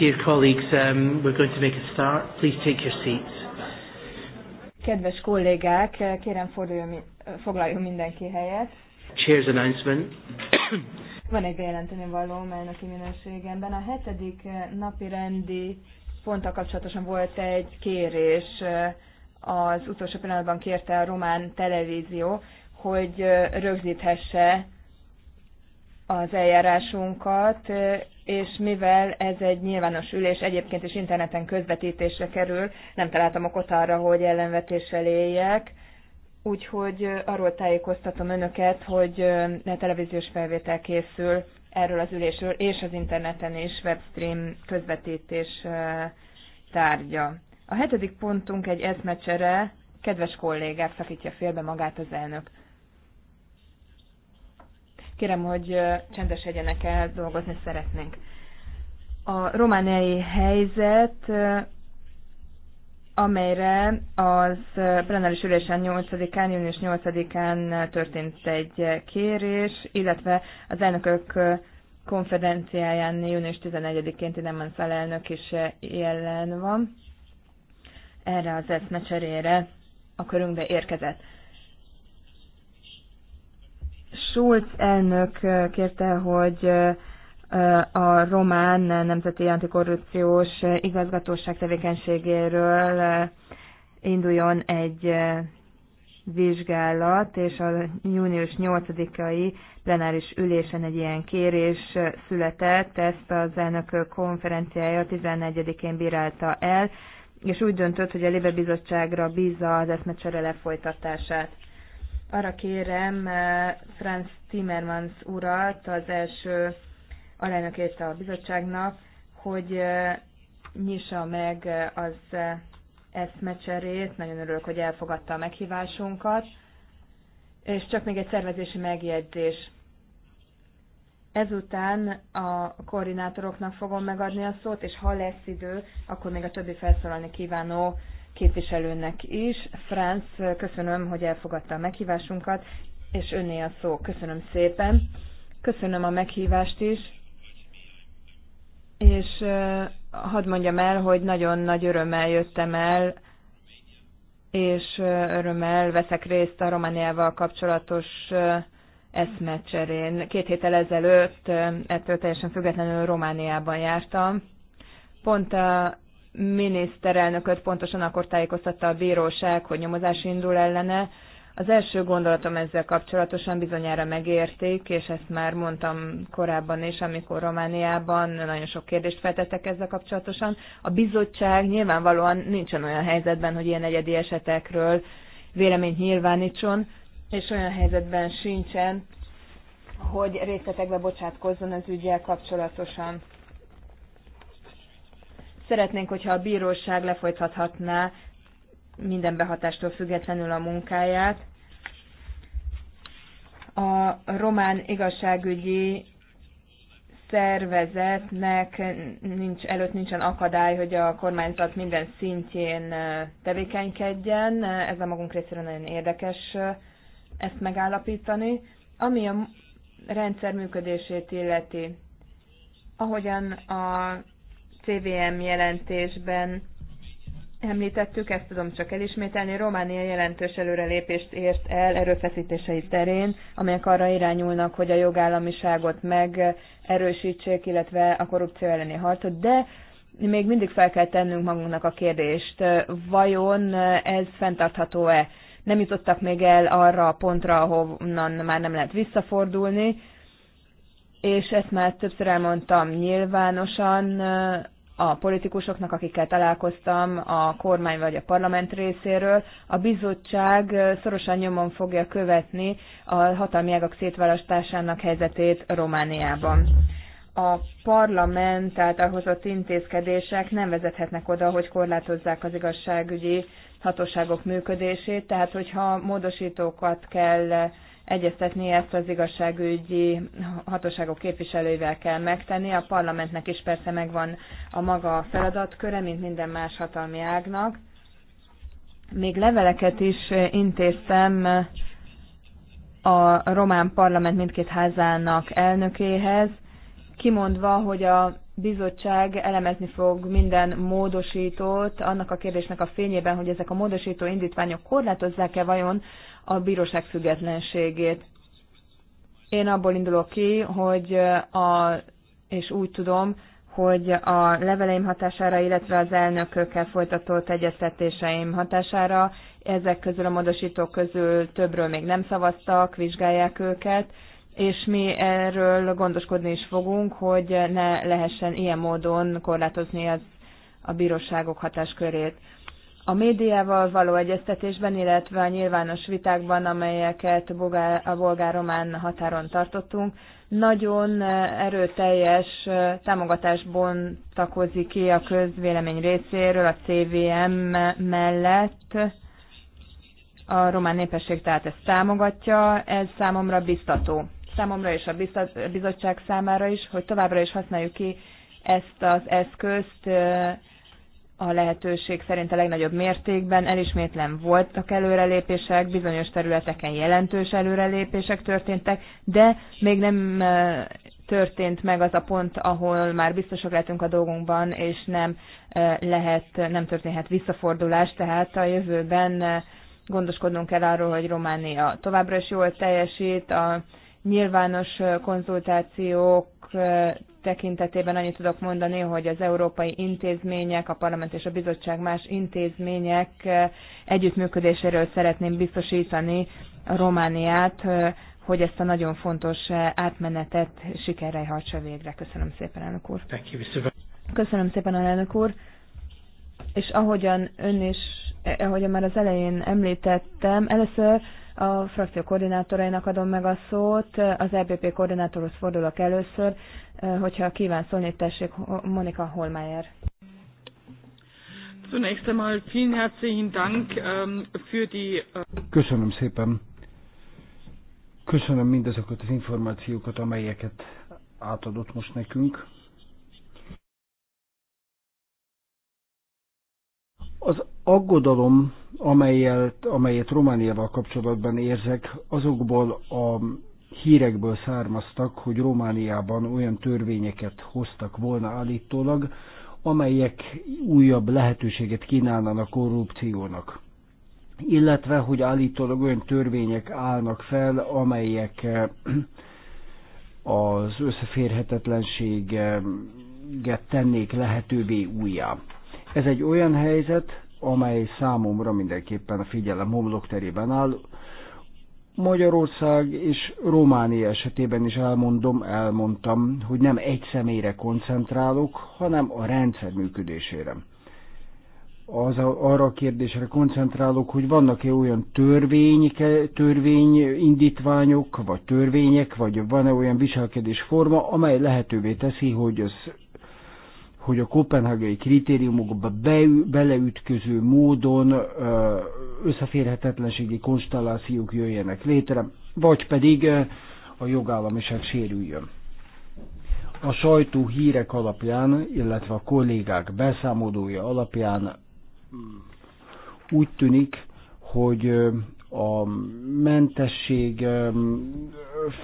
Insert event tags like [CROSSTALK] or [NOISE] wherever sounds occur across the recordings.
Dear colleagues, um, we're going to make a start. Please take your seats. Kedves kollégák, kérem forduljon, foglaljon mindenki helyet. Chairs announcement. Van egy bejelenteni való elnöki minőségemben. A hetedik eh, napi rendi ponttal kapcsolatosan volt egy kérés, eh, az utolsó pillanatban kérte a román televízió, hogy eh, rögzíthesse az eljárásunkat, és mivel ez egy nyilvános ülés, egyébként is interneten közvetítésre kerül, nem találtam okot arra, hogy ellenvetéssel éljek, úgyhogy arról tájékoztatom önöket, hogy ne televíziós felvétel készül erről az ülésről, és az interneten is webstream közvetítés tárgya. A hetedik pontunk egy eszmecsere, kedves kollégák, szakítja félbe magát az elnök. Kérem, hogy csendesedjenek el, dolgozni szeretnénk. A romániai helyzet, amelyre az plenáris ülésen 8-án, június 8-án történt egy kérés, illetve az elnökök konferenciáján június 11-én Tidemansz elnök is jelen van. Erre az eszmecserére a körünkbe érkezett. Schulz elnök kérte, hogy a román nemzeti antikorrupciós igazgatóság tevékenységéről induljon egy vizsgálat, és a június 8-ai plenáris ülésen egy ilyen kérés született, ezt az elnök konferenciája 14-én bírálta el, és úgy döntött, hogy a Lébe Bizottságra bízza az eszmecsere lefolytatását. Arra kérem eh, Franz Timmermans urat, az első alelnökét a bizottságnak, hogy eh, nyissa meg eh, az eszmecserét. Nagyon örülök, hogy elfogadta a meghívásunkat. És csak még egy szervezési megjegyzés. Ezután a koordinátoroknak fogom megadni a szót, és ha lesz idő, akkor még a többi felszólalni kívánó képviselőnek is. Franz, köszönöm, hogy elfogadta a meghívásunkat, és önné a szó. Köszönöm szépen. Köszönöm a meghívást is, és hadd mondjam el, hogy nagyon nagy örömmel jöttem el, és örömmel veszek részt a Romániával kapcsolatos eszmecserén. Két héttel ezelőtt ettől teljesen függetlenül Romániában jártam. Pont a miniszterelnököt pontosan akkor tájékoztatta a bíróság, hogy nyomozás indul ellene. Az első gondolatom ezzel kapcsolatosan bizonyára megérték, és ezt már mondtam korábban is, amikor Romániában nagyon sok kérdést feltettek ezzel kapcsolatosan. A bizottság nyilvánvalóan nincsen olyan helyzetben, hogy ilyen egyedi esetekről véleményt nyilvánítson, és olyan helyzetben sincsen, hogy részletekbe bocsátkozzon az ügyel kapcsolatosan. Szeretnénk, hogyha a bíróság lefolytathatná minden behatástól függetlenül a munkáját. A román igazságügyi szervezetnek nincs, előtt nincsen akadály, hogy a kormányzat minden szintjén tevékenykedjen. Ez a magunk részéről nagyon érdekes ezt megállapítani. Ami a rendszer működését illeti, ahogyan a CVM jelentésben említettük, ezt tudom csak elismételni, Románia jelentős előrelépést ért el erőfeszítései terén, amelyek arra irányulnak, hogy a jogállamiságot megerősítsék, illetve a korrupció elleni harcot, de még mindig fel kell tennünk magunknak a kérdést, vajon ez fenntartható-e? Nem jutottak még el arra a pontra, ahonnan már nem lehet visszafordulni, és ezt már többször elmondtam nyilvánosan, a politikusoknak, akikkel találkoztam, a kormány vagy a parlament részéről. A bizottság szorosan nyomon fogja követni a hatalmi ágak szétválasztásának helyzetét Romániában. A parlament által hozott intézkedések nem vezethetnek oda, hogy korlátozzák az igazságügyi hatóságok működését, tehát hogyha módosítókat kell egyeztetni, ezt az igazságügyi hatóságok képviselőivel kell megtenni. A parlamentnek is persze megvan a maga feladatköre, mint minden más hatalmi ágnak. Még leveleket is intéztem a román parlament mindkét házának elnökéhez, kimondva, hogy a bizottság elemezni fog minden módosítót annak a kérdésnek a fényében, hogy ezek a módosító indítványok korlátozzák-e vajon a bíróság függetlenségét. Én abból indulok ki, hogy a, és úgy tudom, hogy a leveleim hatására, illetve az elnökökkel folytatott egyeztetéseim hatására ezek közül a módosítók közül többről még nem szavaztak, vizsgálják őket, és mi erről gondoskodni is fogunk, hogy ne lehessen ilyen módon korlátozni az a bíróságok hatáskörét. A médiával való egyeztetésben, illetve a nyilvános vitákban, amelyeket a bolgár-román határon tartottunk, nagyon erőteljes támogatás bontakozik ki a közvélemény részéről a CVM mellett. A román népesség tehát ezt támogatja, ez számomra biztató számomra és a bizottság számára is, hogy továbbra is használjuk ki ezt az eszközt a lehetőség szerint a legnagyobb mértékben. Elismétlen voltak előrelépések, bizonyos területeken jelentős előrelépések történtek, de még nem történt meg az a pont, ahol már biztosak lehetünk a dolgunkban, és nem lehet, nem történhet visszafordulás, tehát a jövőben gondoskodnunk kell arról, hogy Románia továbbra is jól teljesít, a nyilvános konzultációk tekintetében annyit tudok mondani, hogy az európai intézmények, a parlament és a bizottság más intézmények együttműködéséről szeretném biztosítani a Romániát, hogy ezt a nagyon fontos átmenetet sikerrel hajtsa végre. Köszönöm szépen, elnök úr. Köszönöm szépen, elnök úr. És ahogyan ön is, eh, ahogyan már az elején említettem, először a frakció koordinátorainak adom meg a szót. Az EBP koordinátorhoz fordulok először. Hogyha kíván szólni, tessék Monika Holmeier. Zunächst einmal vielen herzlichen Dank ähm, für die... Äh, Köszönöm szépen. Köszönöm mindazokat az információkat, amelyeket átadott most nekünk. Az aggodalom, amelyet, amelyet Romániával kapcsolatban érzek, azokból a hírekből származtak, hogy Romániában olyan törvényeket hoztak volna állítólag, amelyek újabb lehetőséget kínálnának korrupciónak. Illetve, hogy állítólag olyan törvények állnak fel, amelyek eh, az összeférhetetlenséget tennék lehetővé újjá. Ez egy olyan helyzet, amely számomra mindenképpen a figyelem homlokterében áll. Magyarország és Románia esetében is elmondom, elmondtam, hogy nem egy személyre koncentrálok, hanem a rendszer működésére. Az a, arra a kérdésre koncentrálok, hogy vannak-e olyan törvény, törvényindítványok, vagy törvények, vagy van-e olyan viselkedésforma, amely lehetővé teszi, hogy az hogy a kopenhagai kritériumokba be, beleütköző módon összeférhetetlenségi konstellációk jöjjenek létre, vagy pedig a jogállamiság sérüljön. A sajtó hírek alapján, illetve a kollégák beszámolója alapján mm, úgy tűnik, hogy a mentesség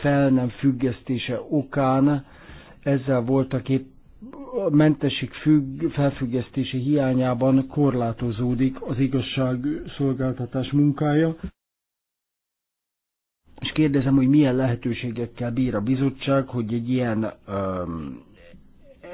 fel nem függesztése okán ezzel voltak épp mentesik függ, felfüggesztési hiányában korlátozódik az igazságszolgáltatás munkája. És kérdezem, hogy milyen lehetőségekkel bír a bizottság, hogy egy ilyen, um,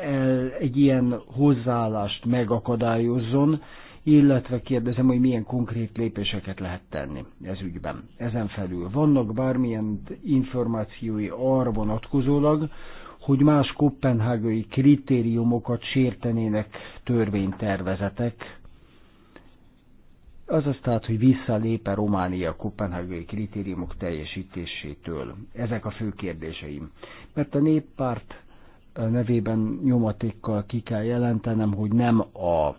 el, egy ilyen hozzáállást megakadályozzon, illetve kérdezem, hogy milyen konkrét lépéseket lehet tenni ez ügyben. Ezen felül vannak bármilyen információi arra vonatkozólag, hogy más kopenhágai kritériumokat sértenének törvénytervezetek, azaz tehát, hogy visszalépe Románia a kopenhágai kritériumok teljesítésétől. Ezek a fő kérdéseim. Mert a néppárt nevében nyomatékkal ki kell jelentenem, hogy nem a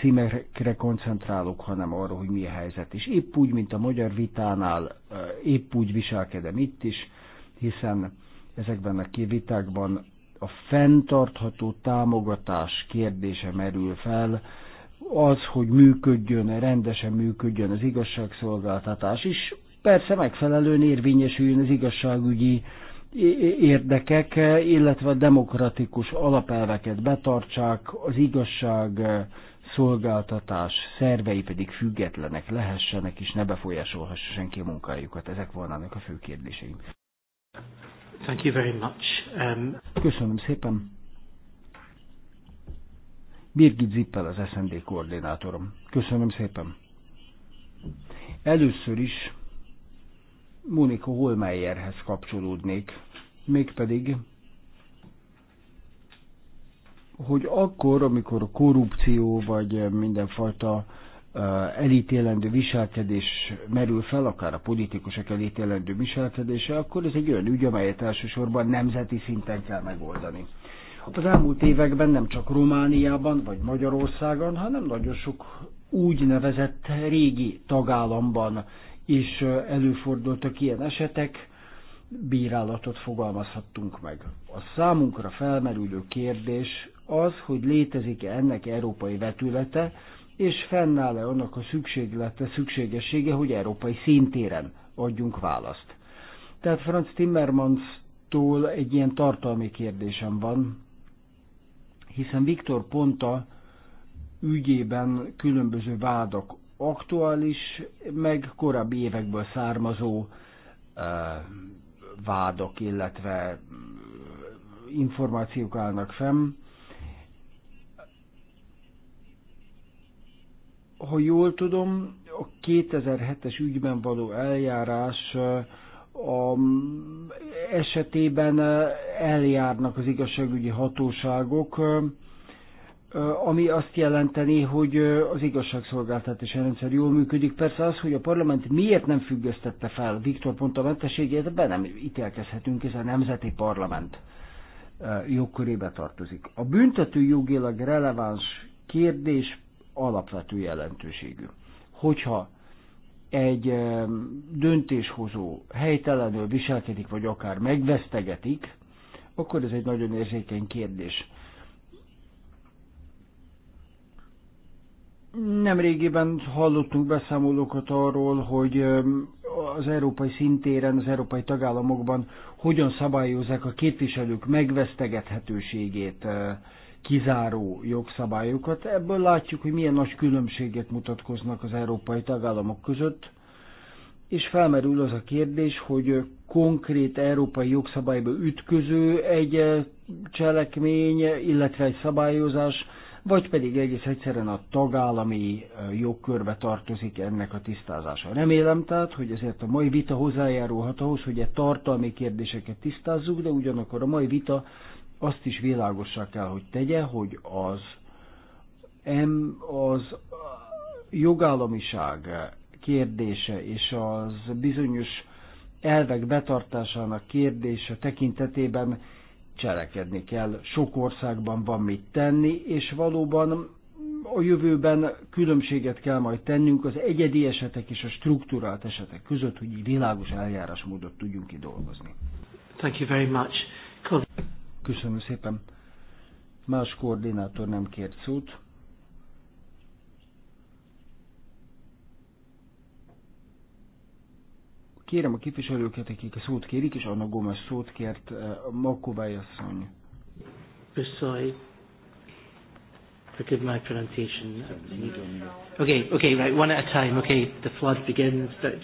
címekre koncentrálok, hanem arra, hogy mi a helyzet. És épp úgy, mint a magyar vitánál, épp úgy viselkedem itt is, hiszen ezekben a kivitákban a fenntartható támogatás kérdése merül fel, az, hogy működjön, rendesen működjön az igazságszolgáltatás is, persze megfelelően érvényesüljön az igazságügyi érdekek, illetve a demokratikus alapelveket betartsák, az igazság szolgáltatás szervei pedig függetlenek lehessenek, és ne befolyásolhassa senki a munkájukat. Ezek volnának a fő kérdéseim. Thank you very much. Um... Köszönöm szépen. Birgit Zippel az SND koordinátorom. Köszönöm szépen. Először is Monika Holmeyerhez kapcsolódnék, mégpedig, hogy akkor, amikor a korrupció vagy mindenfajta elítélendő viselkedés merül fel, akár a politikusok elítélendő viselkedése, akkor ez egy olyan ügy, amelyet elsősorban nemzeti szinten kell megoldani. Hát az elmúlt években nem csak Romániában vagy Magyarországon, hanem nagyon sok úgynevezett régi tagállamban is előfordultak ilyen esetek, bírálatot fogalmazhattunk meg. A számunkra felmerülő kérdés az, hogy létezik-e ennek európai vetülete, és fennáll-e annak a szükséglete, szükségessége, hogy európai szintéren adjunk választ. Tehát Franz Timmermans-tól egy ilyen tartalmi kérdésem van, hiszen Viktor Ponta ügyében különböző vádak aktuális, meg korábbi évekből származó vádak, illetve információk állnak fenn. Ha jól tudom, a 2007-es ügyben való eljárás a esetében eljárnak az igazságügyi hatóságok, ami azt jelenteni, hogy az igazságszolgáltatási rendszer jól működik. Persze az, hogy a parlament miért nem függesztette fel Viktor pont a mentességét, ebben nem ítélkezhetünk, ez a nemzeti parlament jogkörébe tartozik. A büntető jogilag releváns kérdés alapvető jelentőségű. Hogyha egy döntéshozó helytelenül viselkedik, vagy akár megvesztegetik, akkor ez egy nagyon érzékeny kérdés. Nemrégiben hallottunk beszámolókat arról, hogy az európai szintéren, az európai tagállamokban hogyan szabályozzák a képviselők megvesztegethetőségét, kizáró jogszabályokat. Ebből látjuk, hogy milyen nagy különbségek mutatkoznak az európai tagállamok között, és felmerül az a kérdés, hogy konkrét európai jogszabályba ütköző egy eh, cselekmény, illetve egy szabályozás, vagy pedig egész egyszerűen a tagállami eh, jogkörbe tartozik ennek a tisztázása. Remélem tehát, hogy ezért a mai vita hozzájárulhat ahhoz, hogy a e tartalmi kérdéseket tisztázzuk, de ugyanakkor a mai vita azt is világossá kell, hogy tegye, hogy az, em, az jogállamiság kérdése és az bizonyos elvek betartásának kérdése tekintetében cselekedni kell. Sok országban van mit tenni, és valóban a jövőben különbséget kell majd tennünk az egyedi esetek és a struktúrált esetek között, hogy világos eljárásmódot tudjunk kidolgozni. Thank you very much. Köszönöm szépen. Más koordinátor nem kért szót. Kérem a képviselőket, akik a szót kérik, és Anna Gomes szót kért, eh, Makovály asszony. Köszönöm. forgive my pronunciation. Okay, okay, right, one at a time. Okay, the flood begins, but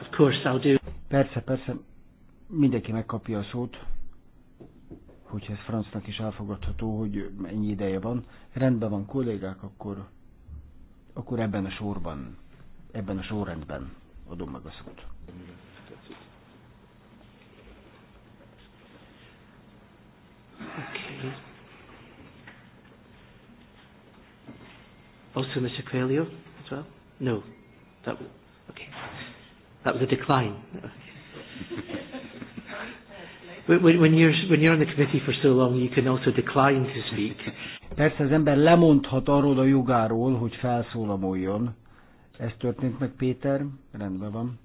of course I'll do. Persze, persze, mindenki megkapja a szót hogyha ez francnak is elfogadható, hogy ennyi ideje van. Rendben van, kollégák, akkor, akkor ebben a sorban, ebben a sorrendben adom meg a szót. Okay. Also Mr. Coelho as well? No. That, okay. That was a decline. Okay. [LAUGHS] When you're, when you're on the committee for so long, you can also decline to speak. Persze az ember lemondhat arról a jogáról, hogy felszólamoljon. Ez történt meg, Péter? Rendben van.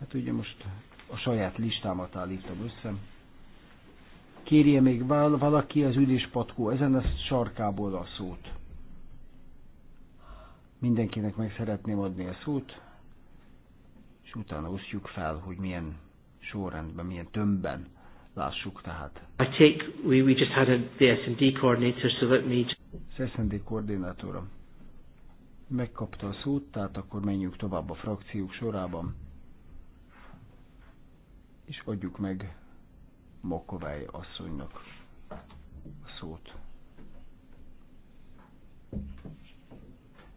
Hát ugye most a saját listámat állítom össze. Kérje még valaki az üdéspatkó ezen a sarkából a szót. Mindenkinek meg szeretném adni a szót és utána osztjuk fel, hogy milyen sorrendben, milyen tömbben lássuk tehát. I take, we, we just had a, the S&D coordinator, so let me... Az S&D koordinátora megkapta a szót, tehát akkor menjünk tovább a frakciók sorában, és adjuk meg Makovály asszonynak a szót.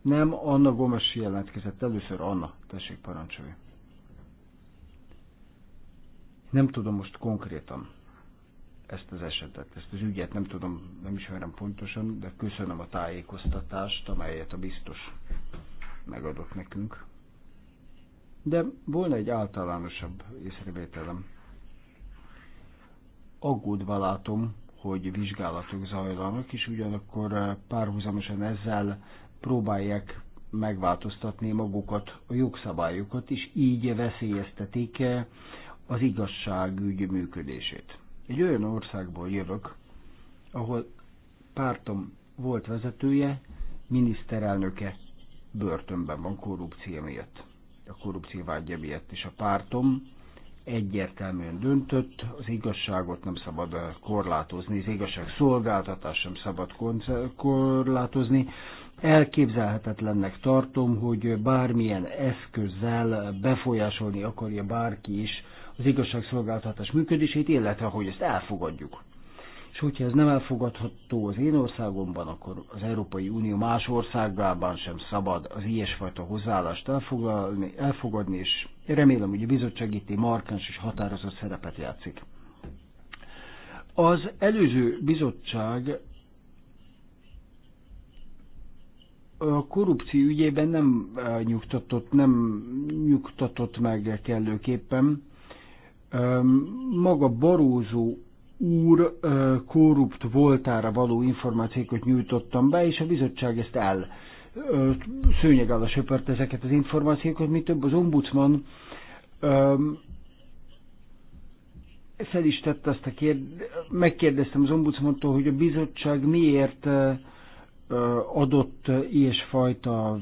Nem, Anna Gomes jelentkezett először. Anna, tessék parancsolj. Nem tudom most konkrétan ezt az esetet, ezt az ügyet nem tudom, nem ismerem pontosan, de köszönöm a tájékoztatást, amelyet a biztos megadott nekünk. De volna egy általánosabb észrevételem. Aggódva látom, hogy vizsgálatok zajlanak, és ugyanakkor eh, párhuzamosan ezzel próbálják megváltoztatni magukat, a jogszabályokat, és így veszélyeztetik eh, az igazságügyi működését. Egy olyan országból jövök, ahol pártom volt vezetője, miniszterelnöke börtönben van korrupció miatt. A korrupció vágya miatt is a pártom egyértelműen döntött, az igazságot nem szabad korlátozni, az igazság szolgáltatás sem szabad korlátozni. Elképzelhetetlennek tartom, hogy bármilyen eszközzel befolyásolni akarja bárki is az igazságszolgáltatás működését, illetve hogy ezt elfogadjuk. És hogyha ez nem elfogadható az én országomban, akkor az Európai Unió más országában sem szabad az ilyesfajta hozzáállást elfogadni, elfogadni és remélem, hogy a bizottság itt markáns és határozott szerepet játszik. Az előző bizottság a korrupció ügyében nem eh, nyugtatott, nem nyugtatott meg kellőképpen maga Barózó úr korrupt voltára való információkat nyújtottam be, és a bizottság ezt el szőnyeg alá söpört ezeket az információkat, mi több az ombudsman fel is tette azt a kérd... megkérdeztem az ombudsmantól, hogy a bizottság miért adott ilyesfajta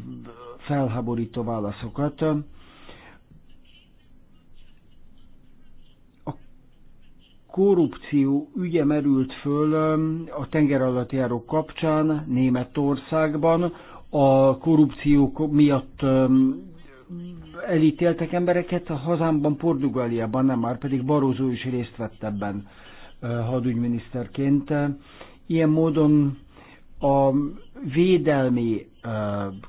felháborító válaszokat. korrupció ügye merült föl um, a tengeralattjárók kapcsán Németországban. A korrupció miatt um, elítéltek embereket, a hazámban, Portugáliában nem már, pedig Barózó is részt vett ebben uh, hadügyminiszterként. Ilyen módon a védelmi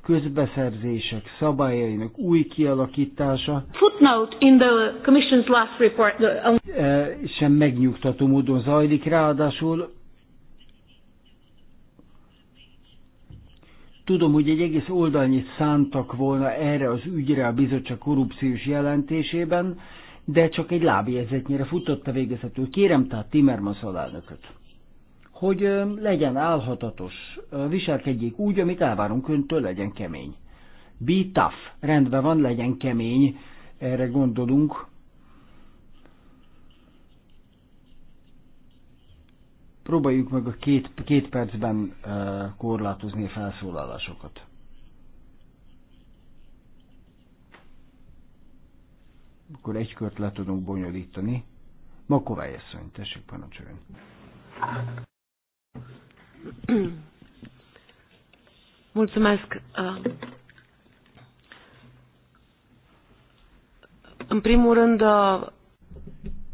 közbeszerzések szabályainak új kialakítása Footnote in the commission's last report, um, sem megnyugtató módon zajlik, ráadásul Tudom, hogy egy egész oldalnyit szántak volna erre az ügyre a bizottság korrupciós jelentésében, de csak egy lábjegyzetnyire a végezetül. Kérem tehát Timmermans alelnököt hogy legyen álhatatos, viselkedjék úgy, amit elvárunk öntől, legyen kemény. Be tough, rendben van, legyen kemény, erre gondolunk. Próbáljuk meg a két, két percben korlátozni a felszólalásokat. Akkor egy kört le tudunk bonyolítani. Makovály asszony, tessék parancsoljon. [CLEARS THROAT] Mulțumesc. Uh, în primul rând... Uh,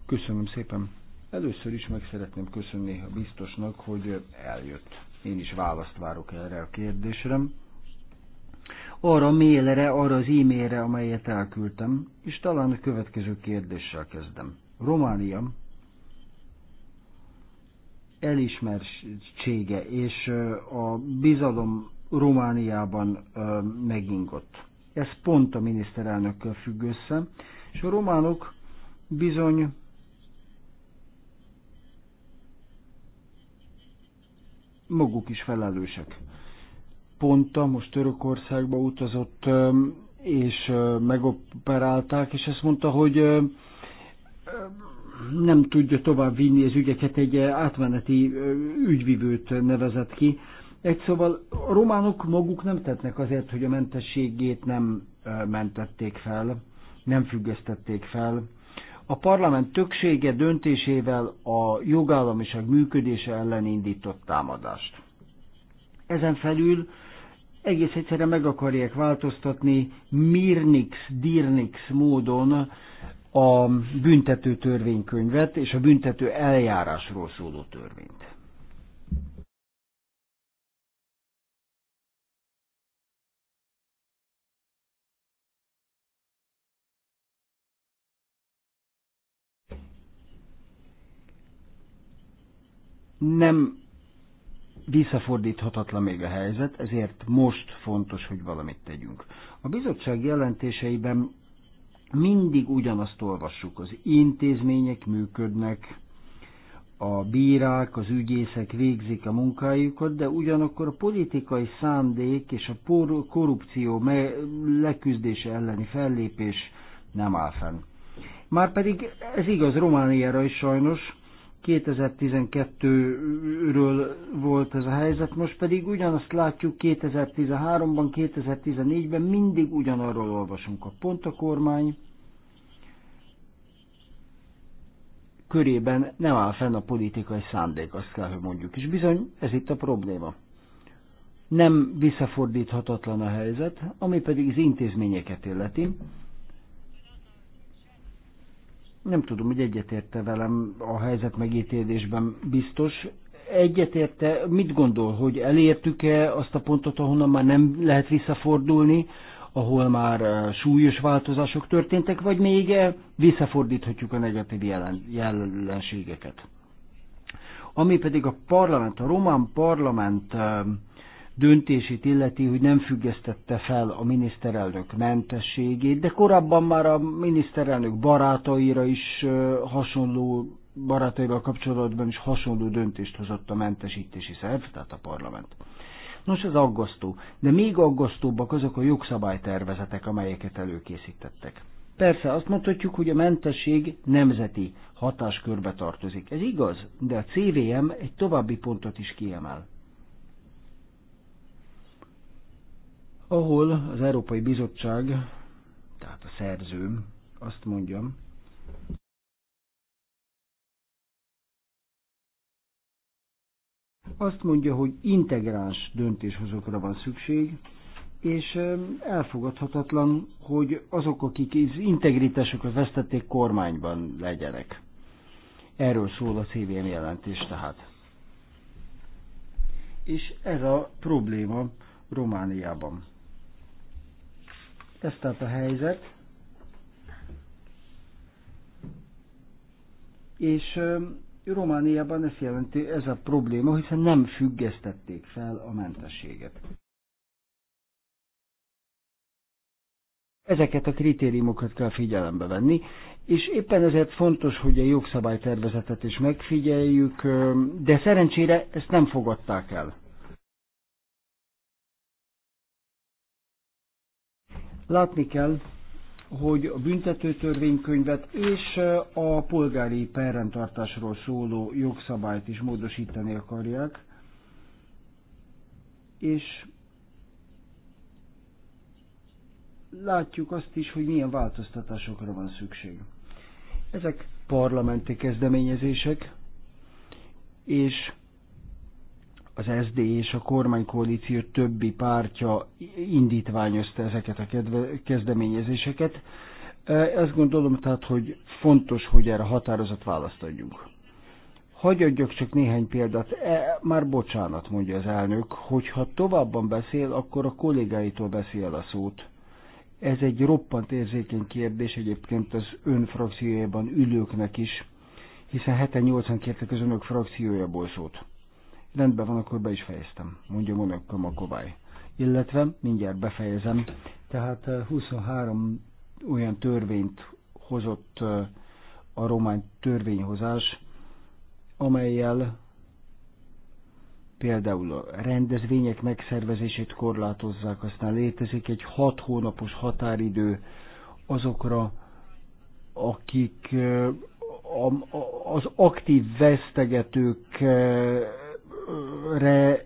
Köszönöm szépen. Először is meg szeretném köszönni a biztosnak, hogy eljött. Én is választ várok erre a kérdésre. Arra a mailre, arra az e-mailre, amelyet elküldtem, és talán a következő kérdéssel kezdem. Románia elismertsége és a bizalom Romániában megingott. Ez pont a miniszterelnökkel függ össze, és a románok bizony maguk is felelősek. Ponta most Törökországba utazott, és megoperálták, és ezt mondta, hogy nem tudja tovább vinni az ügyeket, egy eh, átmeneti eh, ügyvivőt nevezett ki. Egy szóval a románok maguk nem tettnek azért, hogy a mentességét nem eh, mentették fel, nem függesztették fel. A parlament többsége döntésével a jogállamiság működése ellen indított támadást. Ezen felül egész egyszerűen meg akarják változtatni Mirnix, Dirnix módon a büntető törvénykönyvet és a büntető eljárásról szóló törvényt. Nem visszafordíthatatlan még a helyzet, ezért most fontos, hogy valamit tegyünk. A bizottság jelentéseiben mindig ugyanazt olvassuk. Az intézmények működnek, a bírák, az ügyészek végzik a munkájukat, de ugyanakkor a politikai szándék és a korrupció leküzdése elleni fellépés nem áll fenn. Márpedig ez igaz Romániára is sajnos, 2012-ről volt ez a helyzet, most pedig ugyanazt látjuk 2013-ban, 2014-ben, mindig ugyanarról olvasunk a pont a kormány, körében nem áll fenn a politikai szándék, azt kell, hogy mondjuk. És bizony, ez itt a probléma. Nem visszafordíthatatlan a helyzet, ami pedig az intézményeket illeti. Nem tudom, hogy egyetérte velem a helyzet megítélésben biztos. Egyetérte, mit gondol, hogy elértük-e azt a pontot, ahonnan már nem lehet visszafordulni, ahol már eh, súlyos változások történtek, vagy még eh, visszafordíthatjuk a negatív jelen, jelenségeket. Ami pedig a parlament, a román parlament eh, döntését illeti, hogy nem függesztette fel a miniszterelnök mentességét, de korábban már a miniszterelnök barátaira is hasonló barátaival kapcsolatban is hasonló döntést hozott a mentesítési szerv, tehát a parlament. Nos, ez aggasztó, de még aggasztóbbak azok a jogszabálytervezetek, amelyeket előkészítettek. Persze, azt mondhatjuk, hogy a mentesség nemzeti hatáskörbe tartozik. Ez igaz, de a CVM egy további pontot is kiemel. ahol az Európai Bizottság, tehát a szerzőm, azt mondja, azt mondja, hogy integráns döntéshozókra van szükség, és elfogadhatatlan, hogy azok, akik az integritásukat vesztették, kormányban legyenek. Erről szól a CVM jelentés tehát. És ez a probléma Romániában. Ez tehát a helyzet. És Romániában ez jelenti, ez a probléma, hiszen nem függesztették fel a mentességet. Ezeket a kritériumokat kell figyelembe venni, és éppen ezért fontos, hogy a jogszabálytervezetet is megfigyeljük, de szerencsére ezt nem fogadták el. Látni kell, hogy a büntetőtörvénykönyvet és a polgári perrendtartásról szóló jogszabályt is módosítani akarják, és látjuk azt is, hogy milyen változtatásokra van szükség. Ezek parlamenti kezdeményezések, és az SD és a kormánykoalíció többi pártja indítványozta ezeket a kezdeményezéseket. Ezt gondolom tehát, hogy fontos, hogy erre határozott választ adjunk. Hagy adjak csak néhány példát. E, már bocsánat, mondja az elnök, hogyha továbban beszél, akkor a kollégáitól beszél a szót. Ez egy roppant érzékeny kérdés egyébként az ön frakciójában ülőknek is, hiszen heten 80 kértek az önök frakciójából szót. Rendben van, akkor be is fejeztem, mondja Monak Kamakovály. Illetve mindjárt befejezem. Tehát 23 eh, olyan törvényt hozott eh, a román törvényhozás, amelyel például a rendezvények megszervezését korlátozzák, aztán létezik egy hat hónapos határidő azokra, akik eh, az aktív vesztegetők re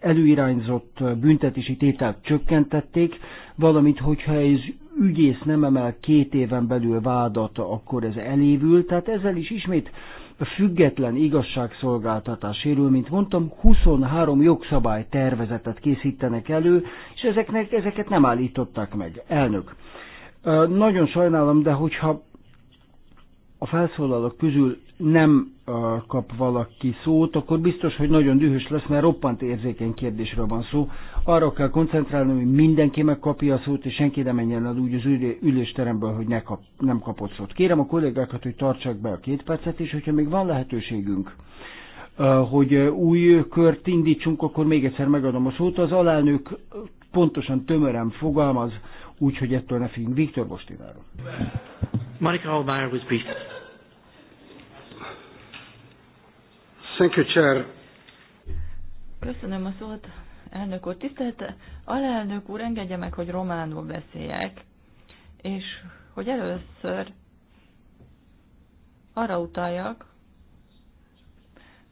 előirányzott büntetési tételt csökkentették, valamint hogyha ez ügyész nem emel két éven belül vádat, akkor ez elévül, tehát ezzel is ismét a független igazságszolgáltatás érül, mint mondtam, 23 jogszabály tervezetet készítenek elő, és ezeknek, ezeket nem állították meg. Elnök, nagyon sajnálom, de hogyha a felszólalók közül nem kap valaki szót, akkor biztos, hogy nagyon dühös lesz, mert roppant érzékeny kérdésről van szó. Arra kell koncentrálni, hogy mindenki megkapja a szót, és senki nem menjen el úgy az ülésteremből, hogy ne kap, nem kapott szót. Kérem a kollégákat, hogy tartsák be a két percet, és hogyha még van lehetőségünk, hogy új kört indítsunk, akkor még egyszer megadom a szót. Az alelnök pontosan tömören fogalmaz, úgyhogy ettől ne figyünk. Viktor Bostiváról. Monika Holmeyer was brief. Thank you, Chair. Köszönöm a szót, elnök úr. Tisztelt alelnök úr, engedje meg, hogy románul beszéljek, és hogy először arra utaljak,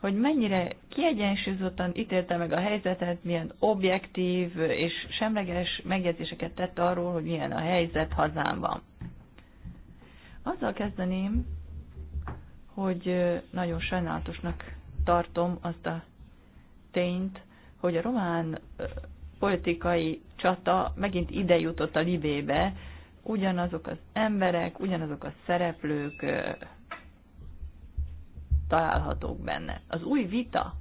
hogy mennyire kiegyensúlyozottan ítélte meg a helyzetet, milyen objektív és semleges megjegyzéseket tett arról, hogy milyen a helyzet hazámban. Azzal kezdeném, hogy nagyon sajnálatosnak tartom azt a tényt, hogy a román politikai csata megint ide jutott a libébe, ugyanazok az emberek, ugyanazok a szereplők találhatók benne. Az új vita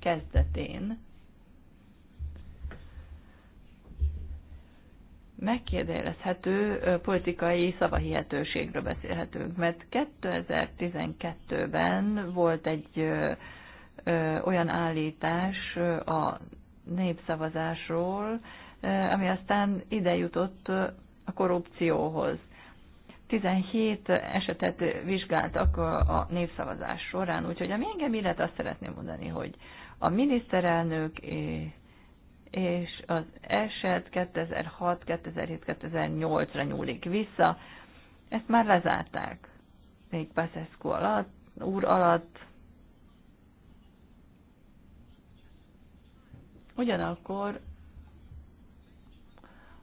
kezdetén megkérdőjelezhető politikai szavahihetőségről beszélhetünk, mert 2012-ben volt egy olyan állítás a népszavazásról, ami aztán ide jutott a korrupcióhoz. 17 esetet vizsgáltak a népszavazás során, úgyhogy ami engem illet, azt szeretném mondani, hogy a miniszterelnök és az eset 2006, 2007, 2008-ra nyúlik vissza. Ezt már lezárták, még Basescu alatt, úr alatt. Ugyanakkor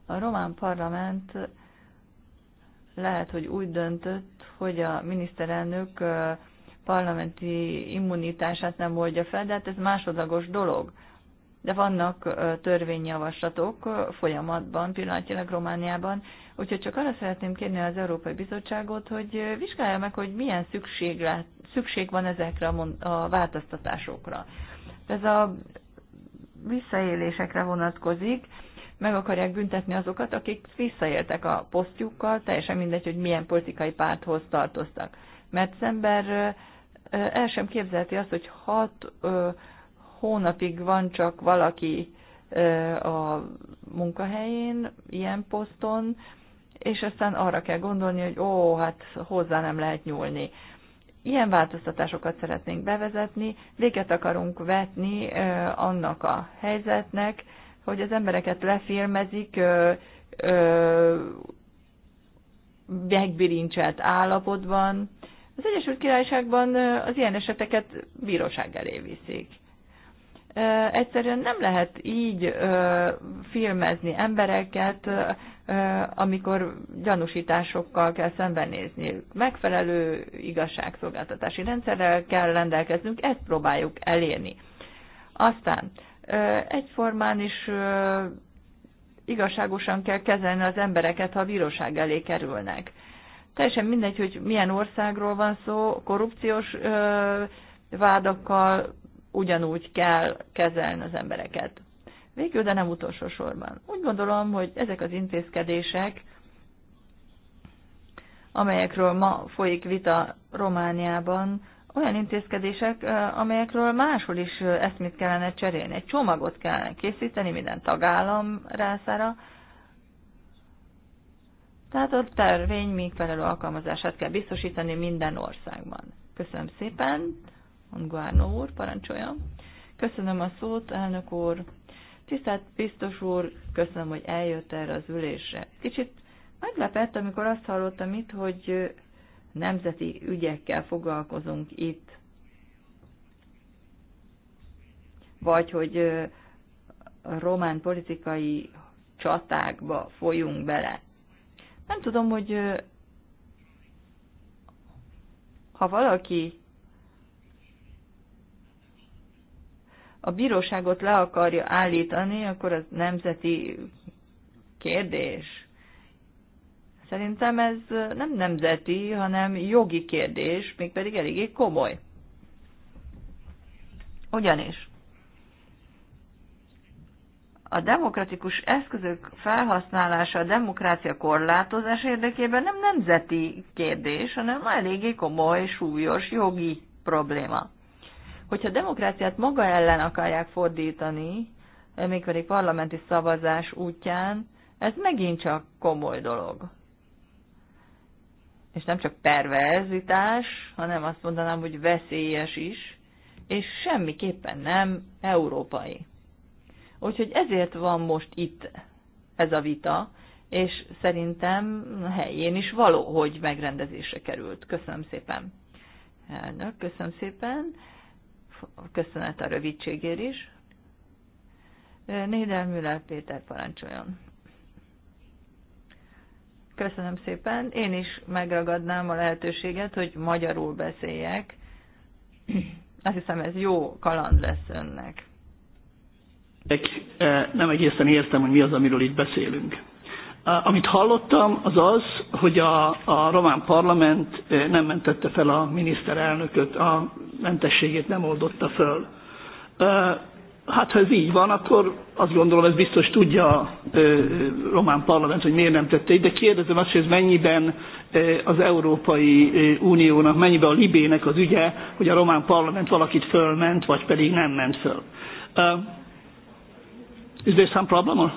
a román parlament lehet, hogy úgy döntött, hogy a miniszterelnök parlamenti immunitását nem oldja fel, de hát ez másodlagos dolog de vannak törvényjavaslatok folyamatban, pillanatilag Romániában, úgyhogy csak arra szeretném kérni az Európai Bizottságot, hogy vizsgálja meg, hogy milyen szükség, lát, szükség van ezekre a változtatásokra. Ez a visszaélésekre vonatkozik, meg akarják büntetni azokat, akik visszaéltek a posztjukkal, teljesen mindegy, hogy milyen politikai párthoz tartoztak. Mert az ember el sem képzelheti azt, hogy hat hónapig van csak valaki a munkahelyén, ilyen poszton, és aztán arra kell gondolni, hogy ó, hát hozzá nem lehet nyúlni. Ilyen változtatásokat szeretnénk bevezetni, véget akarunk vetni annak a helyzetnek, hogy az embereket lefilmezik megbirincselt állapotban. Az Egyesült Királyságban az ilyen eseteket bíróság elé viszik egyszerűen nem lehet így filmezni embereket, amikor gyanúsításokkal kell szembenézni. Megfelelő igazságszolgáltatási rendszerrel kell rendelkeznünk, ezt próbáljuk elérni. Aztán egyformán is igazságosan kell kezelni az embereket, ha a bíróság elé kerülnek. Teljesen mindegy, hogy milyen országról van szó, korrupciós vádakkal, ugyanúgy kell kezelni az embereket. Végül, de nem utolsó sorban. Úgy gondolom, hogy ezek az intézkedések, amelyekről ma folyik vita Romániában, olyan intézkedések, amelyekről máshol is eszmét kellene cserélni. Egy csomagot kellene készíteni minden tagállam rászára, tehát a tervény még felelő alkalmazását kell biztosítani minden országban. Köszönöm szépen, Guárnó úr, parancsolja. Köszönöm a szót, elnök úr. Tisztelt biztos úr, köszönöm, hogy eljött erre az ülésre. Kicsit meglepett, amikor azt hallottam itt, hogy nemzeti ügyekkel foglalkozunk itt. Vagy hogy román politikai csatákba folyunk bele. Nem tudom, hogy ha valaki a bíróságot le akarja állítani, akkor az nemzeti kérdés. Szerintem ez nem nemzeti, hanem jogi kérdés, mégpedig eléggé komoly. Ugyanis a demokratikus eszközök felhasználása a demokrácia korlátozás érdekében nem nemzeti kérdés, hanem eléggé komoly, súlyos jogi probléma. Hogyha a demokráciát maga ellen akarják fordítani, eh, mégpedig parlamenti szavazás útján, ez megint csak komoly dolog. És nem csak perverzitás, hanem azt mondanám, hogy veszélyes is, és semmiképpen nem európai. Úgyhogy ezért van most itt ez a vita, és szerintem helyén is való, hogy megrendezésre került. Köszönöm szépen. Elnök, köszönöm szépen köszönet a rövidségér is. Néder Müller Péter parancsoljon. Köszönöm szépen. Én is megragadnám a lehetőséget, hogy magyarul beszéljek. Azt hiszem, ez jó kaland lesz önnek. Eh, nem egészen értem, hogy mi az, amiről itt beszélünk. Amit hallottam, az az, hogy a, a román parlament nem mentette fel a miniszterelnököt, a mentességét nem oldotta föl. Hát ha ez így van, akkor azt gondolom, ez biztos tudja a román parlament, hogy miért nem tette így, de kérdezem azt, hogy ez mennyiben az Európai Uniónak, mennyiben a Libének az ügye, hogy a román parlament valakit fölment, vagy pedig nem ment föl. is there some problem? Or?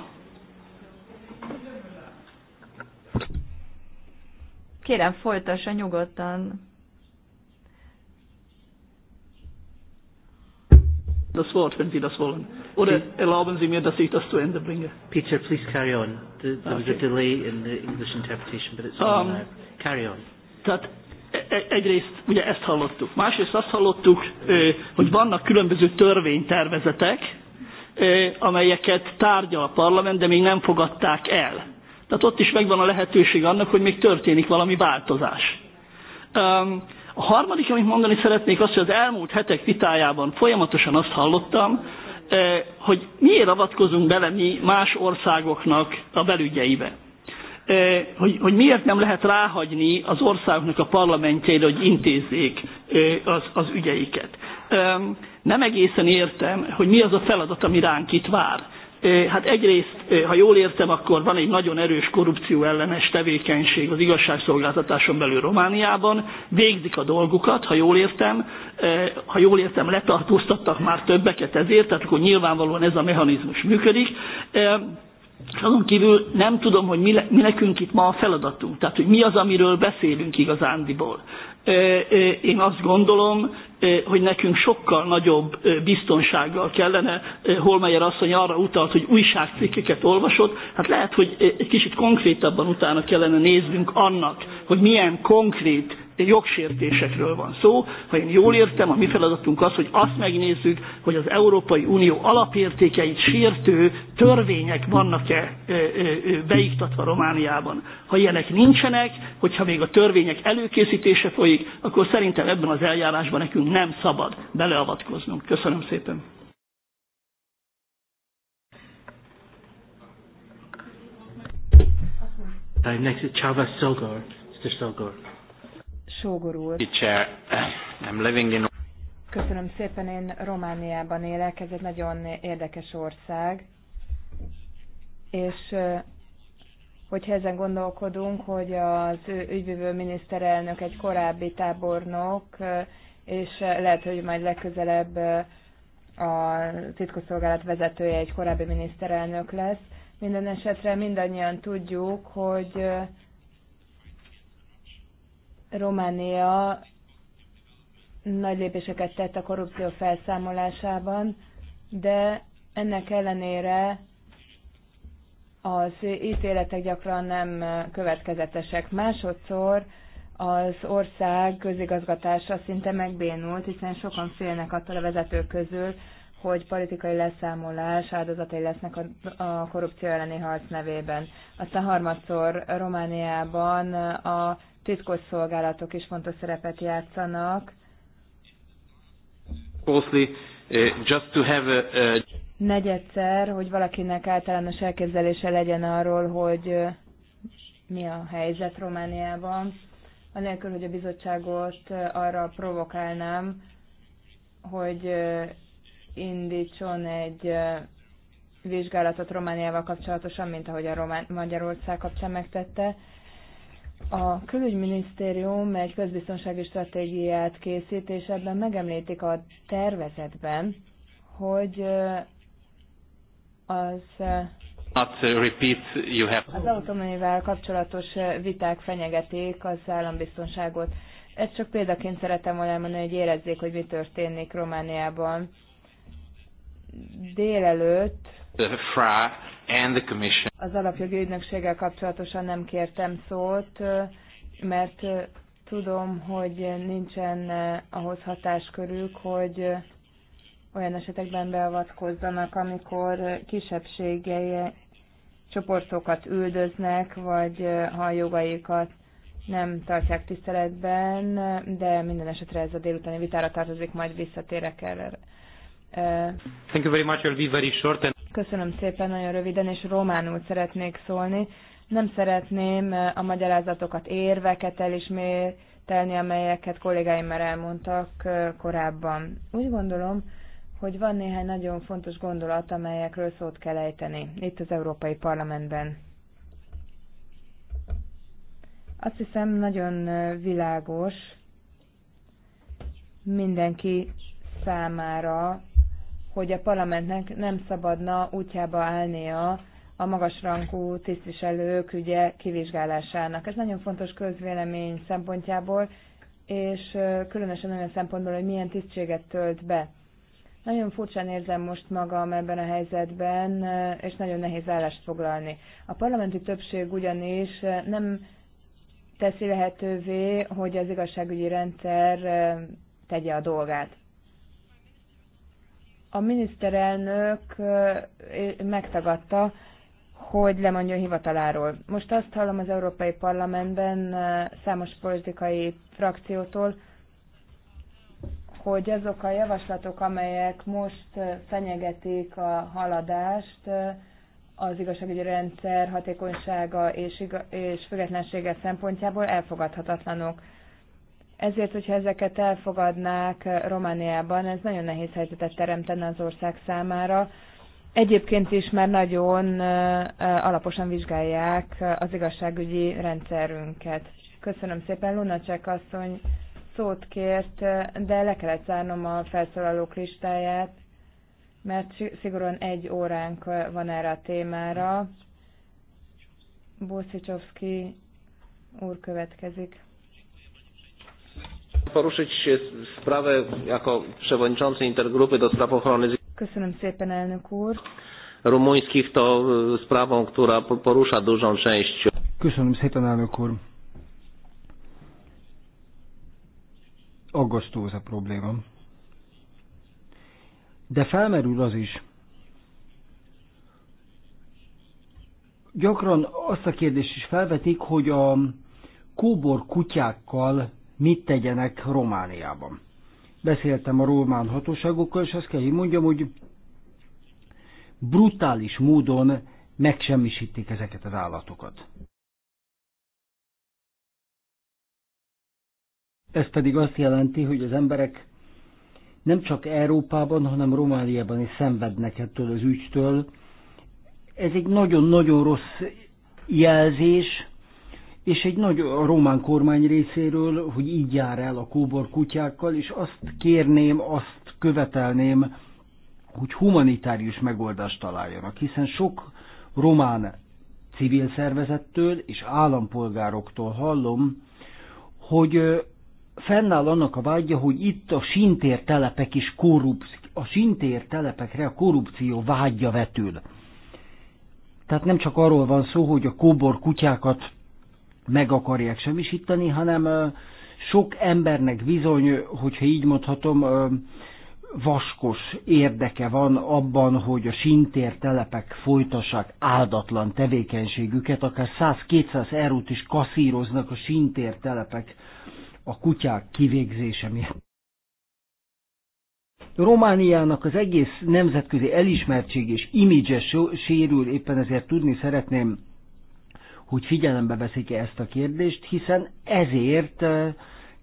Kérem, folytassa nyugodtan. Das Wort, wenn Sie das wollen. Oder please. erlauben Sie mir, dass ich das zu Ende bringe. Peter, please carry on. There, was okay. was a delay in the English interpretation, but it's on um, now. Carry on. Tehát e, e, egyrészt ugye ezt hallottuk. Másrészt azt hallottuk, hogy vannak különböző törvénytervezetek, amelyeket tárgyal a parlament, de még nem fogadták el tehát ott is megvan a lehetőség annak, hogy még történik valami változás. A harmadik, amit mondani szeretnék, az, hogy az elmúlt hetek vitájában folyamatosan azt hallottam, hogy miért avatkozunk bele mi más országoknak a belügyeibe. Hogy, hogy miért nem lehet ráhagyni az országoknak a parlamentjeire, hogy intézzék az, az ügyeiket. Nem egészen értem, hogy mi az a feladat, ami ránk itt vár. Hát egyrészt, ha jól értem, akkor van egy nagyon erős korrupció ellenes tevékenység az igazságszolgáltatáson belül Romániában, végzik a dolgukat, ha jól értem, ha jól értem, letartóztattak már többeket ezért, tehát akkor nyilvánvalóan ez a mechanizmus működik. És azon kívül nem tudom, hogy mi, le, mi nekünk itt ma a feladatunk, tehát hogy mi az, amiről beszélünk igazándiból én azt gondolom, hogy nekünk sokkal nagyobb biztonsággal kellene, Holmeyer asszony arra utalt, hogy újságcikkeket olvasott, hát lehet, hogy egy kicsit konkrétabban utána kellene néznünk annak, hogy milyen konkrét jogsértésekről van szó. Ha én jól értem, a mi feladatunk az, hogy azt megnézzük, hogy az Európai Unió alapértékeit sértő törvények vannak-e beiktatva Romániában. Ha ilyenek nincsenek, hogyha még a törvények előkészítése folyik, akkor szerintem ebben az eljárásban nekünk nem szabad beleavatkoznunk. Köszönöm szépen. Uh, next is Mr. Szogor. Sógor úr. Köszönöm szépen, én Romániában élek, ez egy nagyon érdekes ország, és hogyha ezen gondolkodunk, hogy az ügyvívő miniszterelnök egy korábbi tábornok, és lehet, hogy majd legközelebb a titkosszolgálat vezetője egy korábbi miniszterelnök lesz. Minden esetre mindannyian tudjuk, hogy Románia nagy lépéseket tett a korrupció felszámolásában, de ennek ellenére az ítéletek gyakran nem következetesek. Másodszor az ország közigazgatása szinte megbénult, hiszen sokan félnek attól a vezetők közül, hogy politikai leszámolás áldozatai lesznek a, korrupció elleni harc nevében. Aztán harmadszor Romániában a szolgálatok is fontos szerepet játszanak. Closely, eh, just to have a, a... Negyedszer, hogy valakinek általános elképzelése legyen arról, hogy eh, mi a helyzet Romániában, anélkül, hogy a bizottságot eh, arra provokálnám, hogy indítson egy vizsgálatot Romániával kapcsolatosan, mint ahogy a Román Magyarország kapcsán megtette. A külügyminisztérium egy közbiztonsági stratégiát készít, és ebben megemlítik a tervezetben, hogy az uh, az autonómiával kapcsolatos viták fenyegetik az állambiztonságot. Ezt csak példaként szeretem volna elmondani, hogy érezzék, hogy mi történik Romániában. Délelőtt and the Commission. Az alapjogi ügynökséggel kapcsolatosan nem kértem szót, mert tudom, hogy nincsen ahhoz hatáskörük, hogy olyan esetekben beavatkozzanak, amikor kisebbségei csoportokat üldöznek, vagy ha jogaikat nem tartják tiszteletben, de minden esetre ez a délutáni vitára tartozik, majd visszatérek erre. Thank you very much. I'll be very short and Köszönöm szépen, nagyon röviden, és románul szeretnék szólni. Nem szeretném eh, a magyarázatokat, érveket elismételni, amelyeket kollégáim már elmondtak eh, korábban. Úgy gondolom, hogy van néhány nagyon fontos gondolat, amelyekről szót kell ejteni itt az Európai Parlamentben. Azt hiszem nagyon eh, világos mindenki számára hogy a parlamentnek nem szabadna útjába állnia a magasrangú tisztviselők ügye kivizsgálásának. Ez nagyon fontos közvélemény szempontjából, és különösen olyan szempontból, hogy milyen tisztséget tölt be. Nagyon furcsán érzem most magam ebben a helyzetben, és nagyon nehéz állást foglalni. A parlamenti többség ugyanis nem teszi lehetővé, hogy az igazságügyi rendszer tegye a dolgát a miniszterelnök megtagadta, hogy lemondjon hivataláról. Most azt hallom az Európai Parlamentben számos politikai frakciótól, hogy azok a javaslatok, amelyek most fenyegetik a haladást, az igazságügyi rendszer hatékonysága és, és függetlensége szempontjából elfogadhatatlanok. Ezért, hogyha ezeket elfogadnák eh, Romániában, ez nagyon nehéz helyzetet teremtene az ország számára. Egyébként is már nagyon eh, eh, alaposan vizsgálják az igazságügyi rendszerünket. Köszönöm szépen, Lunacek asszony szót kért, de le kellett zárnom a felszólalók listáját, mert szigorúan egy óránk van erre a témára. Bosszicsovszki úr következik. Poruszyć sprawę jako przewodniczący intergrupy do spraw ochrony. úr. Rumuńskich to e, sprawą, która porusza dużą część. Köszönöm úr. Aggasztó ez a probléma. De felmerül az is, gyakran azt a kérdést is felvetik, hogy a kóbor kutyákkal mit tegyenek Romániában. Beszéltem a román hatóságokkal, és azt kell, hogy mondjam, hogy brutális módon megsemmisítik ezeket az állatokat. Ez pedig azt jelenti, hogy az emberek nem csak Európában, hanem Romániában is szenvednek ettől az ügytől. Ez egy nagyon-nagyon rossz jelzés, és egy nagy a román kormány részéről, hogy így jár el a kóbor kutyákkal, és azt kérném, azt követelném, hogy humanitárius megoldást találjanak, hiszen sok román civil szervezettől és állampolgároktól hallom, hogy fennáll annak a vágya, hogy itt a sintér telepek is korrupció, a sintér telepekre a korrupció vágya vetül. Tehát nem csak arról van szó, hogy a kóbor kutyákat meg akarják semmisíteni, hanem sok embernek bizony, hogyha így mondhatom, vaskos érdeke van abban, hogy a sintér telepek folytassák áldatlan tevékenységüket, akár 100-200 eurót is kaszíroznak a sintér telepek a kutyák kivégzése miatt. Romániának az egész nemzetközi elismertség és imidzse sérül, éppen ezért tudni szeretném, hogy figyelembe veszik -e ezt a kérdést, hiszen ezért eh,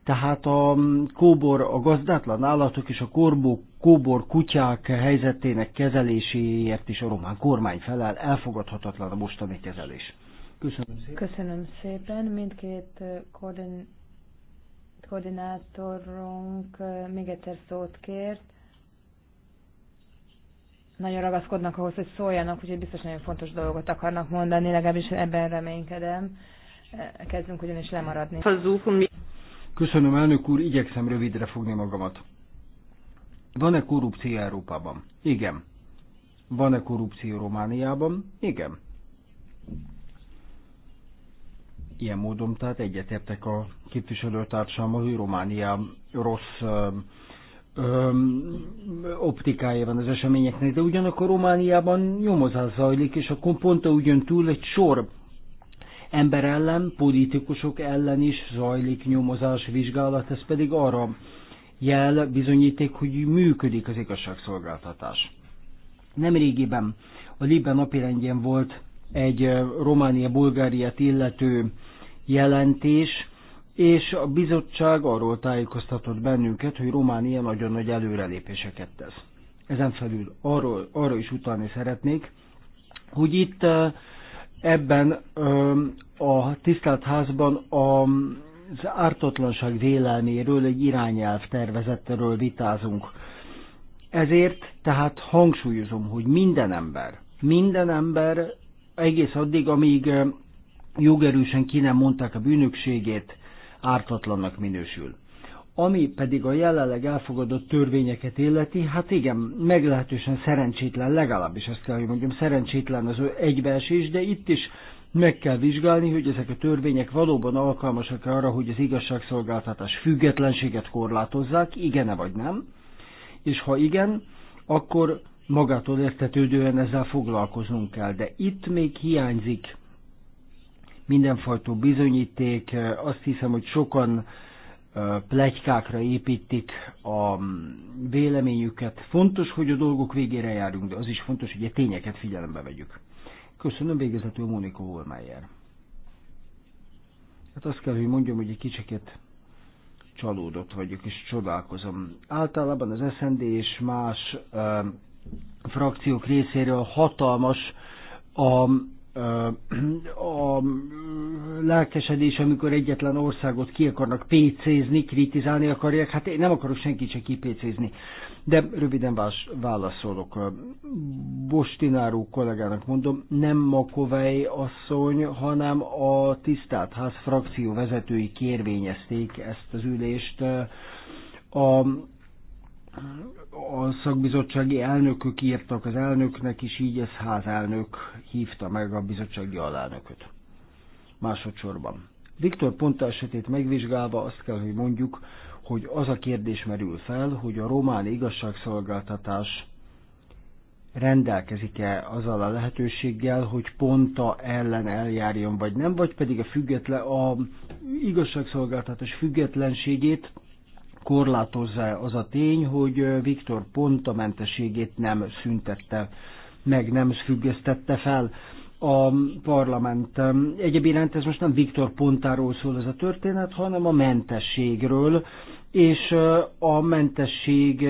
tehát a mm, kóbor, a gazdátlan állatok és a korbó, kóbor kutyák helyzetének kezeléséért is a román kormány felel, elfogadhatatlan a mostani kezelés. Köszönöm szépen. Köszönöm szépen. Mindkét eh, koordin koordinátorunk eh, még egyszer szót kért nagyon ragaszkodnak ahhoz, hogy szóljanak, úgyhogy biztos nagyon fontos dolgot akarnak mondani, legalábbis ebben reménykedem. Kezdünk ugyanis lemaradni. Köszönöm, elnök úr, igyekszem rövidre fogni magamat. Van-e korrupció Európában? Igen. Van-e korrupció Romániában? Igen. Ilyen módon tehát egyetértek a képviselőtársammal, hogy Románia rossz optikája van az eseményeknek, de ugyanakkor Romániában nyomozás zajlik, és a pont ugyan túl egy sor ember ellen, politikusok ellen is zajlik nyomozás, vizsgálat, ez pedig arra jel bizonyíték, hogy működik az igazságszolgáltatás. Nemrégiben a Libe napirendjén volt egy Románia-Bulgáriát illető jelentés, és a bizottság arról tájékoztatott bennünket, hogy Románia nagyon nagy előrelépéseket tesz. Ezen felül arról, arról is utalni szeretnék, hogy itt ebben a tisztelt házban a az ártatlanság vélelméről, egy irányelv tervezetről vitázunk. Ezért tehát hangsúlyozom, hogy minden ember, minden ember egész addig, amíg jogerősen ki nem mondták a bűnökségét, ártatlannak minősül. Ami pedig a jelenleg elfogadott törvényeket illeti, hát igen, meglehetősen szerencsétlen, legalábbis ezt kell, hogy mondjam, szerencsétlen az ő egybeesés, de itt is meg kell vizsgálni, hogy ezek a törvények valóban alkalmasak arra, hogy az igazságszolgáltatás függetlenséget korlátozzák, igen-e vagy nem, és ha igen, akkor magától értetődően ezzel foglalkoznunk kell. De itt még hiányzik mindenfajta bizonyíték. Azt hiszem, hogy sokan plegykákra építik a mm, véleményüket. Fontos, hogy a dolgok végére járjunk, de az is fontos, hogy a tényeket figyelembe vegyük. Köszönöm végezetül Mónika Holmeyer. Hát azt kell, hogy mondjam, hogy egy kicsiket csalódott vagyok, és csodálkozom. Általában az SND és más ö, frakciók részéről hatalmas a a lelkesedés, amikor egyetlen országot ki akarnak pécézni, kritizálni akarják, hát én nem akarok senkit se kipécézni. De röviden válaszolok. Bostináró kollégának mondom, nem Makovei asszony, hanem a tisztát ház frakció vezetői kérvényezték ezt az ülést a a szakbizottsági elnökök írtak az elnöknek, és így ez házelnök hívta meg a bizottsági alelnököt. Másodszorban. Viktor Ponta esetét megvizsgálva azt kell, hogy mondjuk, hogy az a kérdés merül fel, hogy a román igazságszolgáltatás rendelkezik-e azzal a lehetőséggel, hogy ponta ellen eljárjon, vagy nem, vagy pedig a, független, a igazságszolgáltatás függetlenségét korlátozza az a tény, hogy Viktor pont a mentességét nem szüntette meg, nem függesztette fel a parlament. Egyéb iránt hát ez most nem Viktor Pontáról szól ez a történet, hanem a mentességről, és a mentesség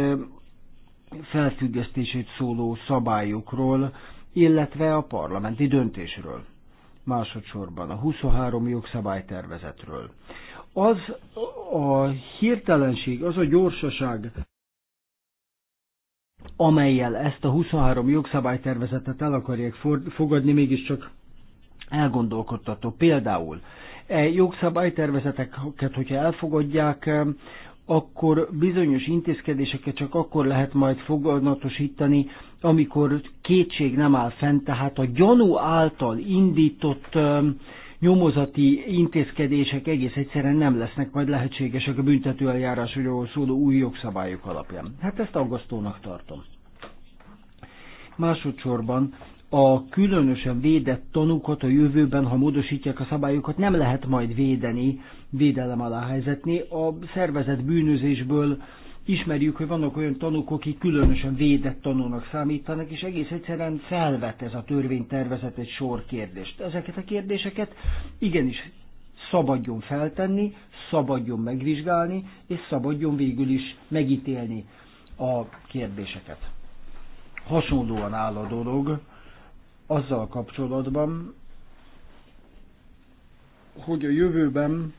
felfüggesztését szóló szabályokról, illetve a parlamenti döntésről. Másodszorban a 23 jogszabálytervezetről az a hirtelenség, az a gyorsaság, amelyel ezt a 23 jogszabálytervezetet el akarják fogadni, mégiscsak elgondolkodtató. Például e jogszabálytervezeteket, hogyha elfogadják, akkor bizonyos intézkedéseket csak akkor lehet majd fogadatosítani, amikor kétség nem áll fent, tehát a gyanú által indított nyomozati intézkedések egész egyszerűen nem lesznek majd lehetségesek a büntetőeljárásról szóló új jogszabályok alapján. Hát ezt aggasztónak tartom. Másodszorban a különösen védett tanúkat a jövőben, ha módosítják a szabályokat, nem lehet majd védeni, védelem alá helyzetni. A szervezet bűnözésből Ismerjük, hogy vannak olyan tanúk, akik különösen védett tanúnak számítanak, és egész egyszerűen felvet ez a törvénytervezet egy sor kérdést. Ezeket a kérdéseket igenis szabadjon feltenni, szabadjon megvizsgálni, és szabadjon végül is megítélni a kérdéseket. Hasonlóan áll a dolog azzal kapcsolatban, hogy a jövőben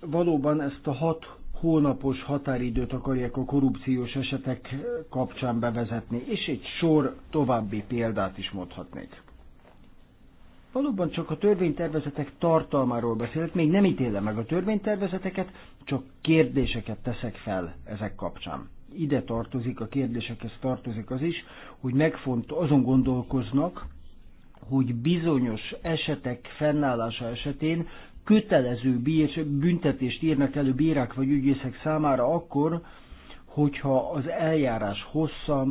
valóban ezt a hat hónapos határidőt akarják a korrupciós esetek kapcsán bevezetni, és egy sor további példát is mondhatnék. Valóban csak a törvénytervezetek tartalmáról beszélek, még nem ítélem meg a törvénytervezeteket, csak kérdéseket teszek fel ezek kapcsán. Ide tartozik, a kérdésekhez tartozik az is, hogy megfont, azon gondolkoznak, hogy bizonyos esetek fennállása esetén kötelező bír, büntetést írnak elő bírák vagy ügyészek számára akkor, hogyha az eljárás hossza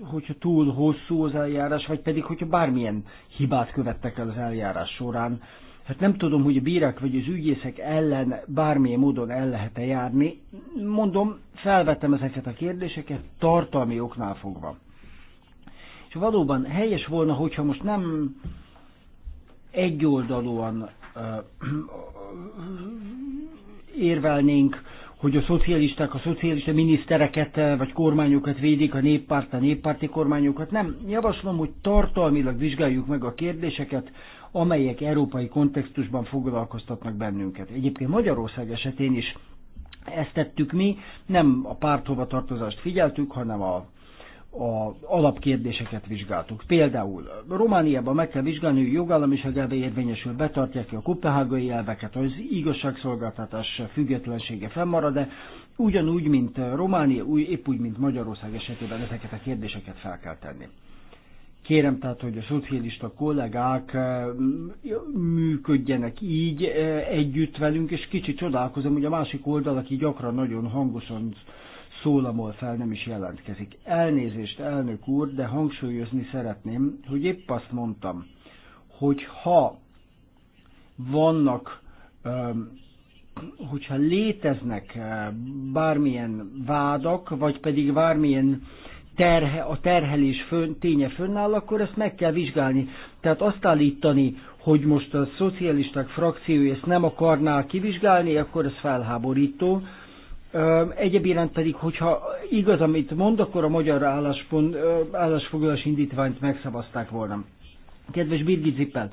hogyha túl hosszú az eljárás, vagy pedig, hogyha bármilyen hibát követtek el az eljárás során. Hát nem tudom, hogy a bírák vagy az ügyészek ellen bármilyen módon el lehet-e járni. Mondom, felvettem ezeket a kérdéseket tartalmi oknál fogva. És valóban helyes volna, hogyha most nem egyoldalúan érvelnénk, hogy a szocialisták a szocialista minisztereket vagy kormányokat védik, a néppárt a néppárti kormányokat. Nem, javaslom, hogy tartalmilag vizsgáljuk meg a kérdéseket, amelyek európai kontextusban foglalkoztatnak bennünket. Egyébként Magyarország esetén is ezt tettük mi, nem a párthova tartozást figyeltük, hanem a a alapkérdéseket vizsgáltuk. Például Romániában meg kell vizsgálni, hogy jogállamiság elve érvényesül, betartják a kopenhágai elveket, az igazságszolgáltatás függetlensége fennmarad-e, ugyanúgy, mint Románia, új, épp úgy, mint Magyarország esetében ezeket a kérdéseket fel kell tenni. Kérem tehát, hogy a szocialista kollégák eh, működjenek így eh, együtt velünk, és kicsit csodálkozom, hogy a másik oldal, aki gyakran nagyon hangosan szólamol fel nem is jelentkezik. Elnézést, elnök úr, de hangsúlyozni szeretném, hogy épp azt mondtam, hogy ha vannak, hogyha léteznek bármilyen vádak, vagy pedig bármilyen terhe, a terhelés fön, ténye fönnáll, akkor ezt meg kell vizsgálni. Tehát azt állítani, hogy most a szocialisták frakciója ezt nem akarná kivizsgálni, akkor ez felháborító, Egyéb iránt pedig, hogyha igaz, amit mond, akkor a magyar álláspont, állásfoglalás indítványt megszavazták volna. Kedves Birgit Zippel,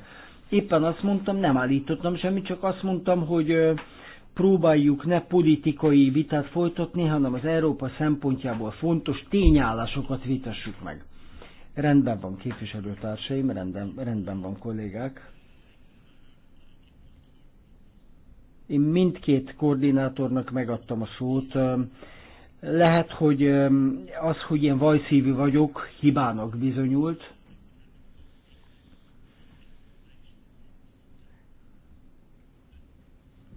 éppen azt mondtam, nem állítottam semmit, csak azt mondtam, hogy próbáljuk ne politikai vitát folytatni, hanem az Európa szempontjából fontos tényállásokat vitassuk meg. Rendben van képviselőtársaim, rendben, rendben van kollégák. Én mindkét koordinátornak megadtam a szót. Lehet, hogy az, hogy én vajszívű vagyok, hibának bizonyult.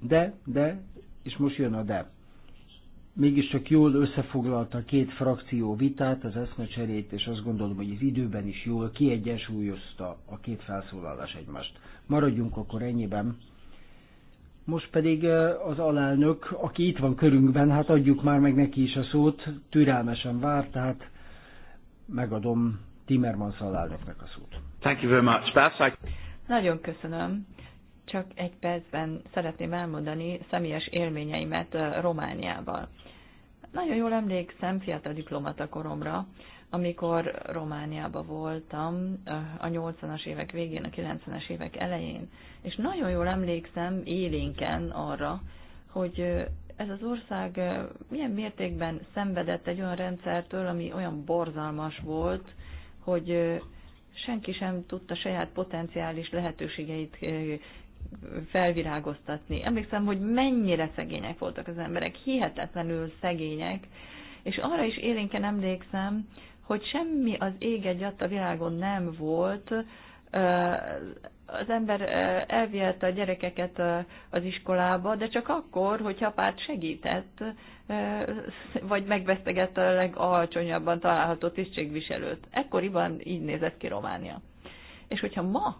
De, de, és most jön a de. Mégiscsak jól összefoglalta a két frakció vitát, az eszmecserét, és azt gondolom, hogy az időben is jól kiegyensúlyozta a két felszólalás egymást. Maradjunk akkor ennyiben. Most pedig az alelnök, aki itt van körünkben, hát adjuk már meg neki is a szót, türelmesen vár, tehát megadom Timmermans alelnöknek a szót. Thank you very much. Persze. Nagyon köszönöm. Csak egy percben szeretném elmondani személyes élményeimet Romániával. Nagyon jól emlékszem fiatal diplomata koromra, amikor Romániában voltam eh, a 80-as évek végén, a 90-es évek elején. És nagyon jól emlékszem élénken arra, hogy eh, ez az ország eh, milyen mértékben szenvedett egy olyan rendszertől, ami olyan borzalmas volt, hogy senki sem tudta saját potenciális lehetőségeit felvirágoztatni. Emlékszem, hogy mennyire szegények voltak az emberek, hihetetlenül szegények, és arra is élénken emlékszem, hogy semmi az ég egy a világon nem volt, az ember elvihette a gyerekeket az iskolába, de csak akkor, hogyha párt segített, vagy megvesztegett a legalcsonyabban található tisztségviselőt. Ekkoriban így nézett ki Románia. És hogyha ma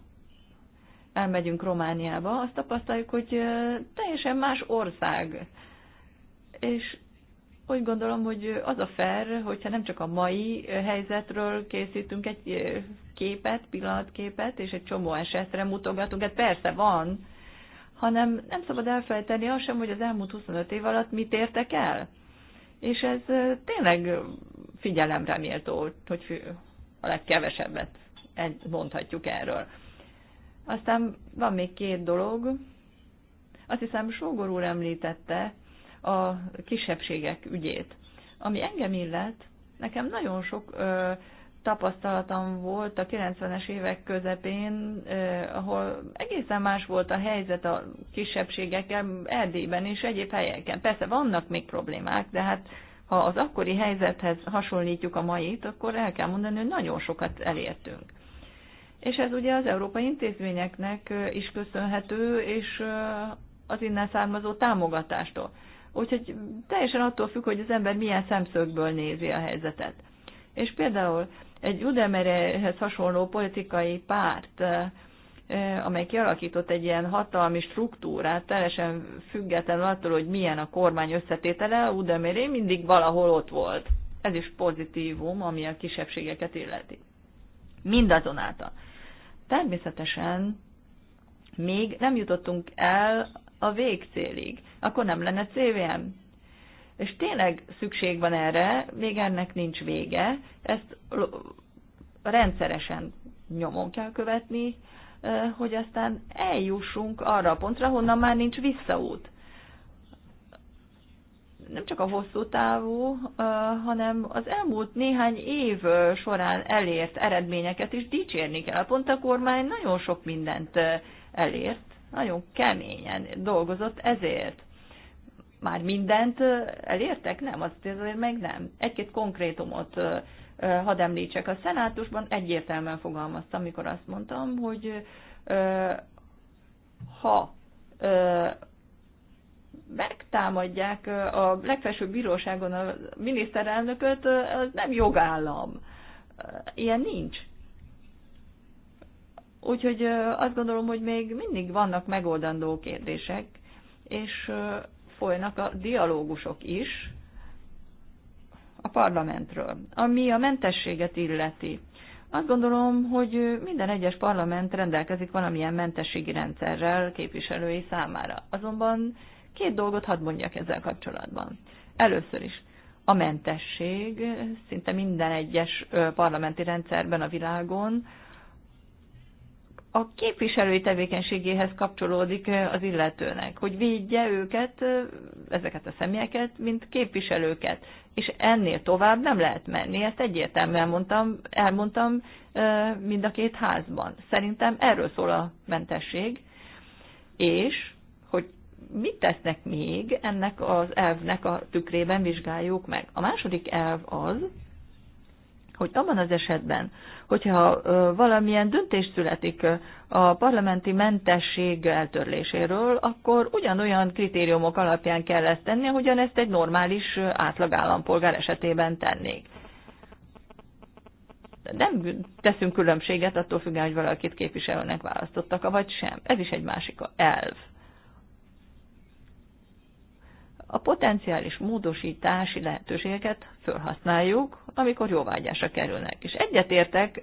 elmegyünk Romániába, azt tapasztaljuk, hogy teljesen más ország. És úgy gondolom, hogy az a fair, hogyha nem csak a mai helyzetről készítünk egy képet, pillanatképet, és egy csomó esetre mutogatunk, hát persze van, hanem nem szabad elfelejteni azt sem, hogy az elmúlt 25 év alatt mit értek el. És ez tényleg figyelemre méltó, hogy a legkevesebbet mondhatjuk erről. Aztán van még két dolog. Azt hiszem, Sógor úr említette, a kisebbségek ügyét. Ami engem illet, nekem nagyon sok ö, tapasztalatom volt a 90-es évek közepén, ö, ahol egészen más volt a helyzet a kisebbségekkel, Erdélyben és egyéb helyeken. Persze vannak még problémák, de hát ha az akkori helyzethez hasonlítjuk a mait, akkor el kell mondani, hogy nagyon sokat elértünk. És ez ugye az európai intézményeknek is köszönhető, és az innen származó támogatástól. Úgyhogy teljesen attól függ, hogy az ember milyen szemszögből nézi a helyzetet. És például egy Udemerehez hasonló politikai párt, eh, eh, amely kialakított egy ilyen hatalmi struktúrát, teljesen független attól, hogy milyen a kormány összetétele, Udemeré mindig valahol ott volt. Ez is pozitívum, ami a kisebbségeket illeti. Mindazonáltal. Természetesen még nem jutottunk el a végcélig akkor nem lenne CVM. És tényleg szükség van erre, még ennek nincs vége, ezt rendszeresen nyomon kell követni, hogy aztán eljussunk arra a pontra, honnan már nincs visszaút. Nem csak a hosszú távú, hanem az elmúlt néhány év során elért eredményeket is dicsérni kell. Pont a kormány nagyon sok mindent elért, nagyon keményen dolgozott ezért már mindent elértek? Nem, azt azért meg nem. Egy-két konkrétumot hadd említsek. A szenátusban egyértelműen fogalmaztam, amikor azt mondtam, hogy ha megtámadják a legfelsőbb bíróságon a miniszterelnököt, az nem jogállam. Ilyen nincs. Úgyhogy azt gondolom, hogy még mindig vannak megoldandó kérdések, és folynak a dialógusok is a parlamentről, ami a mentességet illeti. Azt gondolom, hogy minden egyes parlament rendelkezik valamilyen mentességi rendszerrel képviselői számára. Azonban két dolgot hadd mondjak ezzel kapcsolatban. Először is, a mentesség szinte minden egyes parlamenti rendszerben a világon a képviselői tevékenységéhez kapcsolódik az illetőnek, hogy védje őket, ezeket a személyeket, mint képviselőket. És ennél tovább nem lehet menni, ezt egyértelműen mondtam, elmondtam mind a két házban. Szerintem erről szól a mentesség, és hogy mit tesznek még, ennek az elvnek a tükrében vizsgáljuk meg. A második elv az, hogy abban az esetben, hogyha valamilyen döntés születik a parlamenti mentesség eltörléséről, akkor ugyanolyan kritériumok alapján kell ezt tenni, ahogyan ezt egy normális állampolgár esetében tennék. Nem teszünk különbséget attól függően, hogy valakit képviselőnek választottak, vagy sem. Ez is egy másik elv a potenciális módosítási lehetőségeket felhasználjuk, amikor jóvágyásra kerülnek. És egyetértek,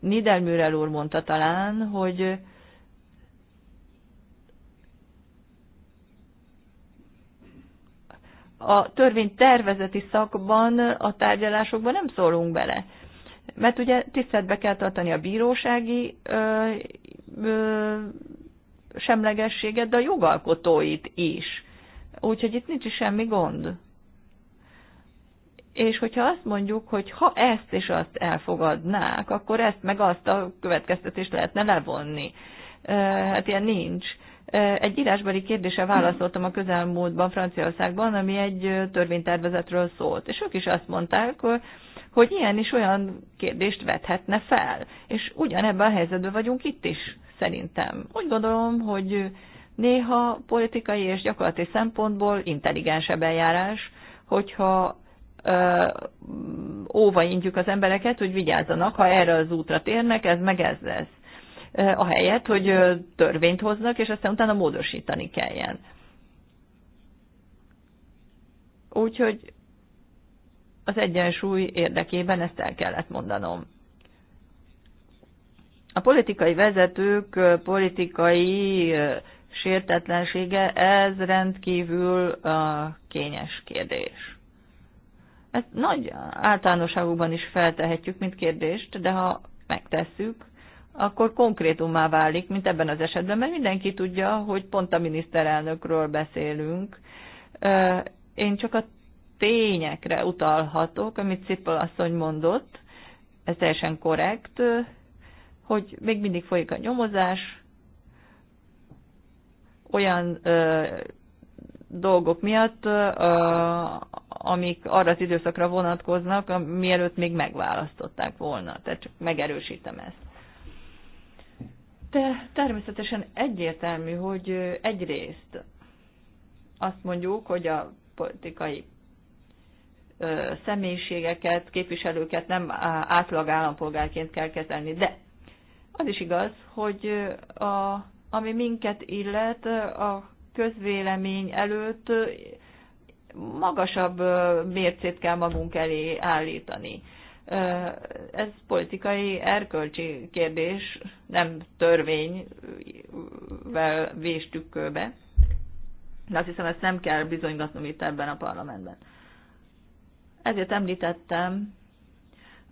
Nidelmürel úr mondta talán, hogy a törvény tervezeti szakban, a tárgyalásokban nem szólunk bele. Mert ugye tiszteletbe kell tartani a bírósági ö, ö, semlegességet, de a jogalkotóit is úgyhogy itt nincs is semmi gond. És hogyha azt mondjuk, hogy ha ezt és azt elfogadnák, akkor ezt meg azt a következtetést lehetne levonni. Hát ilyen nincs. Egy írásbeli kérdése válaszoltam a közelmúltban Franciaországban, ami egy törvénytervezetről szólt. És ők is azt mondták, hogy ilyen is olyan kérdést vethetne fel. És ugyanebben a helyzetben vagyunk itt is, szerintem. Úgy gondolom, hogy Néha politikai és gyakorlati szempontból intelligensebb eljárás, hogyha ö, óva intjük az embereket, hogy vigyázzanak, ha erre az útra térnek, ez meg ez lesz. Ahelyett, hogy törvényt hoznak, és aztán utána módosítani kelljen. Úgyhogy az egyensúly érdekében ezt el kellett mondanom. A politikai vezetők politikai sértetlensége, ez rendkívül uh, kényes kérdés. Ezt nagy általánosságúban is feltehetjük, mint kérdést, de ha megtesszük, akkor konkrétummá válik, mint ebben az esetben, mert mindenki tudja, hogy pont a miniszterelnökről beszélünk. Én csak a tényekre utalhatok, amit Cipol asszony mondott, ez teljesen korrekt, hogy még mindig folyik a nyomozás, olyan ö, dolgok miatt, ö, amik arra az időszakra vonatkoznak, mielőtt még megválasztották volna. Tehát csak megerősítem ezt. De természetesen egyértelmű, hogy egyrészt azt mondjuk, hogy a politikai személyiségeket, képviselőket nem átlag állampolgárként kell kezelni. De az is igaz, hogy a ami minket illet, a közvélemény előtt magasabb mércét kell magunk elé állítani. Ez politikai erkölcsi kérdés, nem törvényvel véstük körbe. De azt hiszem, ezt nem kell bizonygatnom itt ebben a parlamentben. Ezért említettem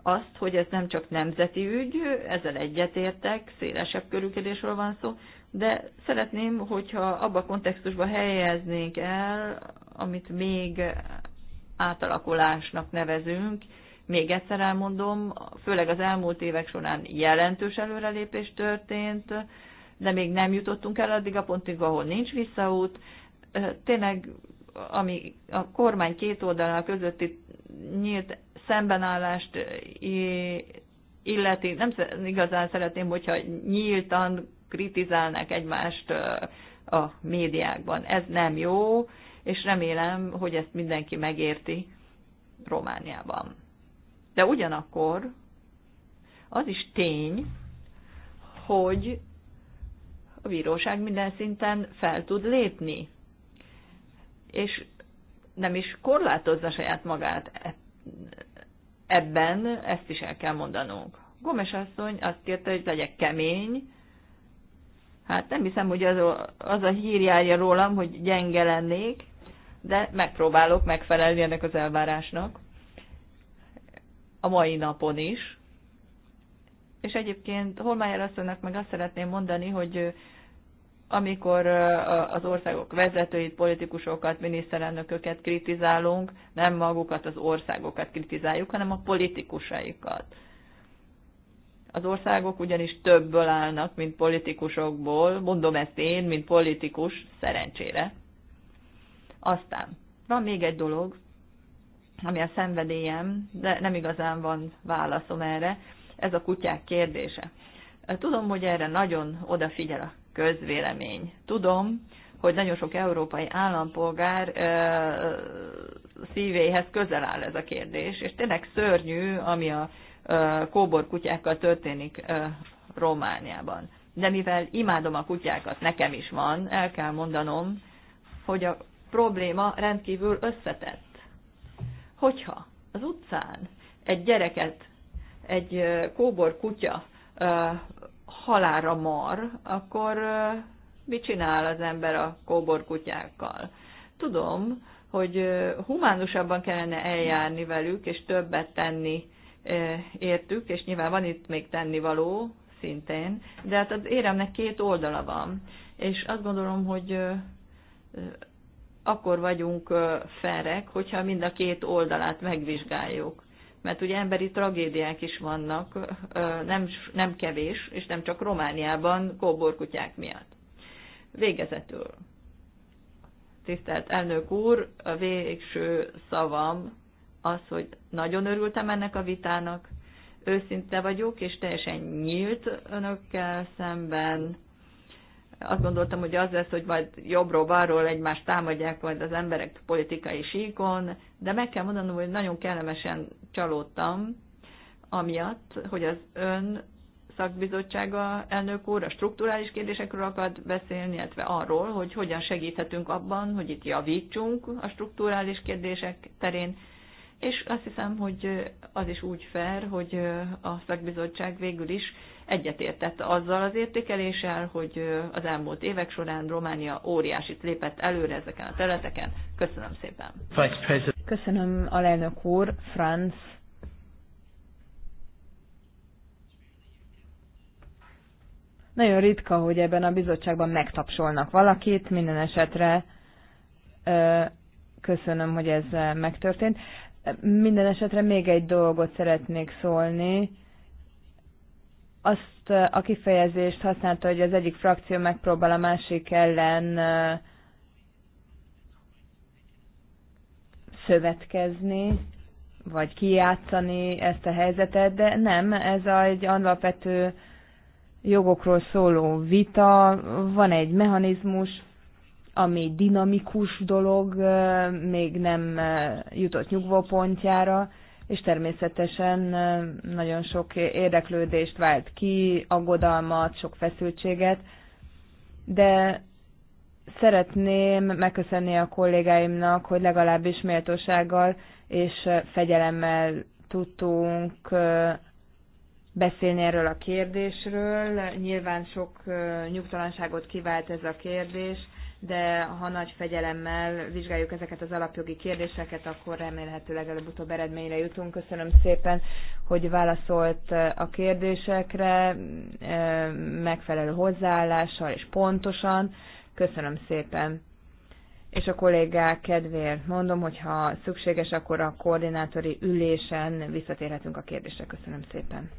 azt, hogy ez nem csak nemzeti ügy, ezzel egyetértek, szélesebb körű van szó, de szeretném, hogyha abba a kontextusba helyeznénk el, amit még átalakulásnak nevezünk. Még egyszer elmondom, főleg az elmúlt évek során jelentős előrelépés történt, de még nem jutottunk el addig a pontig, ahol nincs visszaút. Tényleg, ami a kormány két oldalán közötti nyílt szembenállást illeti, nem igazán szeretném, hogyha nyíltan kritizálnak egymást a médiákban. Ez nem jó, és remélem, hogy ezt mindenki megérti Romániában. De ugyanakkor az is tény, hogy a bíróság minden szinten fel tud lépni, és nem is korlátozza saját magát e- ebben, ezt is el kell mondanunk. Gomes asszony azt kérte, hogy legyek kemény, Hát nem hiszem, hogy az a, az a hír járja rólam, hogy gyenge lennék, de megpróbálok megfelelni ennek az elvárásnak. A mai napon is. És egyébként Holmájer asszonynak meg azt szeretném mondani, hogy amikor az országok vezetőit, politikusokat, miniszterelnököket kritizálunk, nem magukat, az országokat kritizáljuk, hanem a politikusaikat. Az országok ugyanis többből állnak, mint politikusokból, mondom ezt én, mint politikus, szerencsére. Aztán van még egy dolog, ami a szenvedélyem, de nem igazán van válaszom erre, ez a kutyák kérdése. Tudom, hogy erre nagyon odafigyel a közvélemény. Tudom, hogy nagyon sok európai állampolgár ö, szívéhez közel áll ez a kérdés, és tényleg szörnyű, ami a kóbor kutyákkal történik Romániában. De mivel imádom a kutyákat, nekem is van, el kell mondanom, hogy a probléma rendkívül összetett. Hogyha az utcán egy gyereket, egy kóbor kutya halára mar, akkor mit csinál az ember a kóbor kutyákkal? Tudom, hogy humánusabban kellene eljárni velük, és többet tenni értük, és nyilván van itt még tennivaló szintén, de hát az éremnek két oldala van, és azt gondolom, hogy akkor vagyunk ferek, hogyha mind a két oldalát megvizsgáljuk. Mert ugye emberi tragédiák is vannak, nem, nem kevés, és nem csak Romániában kóborkutyák miatt. Végezetül. Tisztelt elnök úr, a végső szavam az, hogy nagyon örültem ennek a vitának, őszinte vagyok, és teljesen nyílt önökkel szemben. Azt gondoltam, hogy az lesz, hogy majd jobbról-balról egymást támadják majd az emberek politikai síkon, de meg kell mondanom, hogy nagyon kellemesen csalódtam, amiatt, hogy az ön szakbizottsága elnök úr a strukturális kérdésekről akart beszélni, illetve arról, hogy hogyan segíthetünk abban, hogy itt javítsunk a strukturális kérdések terén, és azt hiszem, hogy az is úgy fair, hogy a szakbizottság végül is egyetértett azzal az értékeléssel, hogy az elmúlt évek során Románia óriásit lépett előre ezeken a területeken. Köszönöm szépen. Köszönöm, alelnök úr, Franz. Nagyon ritka, hogy ebben a bizottságban megtapsolnak valakit, minden esetre köszönöm, hogy ez megtörtént. Minden esetre még egy dolgot szeretnék szólni. Azt eh, a kifejezést használta, hogy az egyik frakció megpróbál a másik ellen eh, szövetkezni, vagy kiátszani ezt a helyzetet, de nem, ez egy alapvető jogokról szóló vita, van egy mechanizmus, ami dinamikus dolog, még nem jutott nyugvópontjára, és természetesen nagyon sok érdeklődést vált ki, aggodalmat, sok feszültséget, de szeretném megköszönni a kollégáimnak, hogy legalábbis méltósággal és fegyelemmel tudtunk beszélni erről a kérdésről. Nyilván sok nyugtalanságot kivált ez a kérdés, de ha nagy fegyelemmel vizsgáljuk ezeket az alapjogi kérdéseket, akkor remélhetőleg előbb-utóbb eredményre jutunk. Köszönöm szépen, hogy válaszolt a kérdésekre e, megfelelő hozzáállással és pontosan. Köszönöm szépen. És a kollégák kedvéért mondom, hogy ha szükséges, akkor a koordinátori ülésen visszatérhetünk a kérdésre. Köszönöm szépen.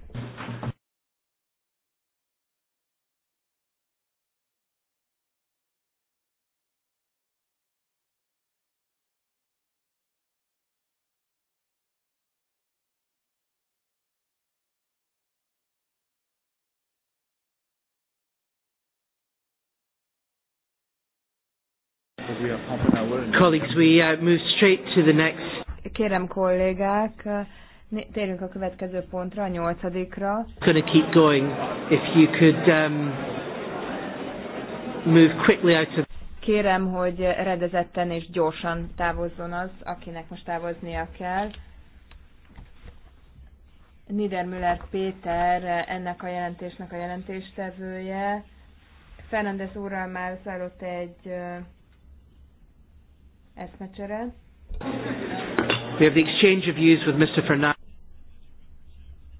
Colleagues, we uh, move straight to the next. Kérem kollégák, térjünk a következő pontra, a nyolcadikra. Gonna keep going. If you could um, move quickly out of Kérem, hogy rendezetten és gyorsan távozzon az, akinek most távoznia kell. Niedermüller Péter ennek a jelentésnek a jelentéstevője. Fernandez úrral már zajlott egy eszmecsere. We have the exchange of views with Mr. Fernandez.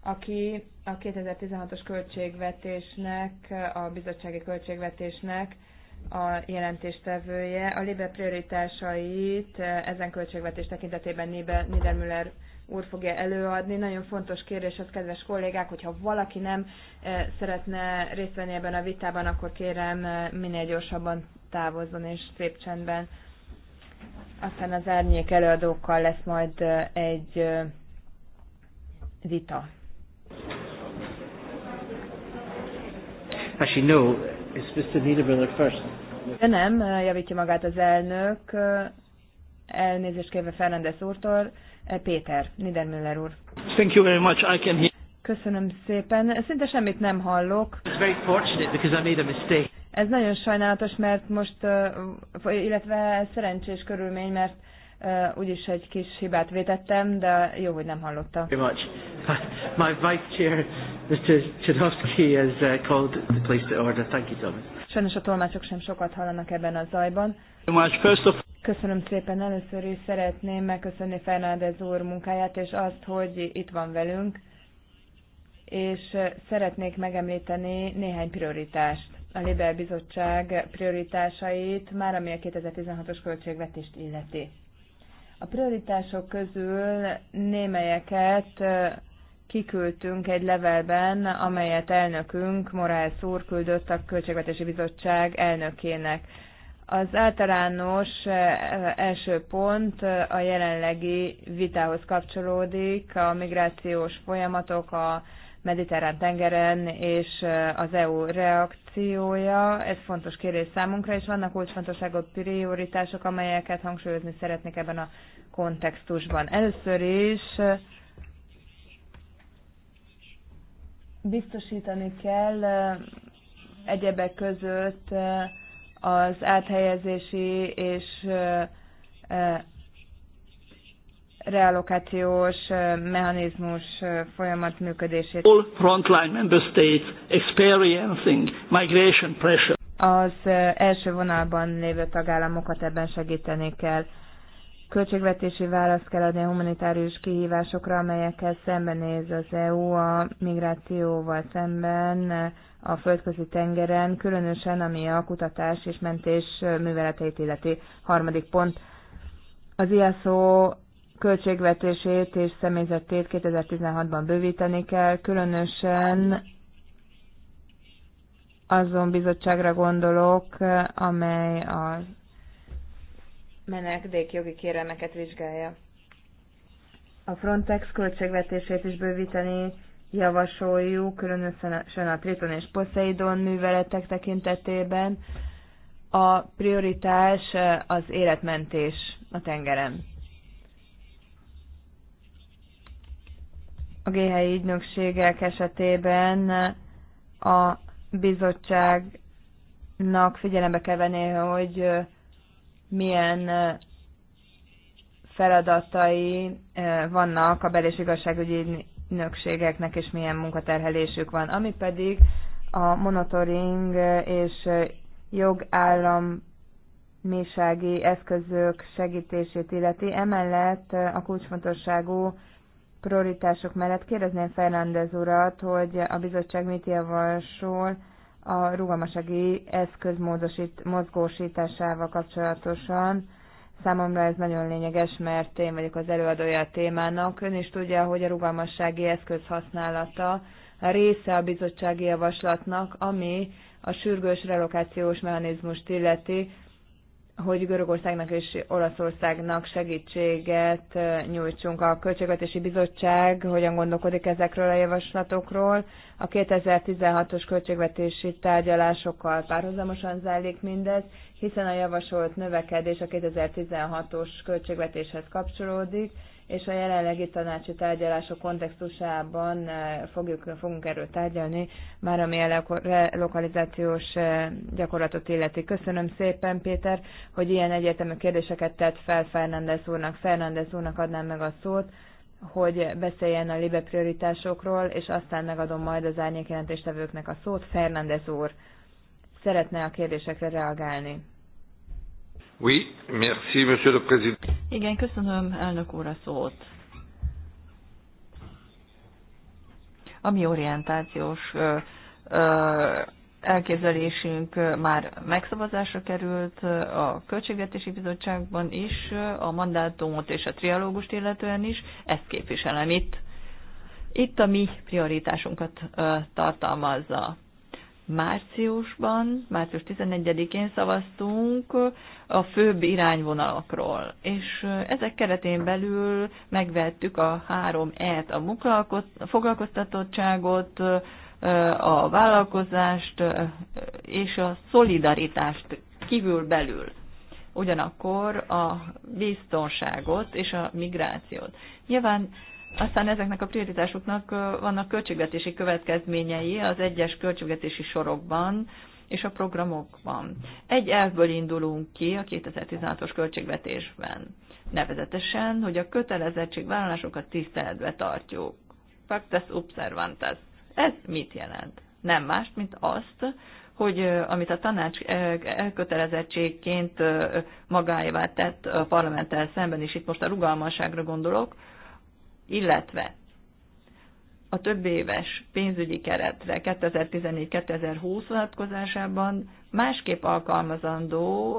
Aki a 2016-os költségvetésnek, a bizottsági költségvetésnek a jelentéstevője. A Libe prioritásait eh, ezen költségvetés tekintetében Niedermüller úr fogja előadni. Nagyon fontos kérdés az, kedves kollégák, hogyha valaki nem eh, szeretne részt venni ebben a vitában, akkor kérem eh, minél gyorsabban távozzon és szép csendben aztán az árnyék előadókkal lesz majd egy vita. Actually, no, it's Mr. Niedermüller first. De nem, javítja magát az elnök. Elnézést kérve Fernandez úrtól. Péter, Niedermüller úr. Thank you very much. I can hear. Köszönöm szépen. Szinte semmit nem hallok. It's very fortunate because I made a mistake. Ez nagyon sajnálatos, mert most, illetve szerencsés körülmény, mert Uh, úgyis egy kis hibát vétettem, de jó, hogy nem hallottam. Very much. [LAUGHS] My vice chair, Mr. Chodowski, has uh, called the place to order. Thank you, Thomas. Sajnos a tolmácsok sem sokat hallanak ebben a zajban. Köszönöm szépen. Először is szeretném megköszönni Fernández úr munkáját, és azt, hogy itt van velünk, és szeretnék megemlíteni néhány prioritást a Libel Bizottság prioritásait, már ami a 2016-os költségvetést illeti. A prioritások közül némelyeket kiküldtünk egy levelben, amelyet elnökünk, Morales úr küldött a Költségvetési Bizottság elnökének. Az általános első pont a jelenlegi vitához kapcsolódik, a migrációs folyamatok a mediterrán tengeren és az EU reakt reakciója, ez fontos kérdés számunkra, és vannak fontosságot prioritások, amelyeket hangsúlyozni szeretnék ebben a kontextusban. Először is biztosítani kell eh, egyebek között eh, az áthelyezési és eh, reallokációs mechanizmus folyamat működését. All frontline member states experiencing migration pressure. Az első vonalban lévő tagállamokat ebben segíteni kell. Költségvetési választ kell adni a humanitárius kihívásokra, amelyekkel szembenéz az EU a migrációval szemben a földközi tengeren, különösen ami a kutatás és mentés műveleteit illeti harmadik pont. Az IASZO költségvetését és személyzetét 2016-ban bővíteni kell, különösen azon bizottságra gondolok, amely a jogi kérelmeket vizsgálja. A Frontex költségvetését is bővíteni javasoljuk, különösen a Triton és Poseidon műveletek tekintetében. A prioritás az életmentés a tengeren. a GHI ügynökségek esetében a bizottságnak figyelembe kell venni, hogy milyen feladatai eh, vannak a bel- és igazságügyi ügynökségeknek, és milyen munkaterhelésük van. Ami pedig a monitoring és jogállam misági eszközök segítését illeti. Emellett a kulcsfontosságú prioritások mellett kérdezném Fernández urat, hogy a bizottság mit javasol a rugalmasági eszköz mozgósításával kapcsolatosan. Számomra ez nagyon lényeges, mert én vagyok az előadója a témának. Ön is tudja, hogy a rugalmassági eszköz használata a része a bizottsági javaslatnak, ami a sürgős relokációs mechanizmust illeti, hogy Görögországnak és Olaszországnak segítséget nyújtsunk. A Költségvetési Bizottság hogyan gondolkodik ezekről a javaslatokról? A 2016-os költségvetési tárgyalásokkal párhuzamosan zajlik mindez, hiszen a javasolt növekedés a 2016-os költségvetéshez kapcsolódik, és a jelenlegi tanácsi tárgyalások kontextusában eh, fogjuk, fogunk erről tárgyalni, már ami a lokalizációs eh, gyakorlatot illeti. Köszönöm szépen, Péter, hogy ilyen egyetemű kérdéseket tett fel Fernández úrnak. Fernández úrnak adnám meg a szót, hogy beszéljen a libe prioritásokról, és aztán megadom majd az árnyékjelentéstevőknek a szót. Fernández úr szeretne a kérdésekre reagálni. Oui, merci, monsieur le président. Igen, köszönöm, elnök úr, a szót. Ami orientációs ö, ö, elképzelésünk már megszavazásra került a Költségvetési Bizottságban is, a mandátumot és a trialógust illetően is, ezt képviselem itt. Itt a mi prioritásunkat tartalmazza márciusban, március 11-én szavaztunk a főbb irányvonalakról, és ezek keretén belül megvettük a három et a foglalkoztatottságot, a vállalkozást és a szolidaritást kívül belül. Ugyanakkor a biztonságot és a migrációt. Nyilván aztán ezeknek a prioritásoknak vannak költségvetési következményei az egyes költségvetési sorokban és a programokban. Egy elvből indulunk ki a 2016-os költségvetésben. Nevezetesen, hogy a kötelezettségvállalásokat tiszteletbe tartjuk. Pactus observantes. Ez mit jelent? Nem más, mint azt, hogy amit a tanács e, elkötelezettségként magáévá tett a parlamenttel szemben, és itt most a rugalmasságra gondolok, illetve a több éves pénzügyi keretre 2014-2020 vonatkozásában másképp alkalmazandó,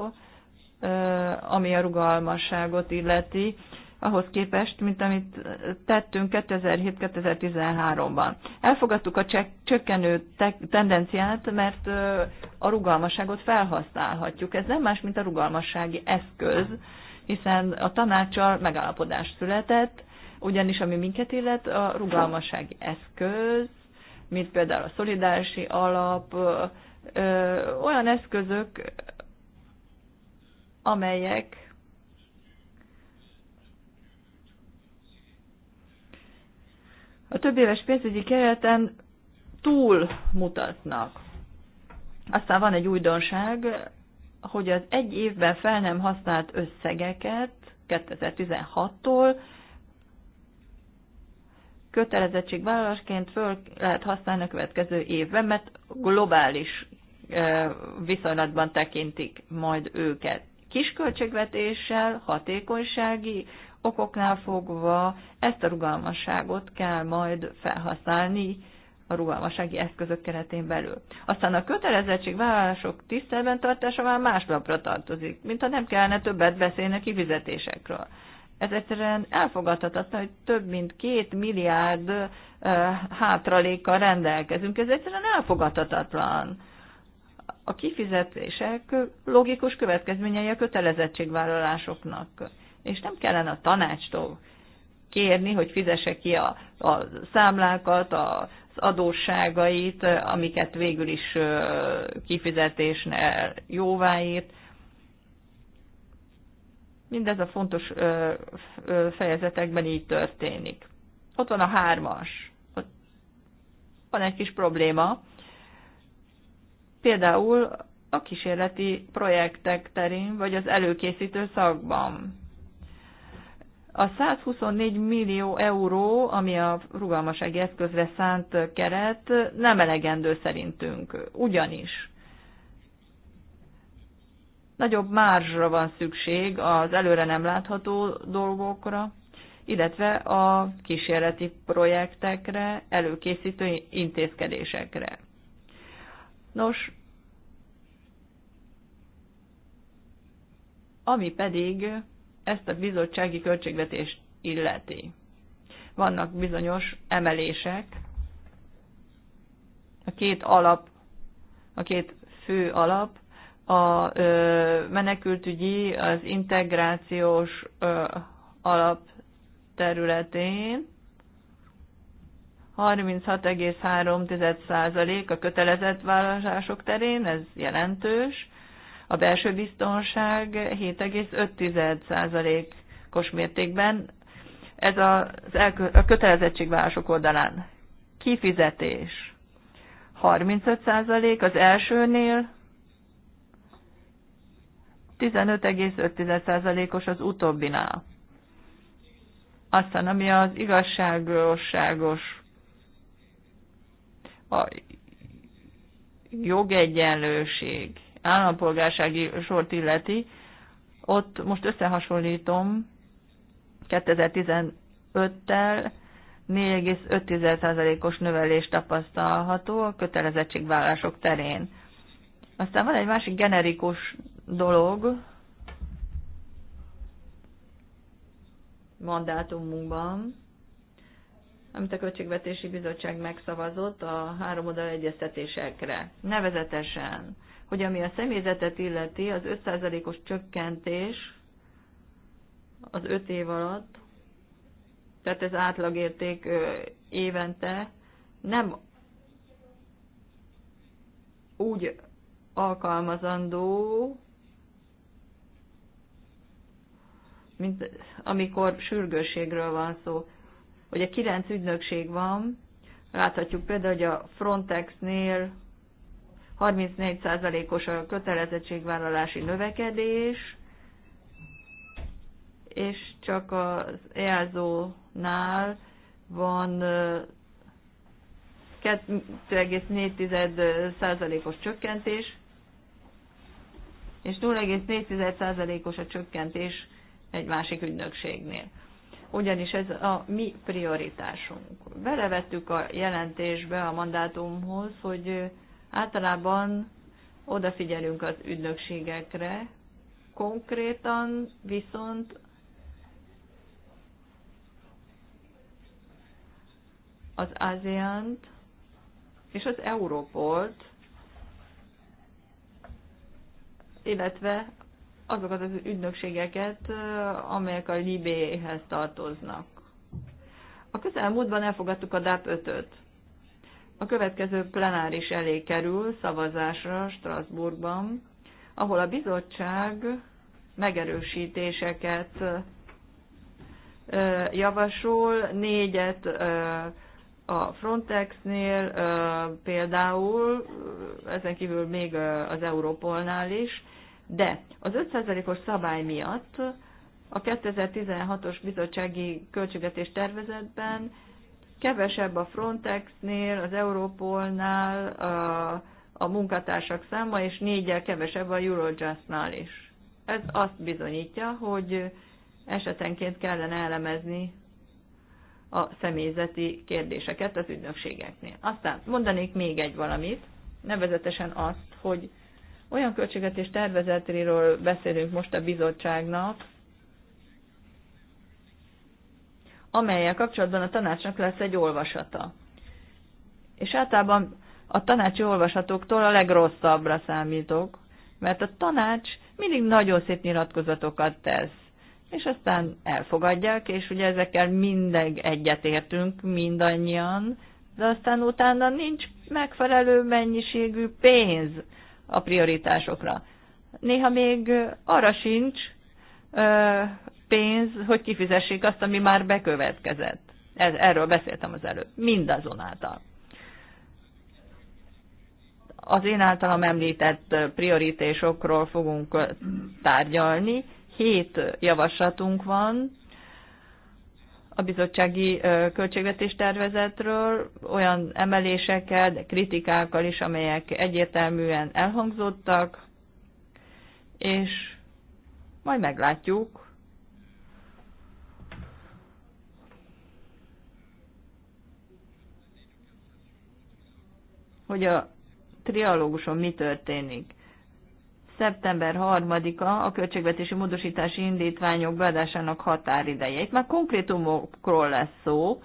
ami a rugalmasságot illeti, ahhoz képest, mint amit tettünk 2007-2013-ban. Elfogadtuk a csökkenő tendenciát, mert a rugalmasságot felhasználhatjuk. Ez nem más, mint a rugalmassági eszköz, hiszen a tanácssal megállapodás született, ugyanis ami minket illet, a rugalmassági eszköz, mint például a szolidási alap, olyan eszközök, amelyek a több éves pénzügyi kereten túl mutatnak. Aztán van egy újdonság, hogy az egy évben fel nem használt összegeket 2016-tól kötelezettségvállalásként föl lehet használni a következő évben, mert globális viszonylatban tekintik majd őket. Kis költségvetéssel, hatékonysági okoknál fogva ezt a rugalmasságot kell majd felhasználni a rugalmassági eszközök keretén belül. Aztán a kötelezettségvállalások tisztelben tartása már más lapra tartozik, mint nem kellene többet beszélni a kifizetésekről ez egyszerűen elfogadhatatlan, hogy több mint két milliárd hátralékkal rendelkezünk. Ez egyszerűen elfogadhatatlan. A kifizetések logikus következményei a kötelezettségvállalásoknak. És nem kellene a tanácstól kérni, hogy fizesse ki a, a számlákat, a, az adósságait, amiket végül is kifizetésnél jóváírt. Mindez a fontos ö, ö, fejezetekben így történik. Ott van a hármas. Ott van egy kis probléma. Például a kísérleti projektek terén, vagy az előkészítő szakban. A 124 millió euró, ami a rugalmasági eszközre szánt keret, nem elegendő szerintünk. Ugyanis Nagyobb márzsra van szükség az előre nem látható dolgokra, illetve a kísérleti projektekre, előkészítő intézkedésekre. Nos, ami pedig ezt a bizottsági költségvetést illeti. Vannak bizonyos emelések, a két alap, a két fő alap a menekültügyi, az integrációs alap területén 36,3% a kötelezett vállalások terén, ez jelentős, a belső biztonság 7,5%-os mértékben, ez az elkö- a kötelezettségvállások oldalán. Kifizetés 35% az elsőnél, 15,5%-os az utóbbinál. Aztán, ami az igazságosságos a jogegyenlőség, állampolgársági sort illeti, ott most összehasonlítom 2015-tel 4,5%-os növelés tapasztalható a kötelezettségvállások terén. Aztán van egy másik generikus dolog mandátumunkban, amit a Költségvetési Bizottság megszavazott a három oldal egyeztetésekre. Nevezetesen, hogy ami a személyzetet illeti, az 5%-os csökkentés az 5 év alatt, tehát ez átlagérték évente, nem úgy alkalmazandó, mint amikor sürgősségről van szó. Ugye kilenc ügynökség van, láthatjuk például, hogy a Frontexnél 34%-os a kötelezettségvállalási növekedés, és csak az EASO-nál van 2,4%-os csökkentés, és 0,4%-os a csökkentés egy másik ügynökségnél. Ugyanis ez a mi prioritásunk. Belevettük a jelentésbe a mandátumhoz, hogy általában odafigyelünk az ügynökségekre, konkrétan viszont az asean és az Európolt, illetve azokat az ügynökségeket, amelyek a Libéhez tartoznak. A közelmúltban elfogadtuk a DAP 5-öt. A következő plenáris elé kerül szavazásra Strasbourgban, ahol a bizottság megerősítéseket javasol, négyet a Frontexnél például, ezen kívül még az Európolnál is, de az 5%-os szabály miatt a 2016-os bizottsági költségvetés tervezetben kevesebb a Frontexnél, az Europolnál a, a munkatársak száma, és négyel kevesebb a Eurojustnál is. Ez azt bizonyítja, hogy esetenként kellene elemezni a személyzeti kérdéseket az ügynökségeknél. Aztán mondanék még egy valamit, nevezetesen azt, hogy olyan költségvetés tervezetről beszélünk most a bizottságnak, amelyel kapcsolatban a tanácsnak lesz egy olvasata. És általában a tanácsi olvasatoktól a legrosszabbra számítok, mert a tanács mindig nagyon szép nyilatkozatokat tesz. És aztán elfogadják, és ugye ezekkel mindig egyetértünk, mindannyian, de aztán utána nincs megfelelő mennyiségű pénz a prioritásokra. Néha még arra sincs pénz, hogy kifizessék azt, ami már bekövetkezett. Erről beszéltem az előbb. Mindazonáltal. Az én általam említett prioritásokról fogunk tárgyalni. Hét javaslatunk van, a bizottsági költségvetés tervezetről, olyan emelésekkel, de kritikákkal is, amelyek egyértelműen elhangzottak, és majd meglátjuk, hogy a trialóguson mi történik szeptember 3-a a költségvetési módosítási indítványok beadásának határideje. Itt már konkrétumokról lesz szó.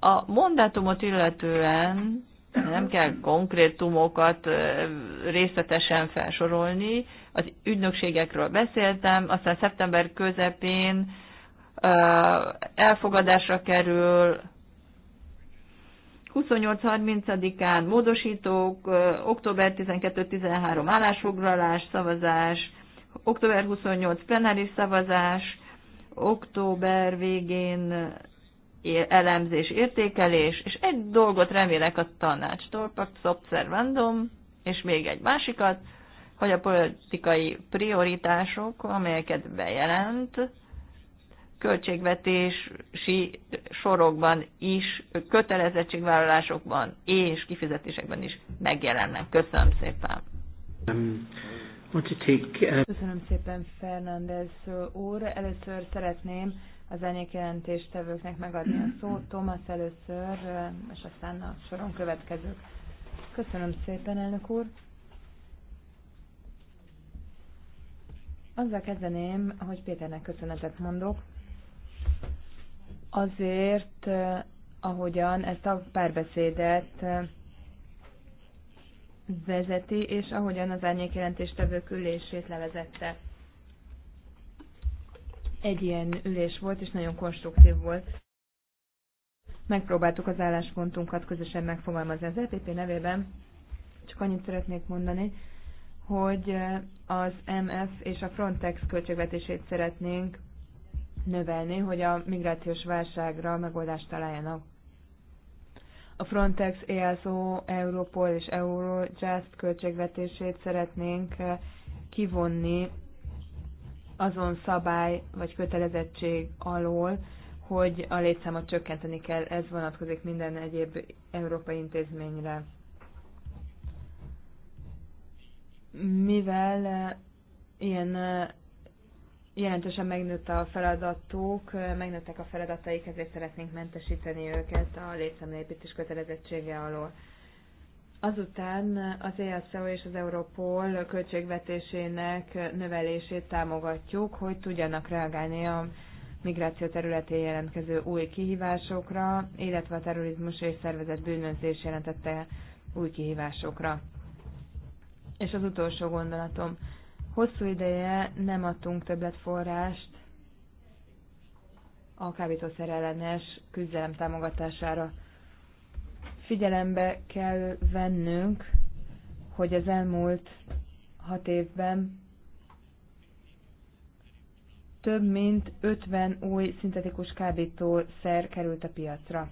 A mondátumot illetően nem kell konkrétumokat részletesen felsorolni. Az ügynökségekről beszéltem, aztán szeptember közepén elfogadásra kerül 28-30-án módosítók, október 12-13 állásfoglalás, szavazás, október 28 plenáris szavazás, október végén elemzés, értékelés, és egy dolgot remélek a tanácstól, observandum, és még egy másikat, hogy a politikai prioritások, amelyeket bejelent, költségvetési sorokban is, kötelezettségvállalásokban és kifizetésekben is megjelennek. Köszönöm szépen! Um, uh, Köszönöm szépen, Fernández úr. Először szeretném az enyék jelentéstevőknek megadni a szót. Thomas először, uh, és aztán a soron következők. Köszönöm szépen, elnök úr. Azzal kezdeném, hogy Péternek köszönetet mondok azért, eh, ahogyan ezt a párbeszédet eh, vezeti, és ahogyan az tevők ülését levezette. Egy ilyen ülés volt, és nagyon konstruktív volt. Megpróbáltuk az álláspontunkat közösen megfogalmazni az EPP nevében. Csak annyit szeretnék mondani, hogy eh, az MF és a Frontex költségvetését szeretnénk növelni, hogy a migrációs válságra megoldást találjanak. A Frontex, EASO, Europol és Eurojust költségvetését szeretnénk eh, kivonni azon szabály vagy kötelezettség alól, hogy a létszámot csökkenteni kell, ez vonatkozik minden egyéb európai intézményre. Mivel eh, ilyen eh, jelentősen megnőtt a feladatuk, megnőttek a feladataik, ezért szeretnénk mentesíteni őket a létszámlépítés kötelezettsége alól. Azután az ESZO és az Europol költségvetésének növelését támogatjuk, hogy tudjanak reagálni a migráció területén jelentkező új kihívásokra, illetve a terrorizmus és szervezett bűnözés jelentette új kihívásokra. És az utolsó gondolatom, Hosszú ideje nem adtunk többletforrást a kábítószer ellenes küzdelem támogatására. Figyelembe kell vennünk, hogy az elmúlt hat évben több mint 50 új szintetikus kábítószer került a piacra.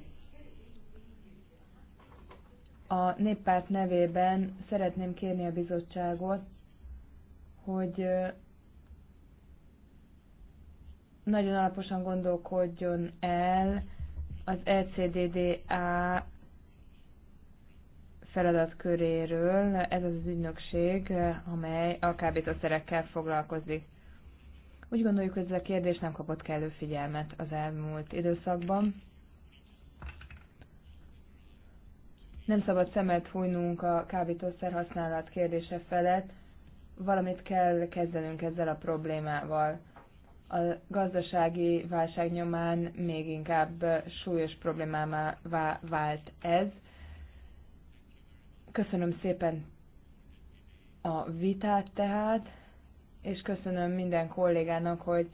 A néppárt nevében szeretném kérni a bizottságot, hogy nagyon alaposan gondolkodjon el az ECDDA feladatköréről, ez az ügynökség, amely a kábítószerekkel foglalkozik. Úgy gondoljuk, hogy ez a kérdés nem kapott kellő figyelmet az elmúlt időszakban. Nem szabad szemet fújnunk a kábítószer használat kérdése felett, valamit kell kezdenünk ezzel a problémával. A gazdasági válság nyomán még inkább súlyos problémává vált ez. Köszönöm szépen a vitát tehát, és köszönöm minden kollégának, hogy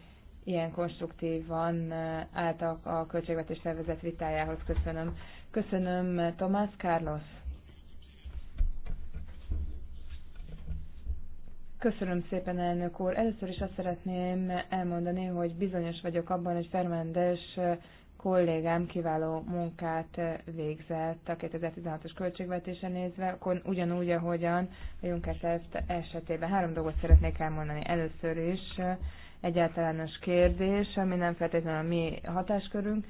ilyen konstruktívan álltak a költségvetés szervezet vitájához. Köszönöm. Köszönöm, Tomás Carlos. Köszönöm szépen, elnök úr. Először is azt szeretném elmondani, hogy bizonyos vagyok abban, hogy Fermendes kollégám kiváló munkát végzett a 2016-os költségvetése nézve, akkor ugyanúgy, ahogyan a Juncker terv esetében. Három dolgot szeretnék elmondani. Először is egy általános kérdés, ami nem feltétlenül a mi hatáskörünk,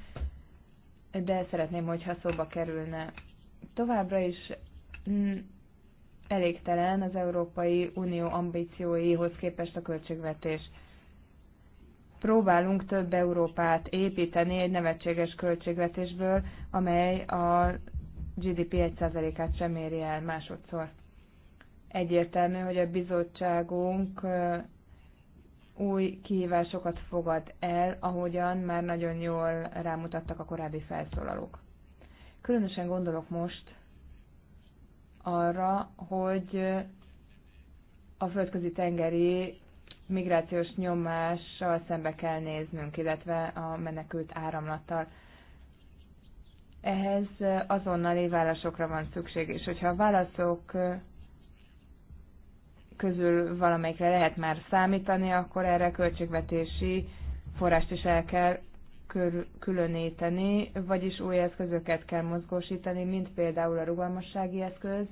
de szeretném, hogyha szóba kerülne. Továbbra is elégtelen az Európai Unió ambícióihoz képest a költségvetés. Próbálunk több Európát építeni egy nevetséges költségvetésből, amely a GDP 1%-át sem éri el másodszor. Egyértelmű, hogy a bizottságunk új kihívásokat fogad el, ahogyan már nagyon jól rámutattak a korábbi felszólalók. Különösen gondolok most arra, hogy a földközi tengeri migrációs nyomással szembe kell néznünk, illetve a menekült áramlattal. Ehhez azonnali válaszokra van szükség, és hogyha a válaszok közül valamelyikre lehet már számítani, akkor erre költségvetési forrást is el kell különéteni vagyis új eszközöket kell mozgósítani, mint például a rugalmassági eszköz,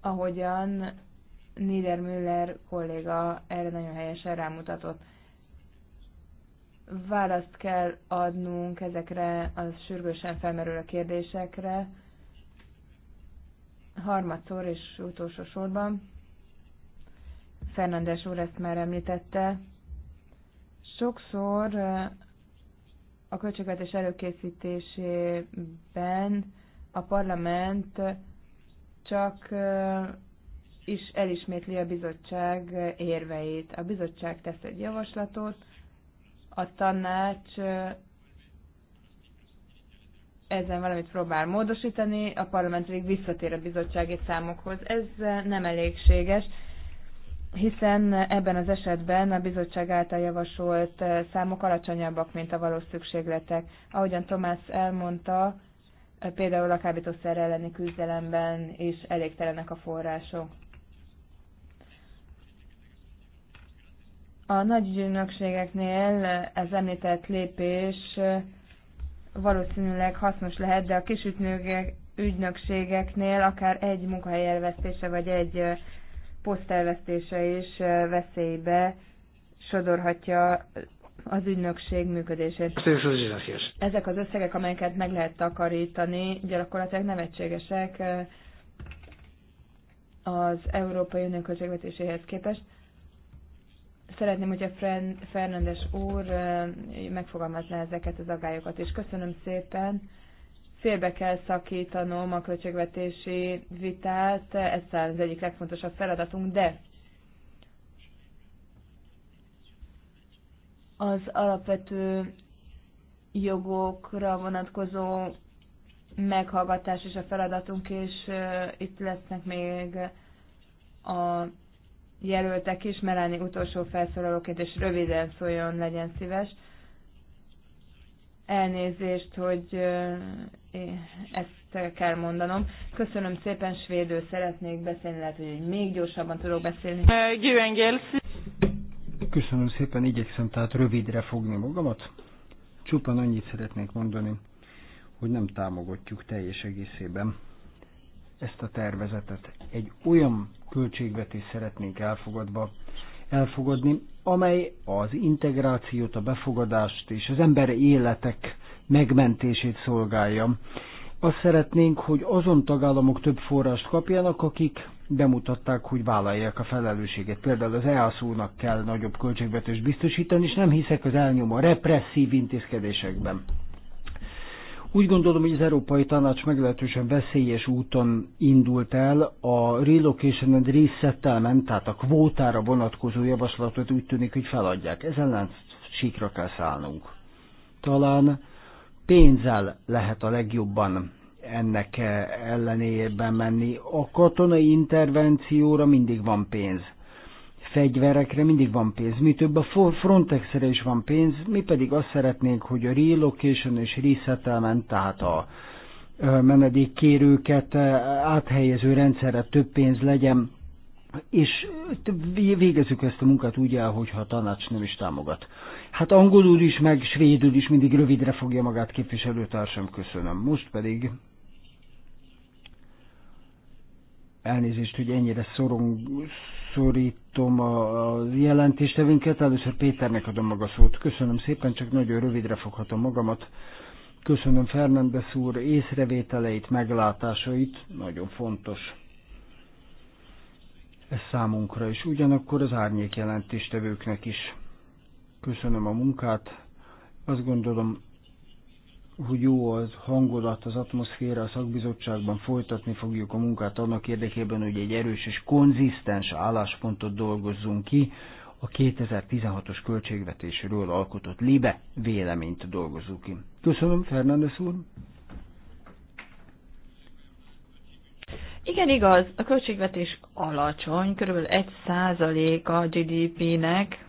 ahogyan Niedermüller kolléga erre nagyon helyesen rámutatott. Választ kell adnunk ezekre a sürgősen felmerülő kérdésekre, harmadszor és utolsó sorban. Fernandes úr ezt már említette, Sokszor a költségvetés előkészítésében a parlament csak is elismétli a bizottság érveit. A bizottság tesz egy javaslatot, a tanács ezen valamit próbál módosítani, a parlament még visszatér a bizottsági számokhoz. Ez nem elégséges hiszen ebben az esetben a bizottság által javasolt eh, számok alacsonyabbak, mint a valós szükségletek. Ahogyan Tomás elmondta, eh, például a kábítószer elleni küzdelemben is elégtelenek a források. A nagy ügynökségeknél eh, ez említett lépés valószínűleg hasznos lehet, de a kis ügynökségeknél akár egy munkahely elvesztése vagy egy posztelvesztése és is eh, veszélybe sodorhatja az ügynökség működését. Ezek az összegek, amelyeket meg lehet takarítani, gyakorlatilag nevetségesek eh, az Európai Unió költségvetéséhez képest. Szeretném, hogyha Fernandes úr eh, megfogalmazná ezeket az agályokat, és köszönöm szépen félbe kell szakítanom a költségvetési vitát, ez talán az egyik legfontosabb feladatunk, de az alapvető jogokra vonatkozó meghallgatás és a feladatunk, és uh, itt lesznek még a jelöltek is, meláni utolsó felszólalóként, és röviden szóljon, legyen szíves. Elnézést, hogy ezt kell mondanom. Köszönöm szépen, svédül szeretnék beszélni, lehet, hogy még gyorsabban tudok beszélni. Köszönöm szépen, igyekszem tehát rövidre fogni magamat. Csupán annyit szeretnék mondani, hogy nem támogatjuk teljes egészében ezt a tervezetet. Egy olyan költségvetést szeretnénk elfogadva, elfogadni, amely az integrációt, a befogadást és az ember életek megmentését szolgálja. Azt szeretnénk, hogy azon tagállamok több forrást kapjanak, akik bemutatták, hogy vállalják a felelősséget. Például az EASZ-nak kell nagyobb költségvetést biztosítani, és nem hiszek az elnyomó represszív intézkedésekben. Úgy gondolom, hogy az Európai Tanács meglehetősen veszélyes úton indult el a relocation and resettlement, tehát a kvótára vonatkozó javaslatot úgy tűnik, hogy feladják. Ez ellen síkra kell szállnunk. Talán pénzzel lehet a legjobban ennek ellenében menni. A katonai intervencióra mindig van pénz fegyverekre mindig van pénz, mi több a Frontexre is van pénz, mi pedig azt szeretnénk, hogy a relocation és resettlement, tehát a menedékkérőket áthelyező rendszerre több pénz legyen, és végezzük ezt a munkát úgy el, hogyha a tanács nem is támogat. Hát angolul is, meg svédül is mindig rövidre fogja magát képviselőtársam, köszönöm. Most pedig elnézést, hogy ennyire szorong, megszorítom a jelentéstevünket. Először Péternek adom maga szót. Köszönöm szépen, csak nagyon rövidre foghatom magamat. Köszönöm Fernandes úr észrevételeit, meglátásait, nagyon fontos ez számunkra is, ugyanakkor az árnyék jelentéstevőknek is. Köszönöm a munkát, azt gondolom hogy jó az hangulat, az atmoszféra, a szakbizottságban folytatni fogjuk a munkát annak érdekében, hogy egy erős és konzisztens álláspontot dolgozzunk ki, a 2016-os költségvetésről alkotott libe véleményt dolgozzuk ki. Köszönöm, Fernández úr! Igen, igaz, a költségvetés alacsony, kb. 1% a GDP-nek,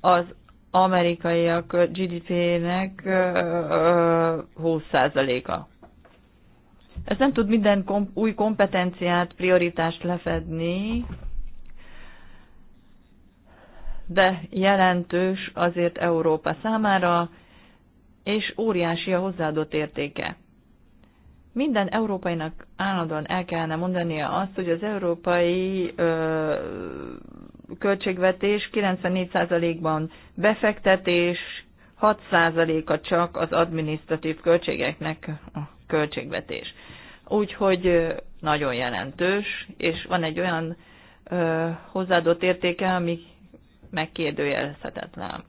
az amerikaiak GDP-nek 20%-a. Ez nem tud minden komp- új kompetenciát, prioritást lefedni, de jelentős azért Európa számára, és óriási a hozzáadott értéke. Minden európainak állandóan el kellene mondania azt, hogy az európai ö, költségvetés 94%-ban befektetés, 6%-a csak az adminisztratív költségeknek a költségvetés. Úgyhogy nagyon jelentős, és van egy olyan ö, hozzáadott értéke, ami megkérdőjelezhetetlen.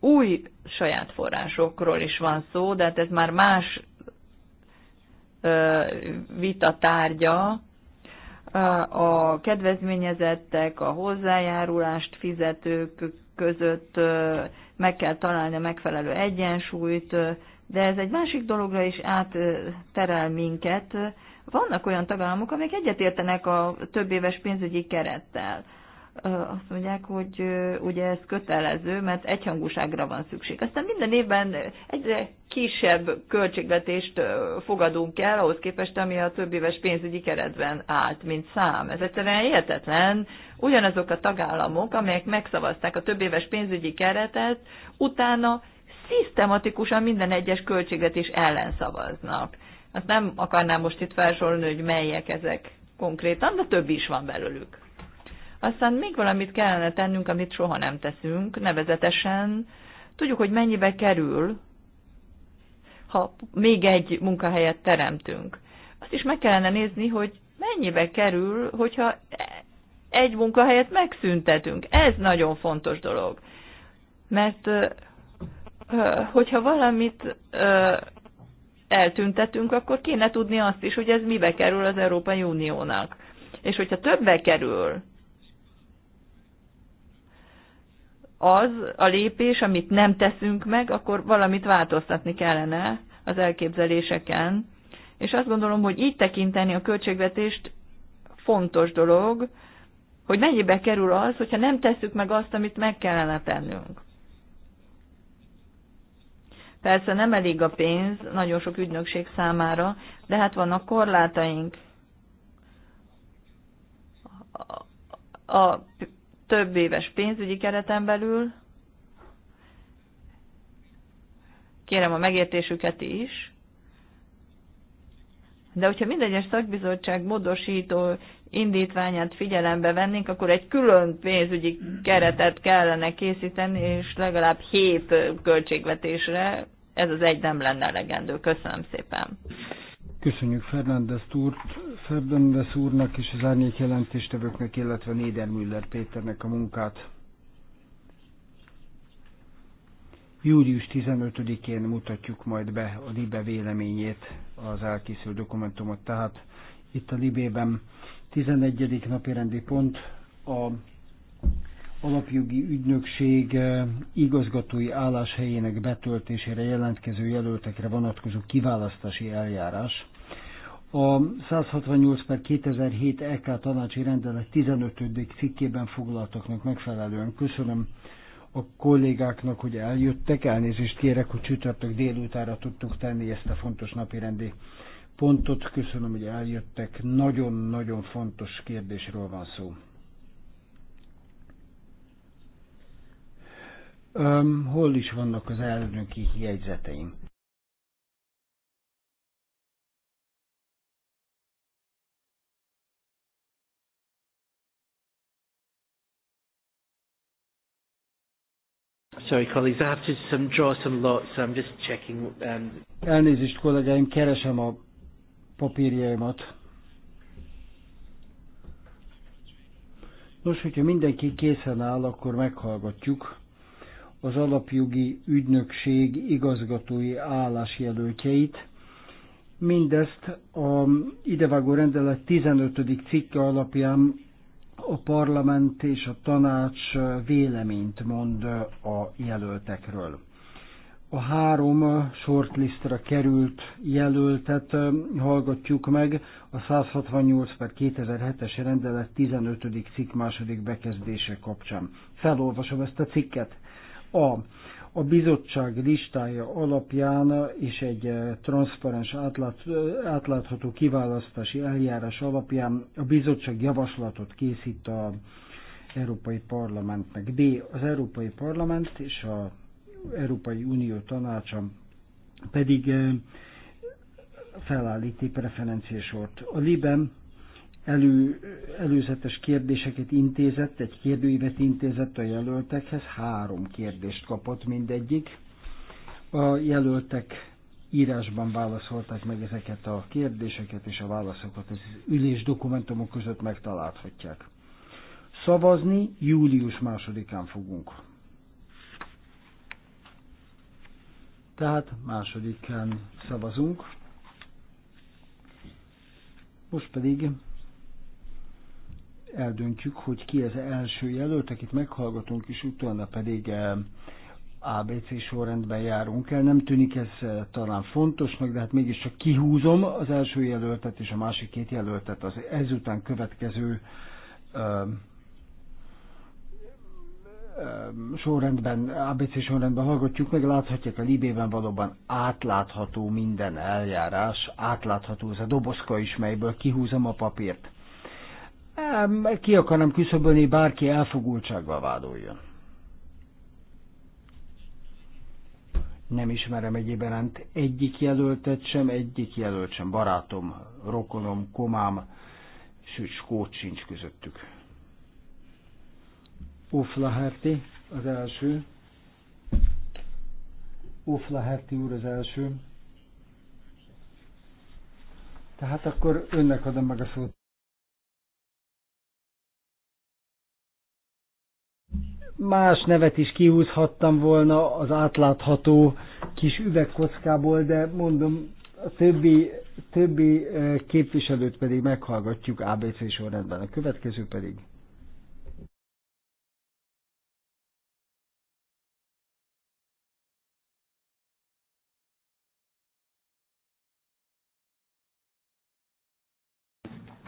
Új saját forrásokról is van szó, de hát ez már más ö, vita tárgya, a kedvezményezettek, a hozzájárulást fizetők között meg kell találni a megfelelő egyensúlyt, de ez egy másik dologra is átterel minket. Vannak olyan tagállamok, amik egyetértenek a több éves pénzügyi kerettel azt mondják, hogy ugye ez kötelező, mert egyhangúságra van szükség. Aztán minden évben egyre kisebb költségvetést fogadunk el ahhoz képest, ami a több éves pénzügyi keretben állt, mint szám. Ez egyszerűen értetlen. Ugyanazok a tagállamok, amelyek megszavazták a több éves pénzügyi keretet, utána szisztematikusan minden egyes költségvetés ellen szavaznak. Azt nem akarnám most itt felsorolni, hogy melyek ezek konkrétan, de több is van belőlük. Aztán még valamit kellene tennünk, amit soha nem teszünk, nevezetesen tudjuk, hogy mennyibe kerül, ha még egy munkahelyet teremtünk. Azt is meg kellene nézni, hogy mennyibe kerül, hogyha egy munkahelyet megszüntetünk. Ez nagyon fontos dolog. Mert hogyha valamit eltüntetünk, akkor kéne tudni azt is, hogy ez mibe kerül az Európai Uniónak. És hogyha többbe kerül, az a lépés, amit nem teszünk meg, akkor valamit változtatni kellene az elképzeléseken. És azt gondolom, hogy így tekinteni a költségvetést fontos dolog, hogy mennyibe kerül az, hogyha nem tesszük meg azt, amit meg kellene tennünk. Persze nem elég a pénz nagyon sok ügynökség számára, de hát vannak korlátaink. A több éves pénzügyi kereten belül. Kérem a megértésüket is. De hogyha mindegyes szakbizottság módosító indítványát figyelembe vennénk, akkor egy külön pénzügyi keretet kellene készíteni, és legalább hét költségvetésre ez az egy nem lenne elegendő. Köszönöm szépen. Köszönjük Fernández, úr, Fernández úrnak és az árnyék jelentéstevőknek, illetve Niedermüller Péternek a munkát. Július 15-én mutatjuk majd be a Libe véleményét, az elkészült dokumentumot, tehát itt a IBE-ben 11. napi rendi pont a alapjogi ügynökség eh, igazgatói álláshelyének betöltésére jelentkező jelöltekre vonatkozó kiválasztási eljárás. A 168 per 2007 EK tanácsi rendelet 15. cikkében foglaltaknak megfelelően köszönöm a kollégáknak, hogy eljöttek. Elnézést kérek, hogy csütörtök délutára tudtuk tenni ezt a fontos napi rendi pontot. Köszönöm, hogy eljöttek. Nagyon-nagyon fontos kérdésről van szó. Um, hol is vannak az elnöki jegyzeteim? Sorry, colleagues, I have to some, draw some lots, so I'm just checking. Um... Elnézést, kollégáim, keresem a papírjaimat. Nos, hogyha mindenki készen áll, akkor meghallgatjuk az alapjogi ügynökség igazgatói állásjelöltjeit. Mindezt a idevágó rendelet 15. cikke alapján a parlament és a tanács véleményt mond a jelöltekről. A három shortlistra került jelöltet hallgatjuk meg a 168 per 2007-es rendelet 15. cikk második bekezdése kapcsán. Felolvasom ezt a cikket. A a bizottság listája alapján és egy eh, transzparens átlát, átlátható kiválasztási eljárás alapján a bizottság javaslatot készít a Európai Parlamentnek. D. Az Európai Parlament és a Európai Unió tanácsa pedig eh, felállíti egy A libem elő, előzetes kérdéseket intézett, egy kérdőívet intézett a jelöltekhez, három kérdést kapott mindegyik. A jelöltek írásban válaszolták meg ezeket a kérdéseket, és a válaszokat az ülés dokumentumok között megtalálhatják. Szavazni július másodikán fogunk. Tehát másodikán szavazunk. Most pedig eldöntjük, hogy ki az első jelölt, akit meghallgatunk, és utána pedig eh, ABC sorrendben járunk el. Nem tűnik ez eh, talán fontosnak, de hát mégiscsak kihúzom az első jelöltet és a másik két jelöltet az ezután következő eh, sorrendben, ABC sorrendben hallgatjuk meg, láthatják a Libében valóban átlátható minden eljárás, átlátható ez a dobozka is, melyből kihúzom a papírt ki akarom küszöbölni, bárki elfogultságba vádoljon. Nem ismerem egyébként egyik jelöltet sem, egyik jelölt sem, barátom, rokonom, komám, sőt, skót sincs közöttük. Uflaherti az első. Uflaherti úr az első. Tehát akkor önnek adom meg a szót. Más nevet is kihúzhattam volna az átlátható kis üvegkockából, de mondom, a többi, többi eh, képviselőt pedig meghallgatjuk ABC sorrendben. A következő pedig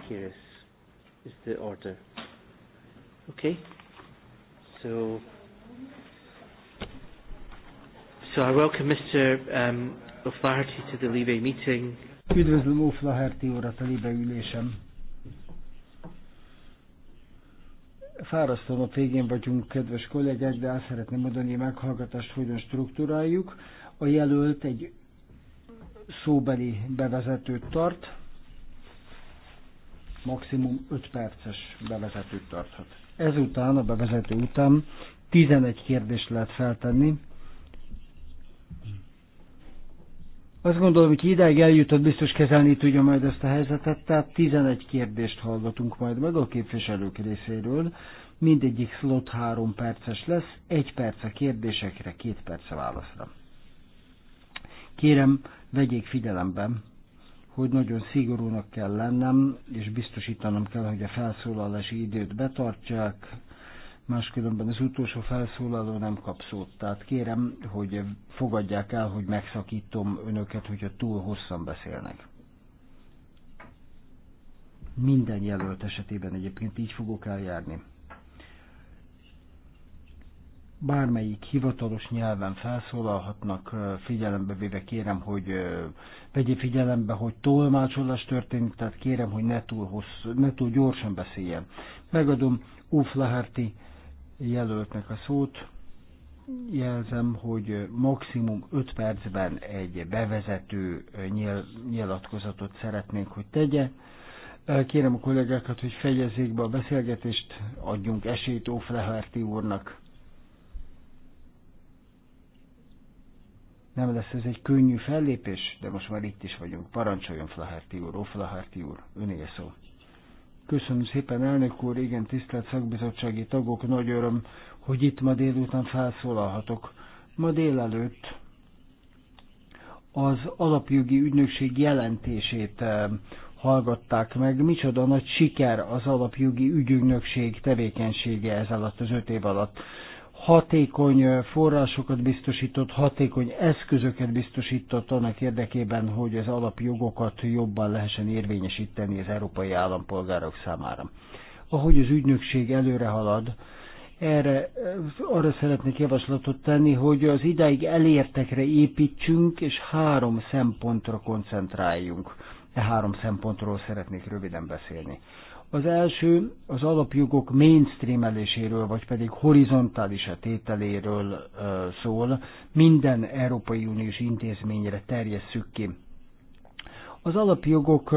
here is, is the order. Okay? So, so I welcome Mr. Um, O'Flaherty to the Libé meeting. Üdvözlöm O'Flaherty urat a Libé ülésem. Fárasztó nap végén vagyunk, kedves kollégák, de el szeretném mondani, meghallgatást hogyan struktúráljuk. A jelölt egy szóbeli bevezetőt tart, maximum 5 perces bevezetőt tarthat. Ezután, a bevezető után 11 kérdést lehet feltenni. Azt gondolom, hogy idáig eljutott, biztos kezelni tudja majd ezt a helyzetet, tehát 11 kérdést hallgatunk majd meg a képviselők részéről. Mindegyik slot 3 perces lesz, 1 perc a kérdésekre, 2 perc a válaszra. Kérem, vegyék figyelembe, hogy nagyon szigorúnak kell lennem, és biztosítanom kell, hogy a felszólalási időt betartják, máskülönben az utolsó felszólaló nem kap szót. Tehát kérem, hogy fogadják el, hogy megszakítom önöket, hogyha túl hosszan beszélnek. Minden jelölt esetében egyébként így fogok eljárni bármelyik hivatalos nyelven felszólalhatnak, figyelembe véve kérem, hogy vegyék figyelembe, hogy tolmácsolás történik, tehát kérem, hogy ne túl, hossz, ne túl gyorsan beszéljen. Megadom Uf Laherty jelöltnek a szót, jelzem, hogy maximum 5 percben egy bevezető nyil, nyilatkozatot szeretnénk, hogy tegye. Kérem a kollégákat, hogy fejezzék be a beszélgetést, adjunk esélyt Ófleherti úrnak Nem lesz ez egy könnyű fellépés, de most már itt is vagyunk. Parancsoljon, Flaherty úr, Flaherty úr, öné szó. Köszönöm szépen, elnök úr, igen, tisztelt szakbizottsági tagok, nagy öröm, hogy itt ma délután felszólalhatok. Ma délelőtt az alapjogi ügynökség jelentését eh, hallgatták meg, micsoda nagy siker az alapjogi ügynökség tevékenysége ez alatt az öt év alatt hatékony forrásokat biztosított, hatékony eszközöket biztosított annak érdekében, hogy az alapjogokat jobban lehessen érvényesíteni az európai állampolgárok számára. Ahogy az ügynökség előre halad, erre, arra szeretnék javaslatot tenni, hogy az idáig elértekre építsünk, és három szempontra koncentráljunk. E három szempontról szeretnék röviden beszélni. Az első az alapjogok mainstreameléséről, vagy pedig horizontális tételéről szól, minden Európai Uniós intézményre terjesszük ki. Az alapjogok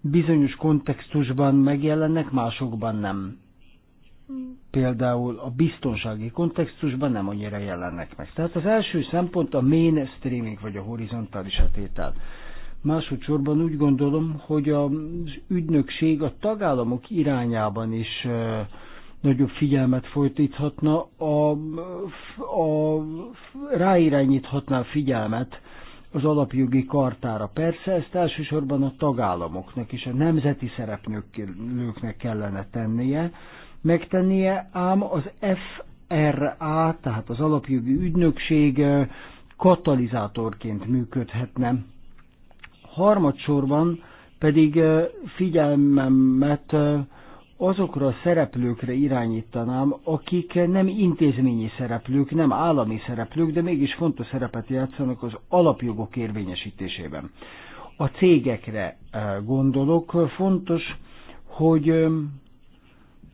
bizonyos kontextusban megjelennek, másokban nem. Például a biztonsági kontextusban nem annyira jelennek meg. Tehát az első szempont a mainstreaming, vagy a horizontális tétel. Másodszorban úgy gondolom, hogy az ügynökség a tagállamok irányában is eh, nagyobb figyelmet fordíthatna, a, a, ráirányíthatná a figyelmet az alapjogi kartára. Persze ezt elsősorban a tagállamoknak és a nemzeti szereplőknek kellene tennie, megtennie, ám az FRA, tehát az alapjogi ügynökség eh, katalizátorként működhetne Harmadsorban pedig figyelmemet azokra a szereplőkre irányítanám, akik nem intézményi szereplők, nem állami szereplők, de mégis fontos szerepet játszanak az alapjogok érvényesítésében. A cégekre gondolok, fontos, hogy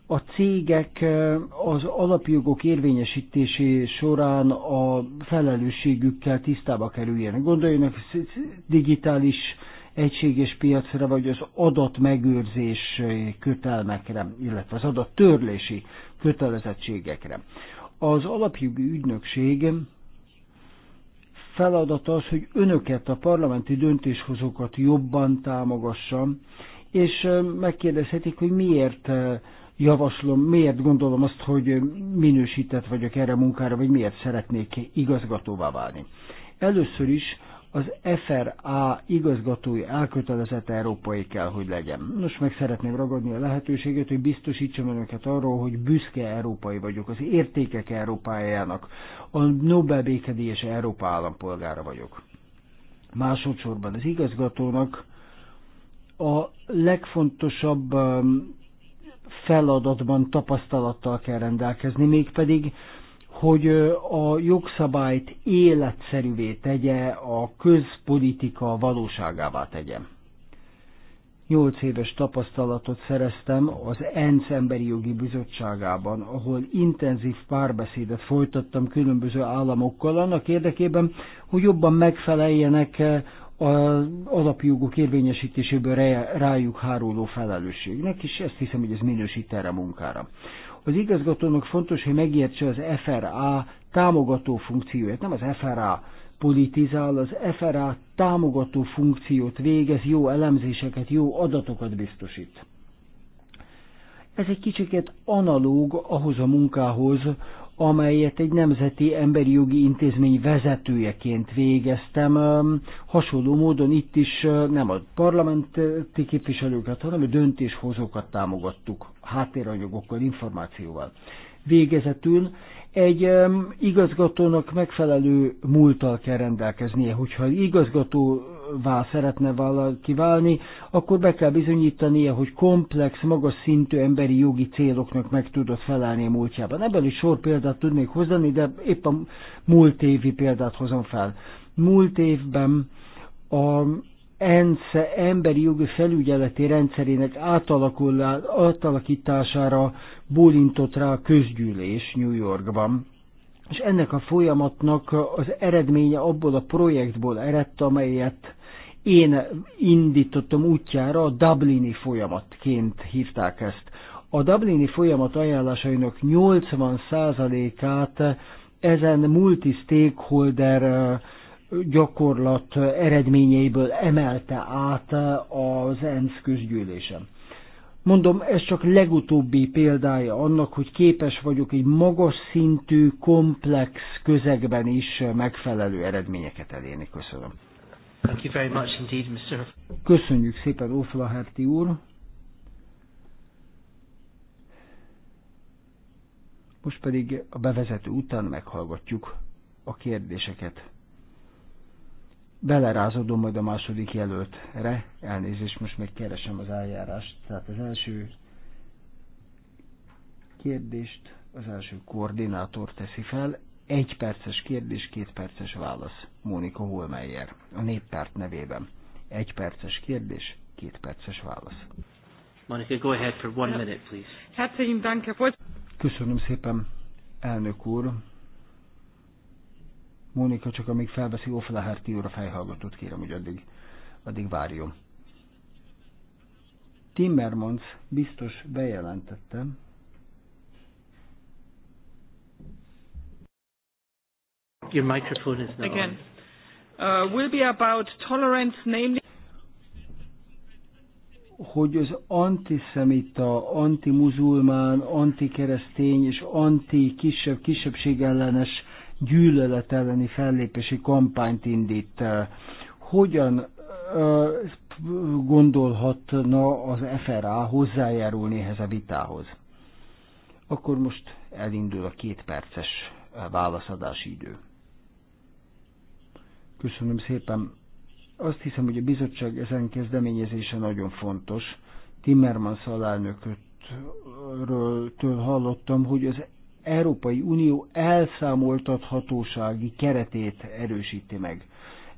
a cégek az alapjogok érvényesítésé során a felelősségükkel tisztába kerüljenek. Gondoljanak digitális egységes piacra, vagy az adatmegőrzés kötelmekre, illetve az adattörlési kötelezettségekre. Az alapjogi ügynökség feladata az, hogy önöket, a parlamenti döntéshozókat jobban támogassa, és megkérdezhetik, hogy miért javaslom, miért gondolom azt, hogy minősített vagyok erre a munkára, vagy miért szeretnék igazgatóvá válni. Először is az FRA igazgatói elkötelezett európai kell, hogy legyen. Nos, meg szeretném ragadni a lehetőséget, hogy biztosítsam önöket arról, hogy büszke európai vagyok, az értékek Európájának, a Nobel békedélyes Európa állampolgára vagyok. Másodszorban az igazgatónak a legfontosabb um, feladatban tapasztalattal kell rendelkezni, mégpedig, hogy a jogszabályt életszerűvé tegye, a közpolitika valóságává tegye. Nyolc éves tapasztalatot szereztem az ENSZ Emberi Jogi Bizottságában, ahol intenzív párbeszédet folytattam különböző államokkal annak érdekében, hogy jobban megfeleljenek az alapjogok érvényesítéséből rájuk háruló felelősségnek, és ezt hiszem, hogy ez minősít erre a munkára. Az igazgatónak fontos, hogy megértse az FRA támogató funkcióját, nem az FRA politizál, az FRA támogató funkciót végez, jó elemzéseket, jó adatokat biztosít. Ez egy kicsiket analóg ahhoz a munkához, amelyet egy nemzeti emberi jogi intézmény vezetőjeként végeztem. Hasonló módon itt is nem a parlamenti képviselőket, hanem a döntéshozókat támogattuk háttéranyagokkal, információval. Végezetül egy igazgatónak megfelelő múltal kell rendelkeznie. Hogyha igazgató vá szeretne valaki válni, akkor be kell bizonyítania, hogy komplex, magas szintű emberi jogi céloknak meg tudott felállni a múltjában. Ebből is sor példát tudnék hozni, de épp a múlt évi példát hozom fel. Múlt évben a ENSZ emberi jogi felügyeleti rendszerének átalakítására bólintott rá a közgyűlés New Yorkban és ennek a folyamatnak az eredménye abból a projektból eredt, amelyet én indítottam útjára, a Dublini folyamatként hívták ezt. A Dublini folyamat ajánlásainak 80%-át ezen multi-stakeholder gyakorlat eredményeiből emelte át az ENSZ közgyűlésem. Mondom, ez csak legutóbbi példája annak, hogy képes vagyok egy magas szintű, komplex közegben is megfelelő eredményeket elérni. Köszönöm. Thank you very much indeed, Mr. Köszönjük szépen, Oflaherti úr. Most pedig a bevezető után meghallgatjuk a kérdéseket belerázódom majd a második jelöltre. Elnézést, most még keresem az eljárást. Tehát az első kérdést az első koordinátor teszi fel. Egy perces kérdés, két perces válasz. Mónika Holmeyer, a néppárt nevében. Egy perces kérdés, két perces válasz. Monika, go ahead for one minute, please. Köszönöm szépen, elnök úr. Mónika, csak amíg felveszi Oflaherti úr a fejhallgatót, kérem, hogy addig, addig várjon. Timmermans biztos bejelentettem, Your microphone is now Again. Uh, will be about tolerance, namely hogy az antiszemita, antimuzulmán, antikeresztény és anti-kisebb, ellenes gyűlölet elleni fellépési kampányt indít. Hogyan gondolhatna az FRA hozzájárulni ehhez a vitához? Akkor most elindul a két perces válaszadási idő. Köszönöm szépen. Azt hiszem, hogy a bizottság ezen kezdeményezése nagyon fontos. Timmermans től hallottam, hogy az Európai Unió elszámoltathatósági keretét erősíti meg.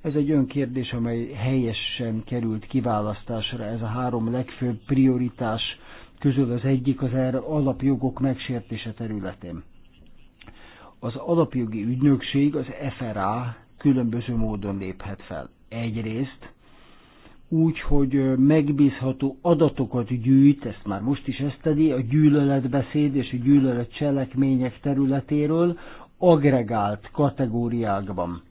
Ez egy olyan kérdés, amely helyesen került kiválasztásra. Ez a három legfőbb prioritás közül az egyik az erre alapjogok megsértése területén. Az alapjogi ügynökség, az FRA különböző módon léphet fel. Egyrészt úgy, hogy megbízható adatokat gyűjt, ezt már most is ezt tedi, a gyűlöletbeszéd és a gyűlölet cselekmények területéről agregált kategóriákban.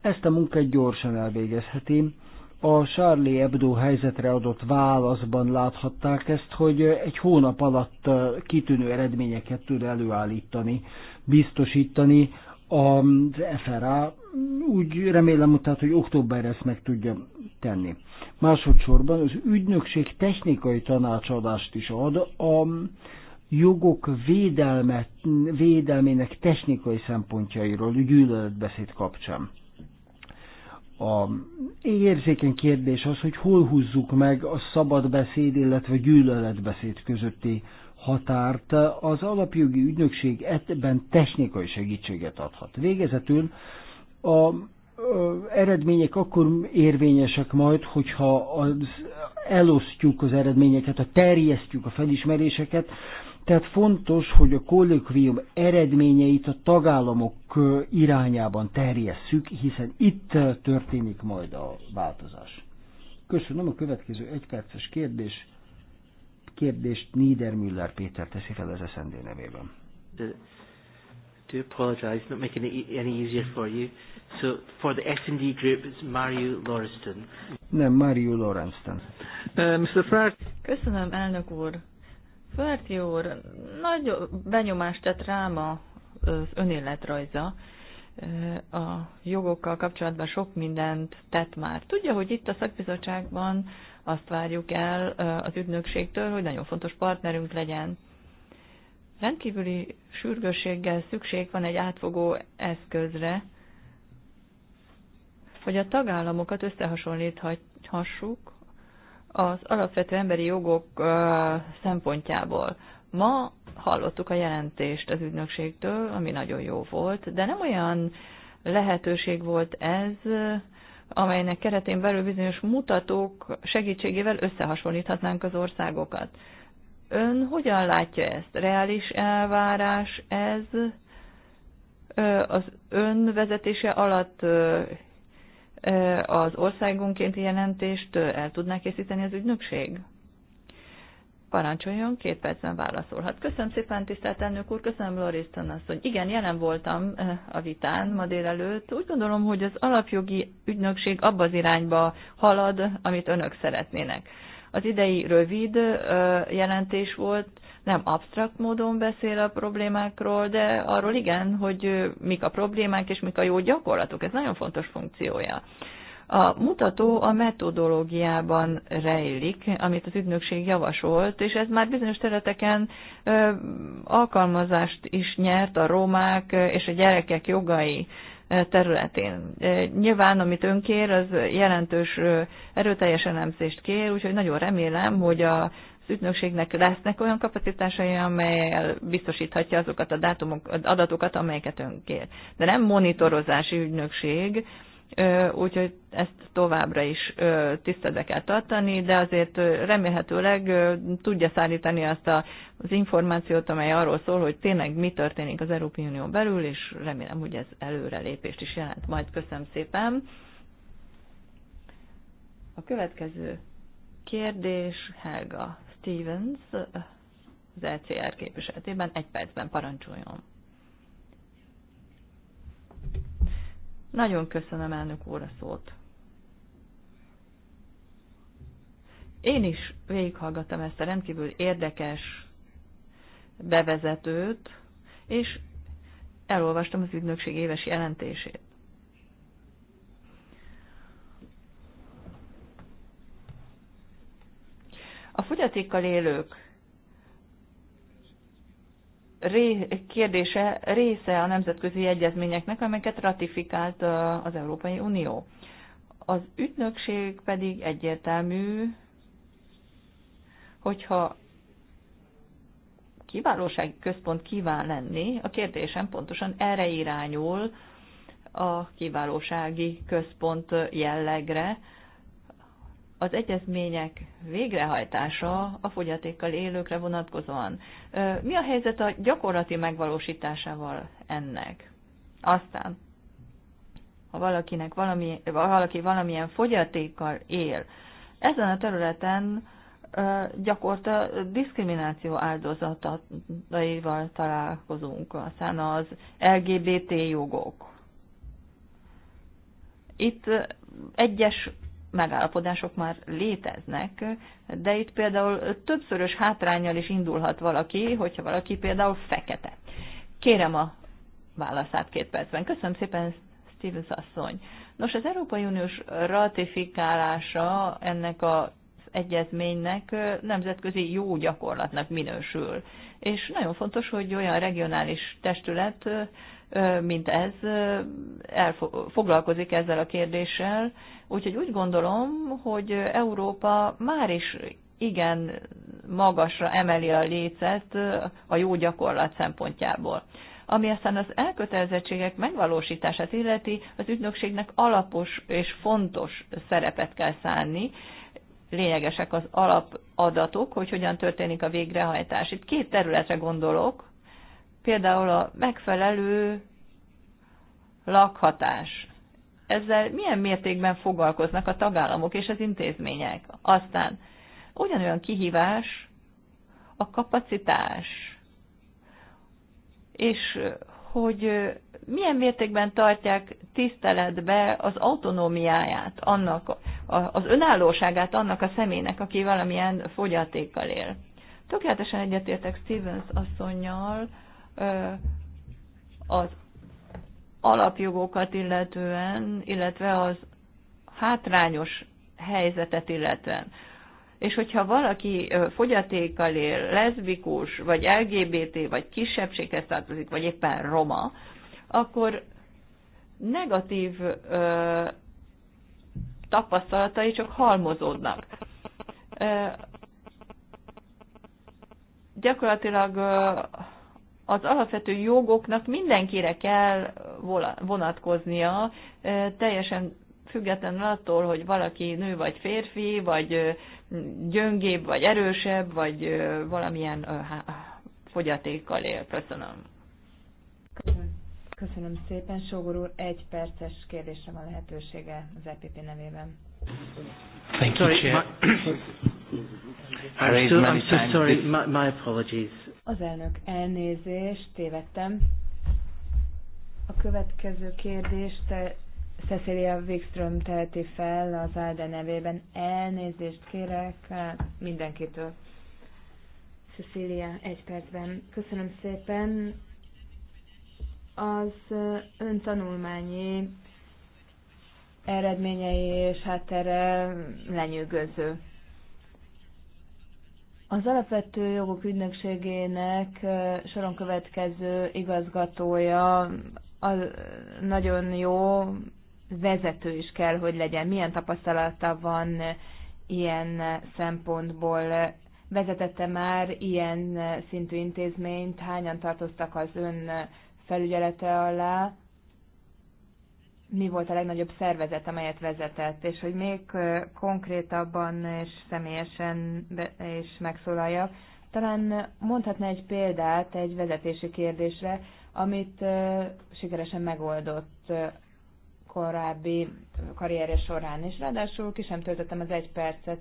Ezt a munkát gyorsan elvégezheti. A Charlie Hebdo helyzetre adott válaszban láthatták ezt, hogy egy hónap alatt kitűnő eredményeket tud előállítani, biztosítani az FRA. Úgy remélem, tehát, hogy októberre ezt meg tudja tenni. Másodszorban az ügynökség technikai tanácsadást is ad a jogok védelmet, védelmének technikai szempontjairól gyűlöletbeszéd kapcsán. A érzékeny kérdés az, hogy hol húzzuk meg a szabad beszéd, illetve gyűlöletbeszéd közötti határt. Az alapjogi ügynökség ebben technikai segítséget adhat. Végezetül a eredmények akkor érvényesek majd, hogyha az, elosztjuk az eredményeket, a terjesztjük a felismeréseket, tehát fontos, hogy a kollekvium eredményeit a tagállamok irányában terjesszük, hiszen itt történik majd a változás. Köszönöm a következő egyperces kérdés. Kérdést Niedermüller Péter teszi fel az SZND nevében do apologise, not making it e- any easier for you. So for the S&D group, it's Mario Lauriston. Nem, Mario Lauriston. Uh, Mr. Fert. Köszönöm, elnök úr. Ferti úr, nagy benyomást tett rám az önéletrajza. Uh, a jogokkal kapcsolatban sok mindent tett már. Tudja, hogy itt a szakbizottságban azt várjuk el uh, az ügynökségtől, hogy nagyon fontos partnerünk legyen Rendkívüli sürgősséggel szükség van egy átfogó eszközre, hogy a tagállamokat összehasonlíthassuk az alapvető emberi jogok szempontjából. Ma hallottuk a jelentést az ügynökségtől, ami nagyon jó volt, de nem olyan lehetőség volt ez, amelynek keretén belül bizonyos mutatók segítségével összehasonlíthatnánk az országokat. Ön hogyan látja ezt? Reális elvárás ez? Az ön vezetése alatt az országonkénti jelentést el tudná készíteni az ügynökség? Parancsoljon, két percben válaszolhat. Köszönöm szépen, tisztelt elnök úr, köszönöm Loriston hogy Igen, jelen voltam a vitán ma délelőtt. Úgy gondolom, hogy az alapjogi ügynökség abba az irányba halad, amit önök szeretnének. Az idei rövid jelentés volt, nem absztrakt módon beszél a problémákról, de arról igen, hogy mik a problémák és mik a jó gyakorlatok. Ez nagyon fontos funkciója. A mutató a metodológiában rejlik, amit az ügynökség javasolt, és ez már bizonyos területeken ö, alkalmazást is nyert a romák és a gyerekek jogai területén. Nyilván, amit ön kér, az jelentős erőteljes elemzést kér, úgyhogy nagyon remélem, hogy a az ügynökségnek lesznek olyan kapacitásai, amelyel biztosíthatja azokat a dátumok, adatokat, amelyeket ön kér. De nem monitorozási ügynökség, úgyhogy ezt továbbra is tiszteletbe kell tartani, de azért remélhetőleg tudja szállítani azt az információt, amely arról szól, hogy tényleg mi történik az Európai Unió belül, és remélem, hogy ez előrelépést is jelent. Majd köszönöm szépen. A következő kérdés Helga Stevens az LCR e képviseletében egy percben parancsoljon. Nagyon köszönöm elnök úr a szót. Én is végighallgattam ezt a rendkívül érdekes bevezetőt, és elolvastam az ügynökség éves jelentését. A fogyatékkal élők kérdése része a nemzetközi egyezményeknek, amelyeket ratifikált az Európai Unió. Az ügynökség pedig egyértelmű, hogyha kiválósági központ kíván lenni, a kérdésem pontosan erre irányul a kiválósági központ jellegre, az egyezmények végrehajtása a fogyatékkal élőkre vonatkozóan. Mi a helyzet a gyakorlati megvalósításával ennek? Aztán, ha valakinek valami, valaki valamilyen fogyatékkal él, ezen a területen gyakorta diszkrimináció áldozataival találkozunk, aztán az LGBT jogok. Itt egyes megállapodások már léteznek, de itt például többszörös hátrányjal is indulhat valaki, hogyha valaki például fekete. Kérem a válaszát két percben. Köszönöm szépen, Stevens asszony. Nos, az Európai Uniós ratifikálása ennek az egyezménynek nemzetközi jó gyakorlatnak minősül. És nagyon fontos, hogy olyan regionális testület, mint ez, foglalkozik ezzel a kérdéssel. Úgyhogy úgy gondolom, hogy Európa már is igen magasra emeli a lécet a jó gyakorlat szempontjából. Ami aztán az elkötelezettségek megvalósítását illeti, az ügynökségnek alapos és fontos szerepet kell szánni, lényegesek az alapadatok, hogy hogyan történik a végrehajtás. Itt két területre gondolok, például a megfelelő lakhatás. Ezzel milyen mértékben foglalkoznak a tagállamok és az intézmények? Aztán ugyanolyan kihívás a kapacitás, és hogy milyen mértékben tartják tiszteletbe az autonómiáját, annak, az önállóságát annak a személynek, aki valamilyen fogyatékkal él. Tökéletesen egyetértek Stevens asszonynal, az alapjogokat illetően, illetve az hátrányos helyzetet illetően. És hogyha valaki fogyatékkal él, leszbikus, vagy LGBT, vagy kisebbséghez tartozik, vagy éppen roma, akkor negatív ö, tapasztalatai csak halmozódnak. Ö, gyakorlatilag ö, az alapvető jogoknak mindenkire kell vonatkoznia, teljesen függetlenül attól, hogy valaki nő vagy férfi, vagy gyöngébb, vagy erősebb, vagy valamilyen fogyatékkal él. Köszönöm. Köszönöm, Köszönöm szépen, Sógor úr. Egy perces kérdésre van lehetősége az EPP nevében. Thank you, Chair. [COUGHS] I'm so sorry. My, my apologies. Az elnök elnézést, tévedtem. A következő kérdést Cecilia Wikström teheti fel az Alde nevében. Elnézést kérek mindenkitől. Cecilia, egy percben. Köszönöm szépen. Az ön tanulmányi eredményei és háttere lenyűgöző. Az alapvető jogok ügynökségének soron következő igazgatója a nagyon jó vezető is kell, hogy legyen. Milyen tapasztalata van ilyen szempontból? Vezetette már ilyen szintű intézményt? Hányan tartoztak az ön felügyelete alá? mi volt a legnagyobb szervezet, amelyet vezetett, és hogy még konkrétabban és személyesen is megszólalja, talán mondhatna egy példát egy vezetési kérdésre, amit sikeresen megoldott korábbi karrierje során, és ráadásul ki sem töltöttem az egy percet.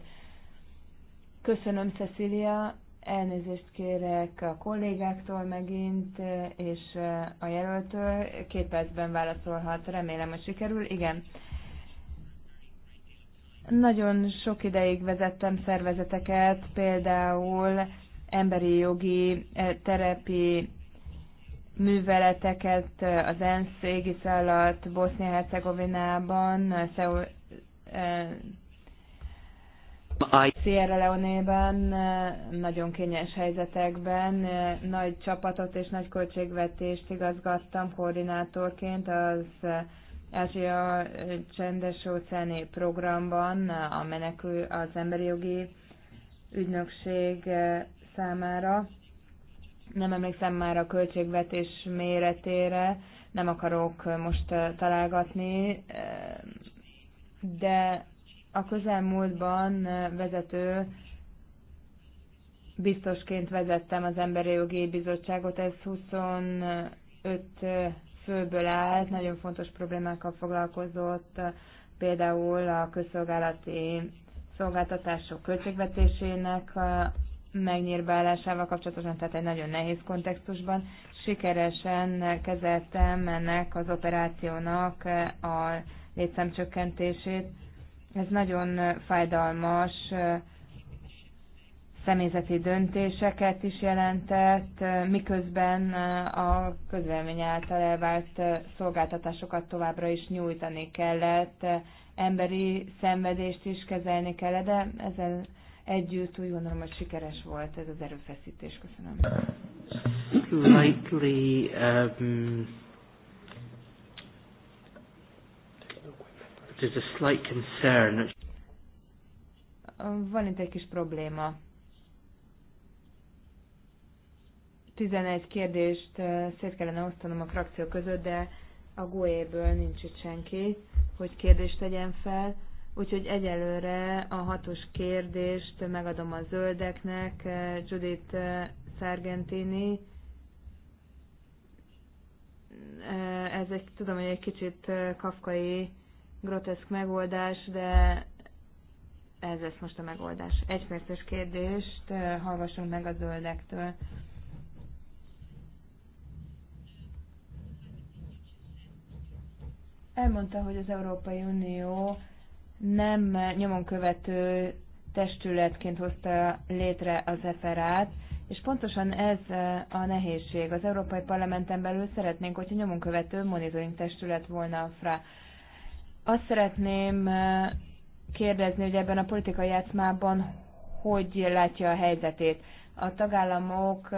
Köszönöm, Cecilia, Elnézést kérek a kollégáktól megint, eh, és eh, a jelöltől. Két percben válaszolhat, remélem, hogy sikerül. Igen. Nagyon sok ideig vezettem szervezeteket, például emberi jogi eh, terepi műveleteket az ENSZ égisz alatt Bosznia-Hercegovinában, Sierra Leone-ben nagyon kényes helyzetekben nagy csapatot és nagy költségvetést igazgattam koordinátorként az Ázsia csendes óceáni programban a menekül az emberi jogi ügynökség számára. Nem emlékszem már a költségvetés méretére, nem akarok most találgatni, de a közelmúltban vezető biztosként vezettem az Emberi Jogi Bizottságot, ez 25 főből állt, nagyon fontos problémákkal foglalkozott, például a közszolgálati szolgáltatások költségvetésének megnyírbálásával kapcsolatosan, tehát egy nagyon nehéz kontextusban sikeresen kezeltem ennek az operációnak a létszámcsökkentését, ez nagyon fájdalmas személyzeti döntéseket is jelentett, miközben a közvélemény által elvált szolgáltatásokat továbbra is nyújtani kellett, emberi szenvedést is kezelni kellett, de ezzel együtt úgy gondolom, hogy sikeres volt ez az erőfeszítés. Köszönöm. Likely, um... there's a slight concern. Van itt egy kis probléma. 11 kérdést szét kellene osztanom a frakció között, de a GUE-ből nincs itt senki, hogy kérdést tegyen fel. Úgyhogy egyelőre a hatos kérdést megadom a zöldeknek, Judith Sargentini. Ez egy, tudom, hogy egy kicsit kafkai groteszk megoldás, de ez lesz most a megoldás. Egy perces kérdést hallgassunk meg a zöldektől. Elmondta, hogy az Európai Unió nem nyomon követő testületként hozta létre az eferát, és pontosan ez a nehézség. Az Európai Parlamenten belül szeretnénk, hogyha nyomon követő monitoring testület volna a FRA. Azt szeretném kérdezni, hogy ebben a politikai játszmában hogy látja a helyzetét. A tagállamok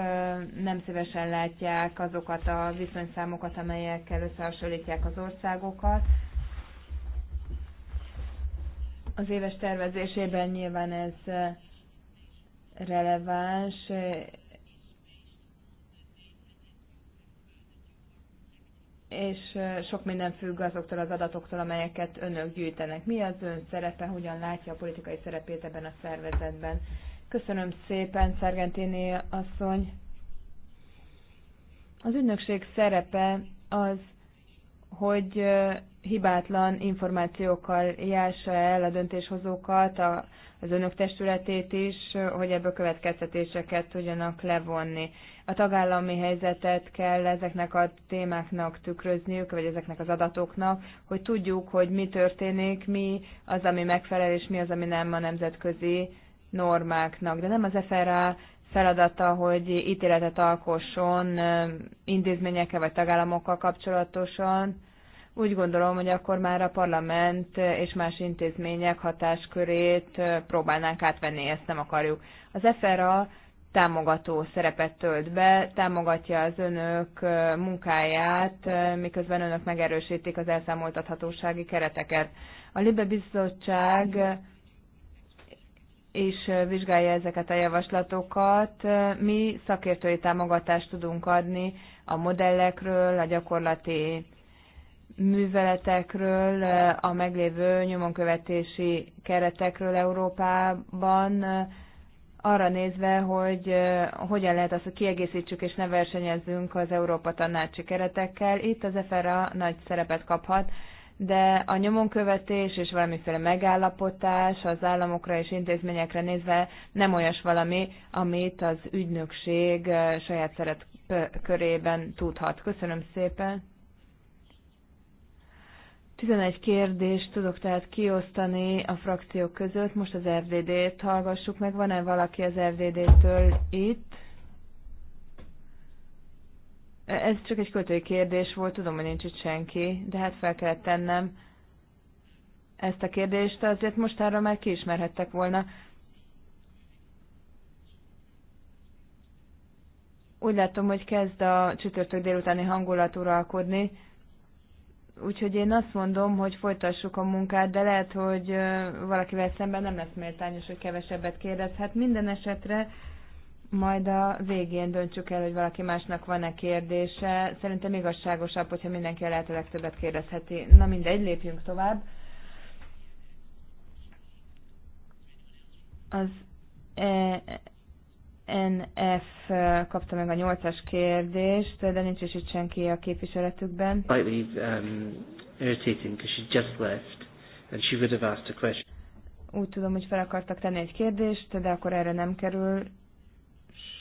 nem szívesen látják azokat a viszonyszámokat, amelyekkel összehasonlítják az országokat. Az éves tervezésében nyilván ez releváns, és sok minden függ azoktól az adatoktól, amelyeket önök gyűjtenek. Mi az ön szerepe, hogyan látja a politikai szerepét ebben a szervezetben? Köszönöm szépen, Szergentini asszony. Az ügynökség szerepe az, hogy hibátlan információkkal jársa el a döntéshozókat, a, az önök testületét is, hogy ebből következtetéseket tudjanak levonni. A tagállami helyzetet kell ezeknek a témáknak tükrözniük, vagy ezeknek az adatoknak, hogy tudjuk, hogy mi történik, mi az, ami megfelel, és mi az, ami nem a nemzetközi normáknak. De nem az FRA feladata, hogy ítéletet alkosson intézményekkel vagy tagállamokkal kapcsolatosan. Úgy gondolom, hogy akkor már a parlament és más intézmények hatáskörét próbálnánk átvenni, ezt nem akarjuk. Az FRA támogató szerepet tölt be, támogatja az önök munkáját, miközben önök megerősítik az elszámoltathatósági kereteket. A Libe Bizottság is vizsgálja ezeket a javaslatokat. Mi szakértői támogatást tudunk adni a modellekről, a gyakorlati műveletekről, a meglévő nyomonkövetési keretekről Európában, arra nézve, hogy hogyan lehet azt, hogy kiegészítsük és ne versenyezzünk az Európa tanácsi keretekkel. Itt az EFERA nagy szerepet kaphat, de a nyomonkövetés és valamiféle megállapotás az államokra és intézményekre nézve nem olyas valami, amit az ügynökség saját szeret körében tudhat. Köszönöm szépen! 11 kérdést tudok tehát kiosztani a frakciók között. Most az rdd t hallgassuk meg. Van-e valaki az rdd től itt? Ez csak egy költői kérdés volt, tudom, hogy nincs itt senki, de hát fel kellett tennem ezt a kérdést, azért most arra már kiismerhettek volna. Úgy látom, hogy kezd a csütörtök délutáni hangulat uralkodni, úgyhogy én azt mondom, hogy folytassuk a munkát, de lehet, hogy valakivel szemben nem lesz méltányos, hogy kevesebbet kérdez. Hát minden esetre majd a végén döntsük el, hogy valaki másnak van-e kérdése. Szerintem igazságosabb, hogyha mindenki a lehető legtöbbet kérdezheti. Na mindegy, lépjünk tovább. Az e NF kapta meg a nyolcas kérdést, de nincs is itt senki a képviseletükben. Um, irritating because she just left and she would have asked a question. Úgy tudom, hogy fel akartak tenni egy kérdést, de akkor erre nem kerül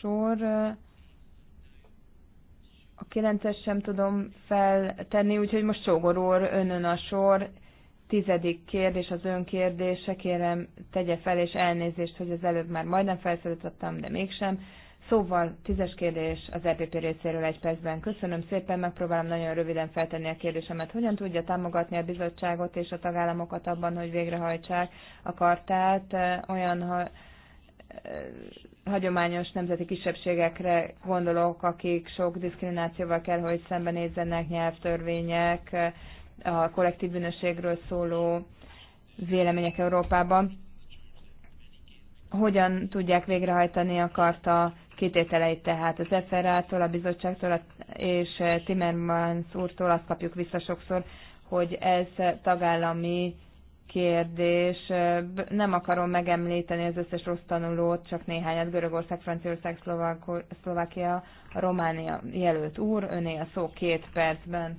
sor. A kilences sem tudom feltenni, úgyhogy most Sógor úr, önön a sor. Tizedik kérdés az ön kérdése, kérem tegye fel, és elnézést, hogy az előbb már majdnem felszólítottam, de mégsem. Szóval, tízes kérdés az RPP részéről egy percben. Köszönöm szépen, megpróbálom nagyon röviden feltenni a kérdésemet. Hogyan tudja támogatni a bizottságot és a tagállamokat abban, hogy végrehajtsák a kartát olyan ha hagyományos nemzeti kisebbségekre gondolok, akik sok diszkriminációval kell, hogy szembenézzenek nyelvtörvények, a kollektív bűnösségről szóló vélemények Európában. Hogyan tudják végrehajtani a karta kitételeit tehát az FRA-tól, a bizottságtól és Timmermans úrtól azt kapjuk vissza sokszor, hogy ez tagállami kérdés. Nem akarom megemlíteni az összes rossz tanulót, csak néhányat. Görögország, Franciaország, Szlovák, Szlovákia, Románia jelölt úr. Öné a szó két percben.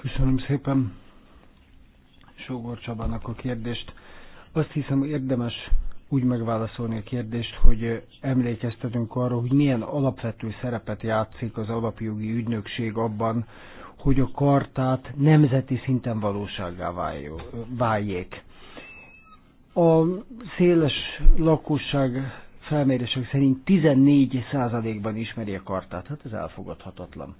Köszönöm szépen Sógor Csabának a kérdést. Azt hiszem érdemes úgy megválaszolni a kérdést, hogy emlékeztetünk arra, hogy milyen alapvető szerepet játszik az alapjogi ügynökség abban, hogy a kartát nemzeti szinten valóságá váljék. A széles lakosság felmérések szerint 14%-ban ismeri a kartát, hát ez elfogadhatatlan.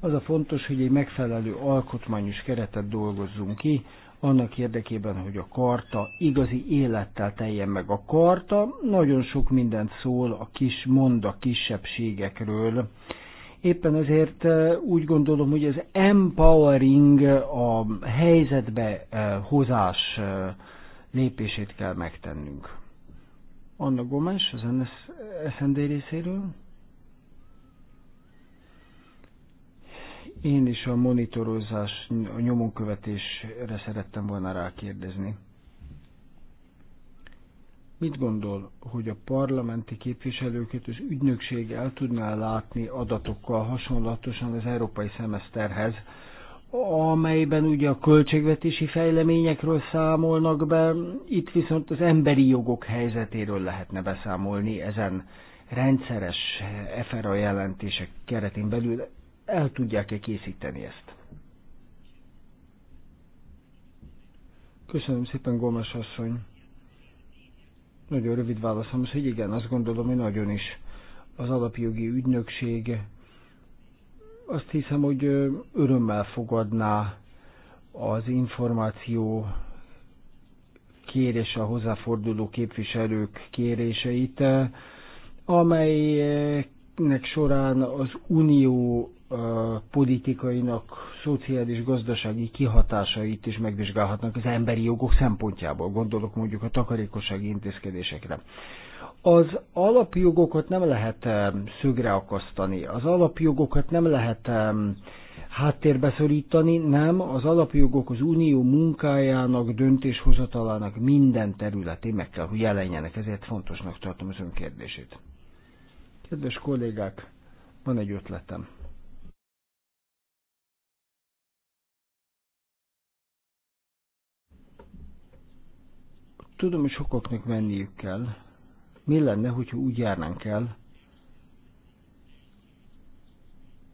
Az a fontos, hogy egy megfelelő alkotmányos keretet dolgozzunk ki, annak érdekében, hogy a karta igazi élettel teljen meg. A karta nagyon sok mindent szól a kis mond a kisebbségekről, Éppen ezért úgy gondolom, hogy az empowering, a helyzetbe hozás lépését kell megtennünk. Anna Gomes, az SND részéről. Én is a monitorozás, a nyomonkövetésre szerettem volna rákérdezni. Mit gondol, hogy a parlamenti képviselőket az ügynökség el tudná látni adatokkal hasonlatosan az európai szemeszterhez, amelyben ugye a költségvetési fejleményekről számolnak be, itt viszont az emberi jogok helyzetéről lehetne beszámolni ezen rendszeres EFERA jelentések keretén belül. El tudják-e készíteni ezt? Köszönöm szépen, Gomes asszony! Nagyon rövid válaszom az, hogy igen, azt gondolom, hogy nagyon is az alapjogi ügynökség azt hiszem, hogy örömmel fogadná az információ kérés a hozzáforduló képviselők kéréseit, amelynek során az unió politikainak szociális gazdasági kihatásait is megvizsgálhatnak az emberi jogok szempontjából, gondolok mondjuk a takarékossági intézkedésekre. Az alapjogokat nem lehet eh, szögre akasztani, az alapjogokat nem lehet eh, háttérbe szorítani, nem, az alapjogok az unió munkájának, döntéshozatalának minden területén meg kell, hogy jelenjenek, ezért fontosnak tartom az önkérdését. Kedves kollégák, van egy ötletem Tudom, hogy sokaknak menniük kell. Mi lenne, hogyha úgy járnánk el?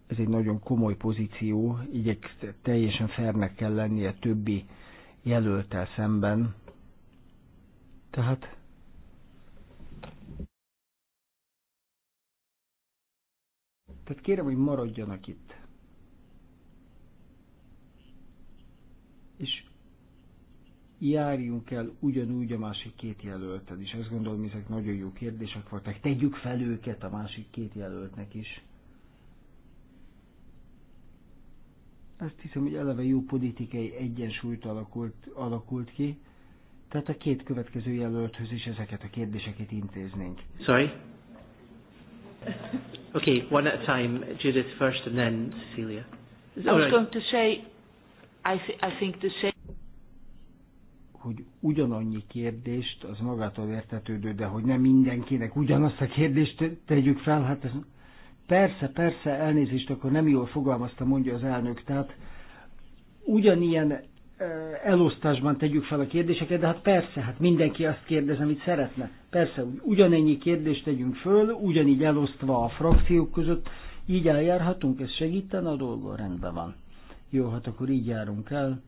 Ez egy nagyon komoly pozíció, így egy teljesen fernek kell lennie többi jelöltel szemben. Tehát Tehát kérem, hogy maradjanak itt. járjunk el ugyanúgy a másik két jelölten is. Ezt gondolom, ezek nagyon jó kérdések voltak. Tegyük fel őket a másik két jelöltnek is. Azt hiszem, hogy eleve jó politikai egyensúlyt alakult, alakult ki. Tehát a két következő jelölthöz is ezeket a kérdéseket intéznénk. Sorry? Okay, one at a time. Judith first and then Cecilia. I was going to say, I, th I think the same hogy ugyanannyi kérdést, az magától értetődő, de hogy nem mindenkinek ugyanazt a kérdést tegyük fel, hát ez persze, persze, elnézést, akkor nem jól fogalmazta, mondja az elnök, tehát ugyanilyen elosztásban tegyük fel a kérdéseket, de hát persze, hát mindenki azt kérdez, amit szeretne. Persze, ugyanennyi kérdést tegyünk föl, ugyanígy elosztva a frakciók között, így eljárhatunk, ez segítene a dolgon, rendben van. Jó, hát akkor így járunk el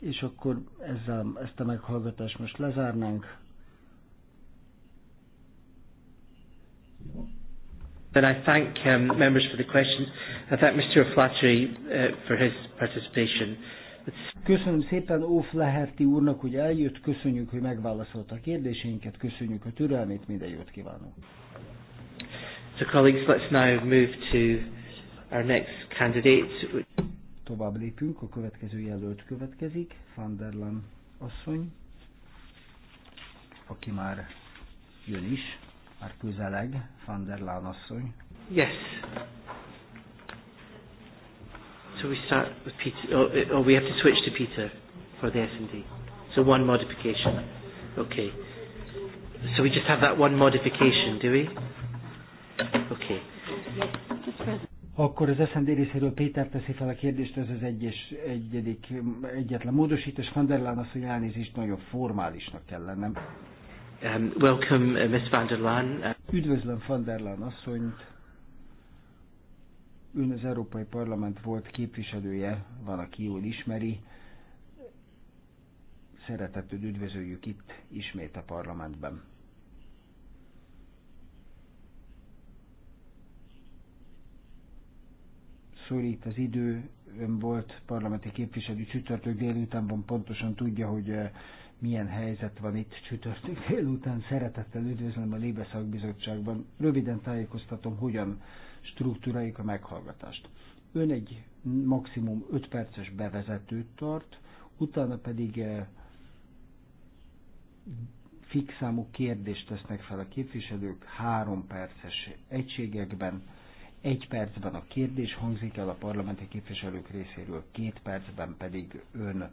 és akkor ezzel ezt a meghallgatást most lezárnánk. Then I thank um, members for the questions. I thank Mr. Flattery uh, for his participation. Köszönöm szépen Óf Leherti úrnak, hogy eljött, köszönjük, hogy megválaszolta a kérdéseinket, köszönjük a türelmét, minden jót kívánunk. So colleagues, let's now move to our next candidate. Tovább lépünk, a következő jelölt következik, Fanderlan asszony, aki már jön is, már közeleg, Fanderlan asszony. Yes. So we start with Peter, or, oh, eh, or oh, we have to switch to Peter for the S&D. So one modification. Okay. So we just have that one modification, do we? Okay. Yes, just present. Akkor az SZND részéről Péter teszi fel a kérdést, ez az egyes, egyedik, egyetlen módosítás. Van der Laan azt, hogy elnézést nagyon formálisnak kell lennem. Um, welcome, uh, Ms. Van der Laan. Uh, Üdvözlöm Van der Laan asszonyt. Ön az Európai Parlament volt képviselője, van, aki jól ismeri. Szeretettel üdvözöljük itt ismét a parlamentben. szorít az idő, ön volt parlamenti képviselő csütörtök délutánban, pontosan tudja, hogy eh, milyen helyzet van itt csütörtök délután. Szeretettel üdvözlöm a Lébe Szakbizottságban. Röviden tájékoztatom, hogyan struktúráljuk a meghallgatást. Ön egy maximum 5 perces bevezetőt tart, utána pedig eh, fix számú kérdést tesznek fel a képviselők három perces egységekben egy percben a kérdés hangzik el a parlamenti képviselők részéről, két percben pedig ön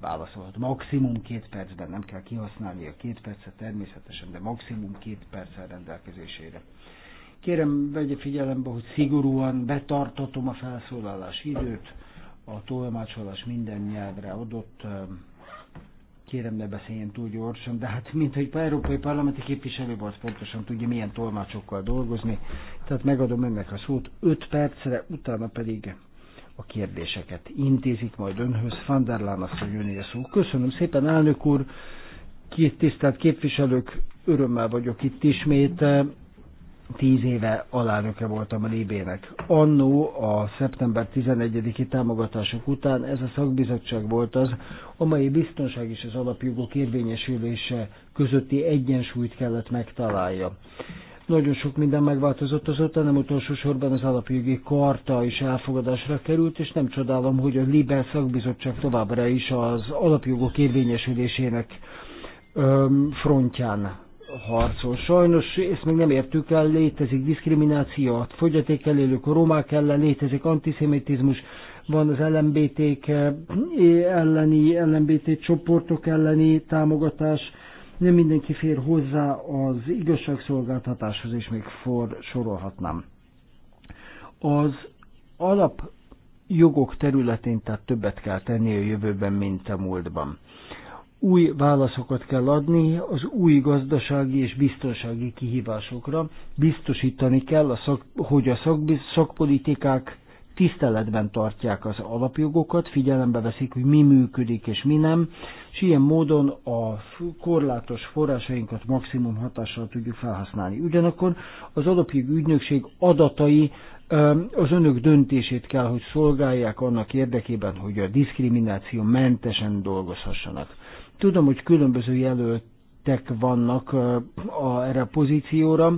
válaszolhat. Maximum két percben, nem kell kihasználni a két percet természetesen, de maximum két perccel rendelkezésére. Kérem, vegye figyelembe, hogy szigorúan betartatom a felszólalás időt, a tolmácsolás minden nyelvre adott, Kérem, ne beszéljen túl gyorsan, de hát mint egy európai parlamenti képviselő volt, pontosan tudja, milyen tolmácsokkal dolgozni. Tehát megadom ennek a szót 5 percre, utána pedig a kérdéseket intézik majd önhöz. Van der Lán asszony szó. Köszönöm szépen, elnök úr! Két tisztelt képviselők, örömmel vagyok itt ismét tíz éve alelnöke voltam a Libének. Annó a szeptember 11-i támogatások után ez a szakbizottság volt az, amely biztonság és az alapjogok érvényesülése közötti egyensúlyt kellett megtalálja. Nagyon sok minden megváltozott azóta, nem utolsó sorban az alapjogi karta is elfogadásra került, és nem csodálom, hogy a Libel szakbizottság továbbra is az alapjogok érvényesülésének frontján harcol. Sajnos ezt még nem értük el, létezik diszkrimináció a fogyaték elélők, a romák ellen létezik antiszemitizmus, van az lmbt elleni, LMBT csoportok elleni támogatás, nem mindenki fér hozzá az igazságszolgáltatáshoz, és még for, sorolhatnám. Az alapjogok területén tehát többet kell tenni a jövőben, mint a múltban új válaszokat kell adni az új gazdasági és biztonsági kihívásokra. Biztosítani kell, a szak, hogy a szak, szakpolitikák tiszteletben tartják az alapjogokat, figyelembe veszik, hogy mi működik és mi nem, és ilyen módon a korlátos forrásainkat maximum hatással tudjuk felhasználni. Ugyanakkor az alapjog ügynökség adatai az önök döntését kell, hogy szolgálják annak érdekében, hogy a diszkrimináció mentesen dolgozhassanak. Tudom, hogy különböző jelöltek vannak a, erre a pozícióra.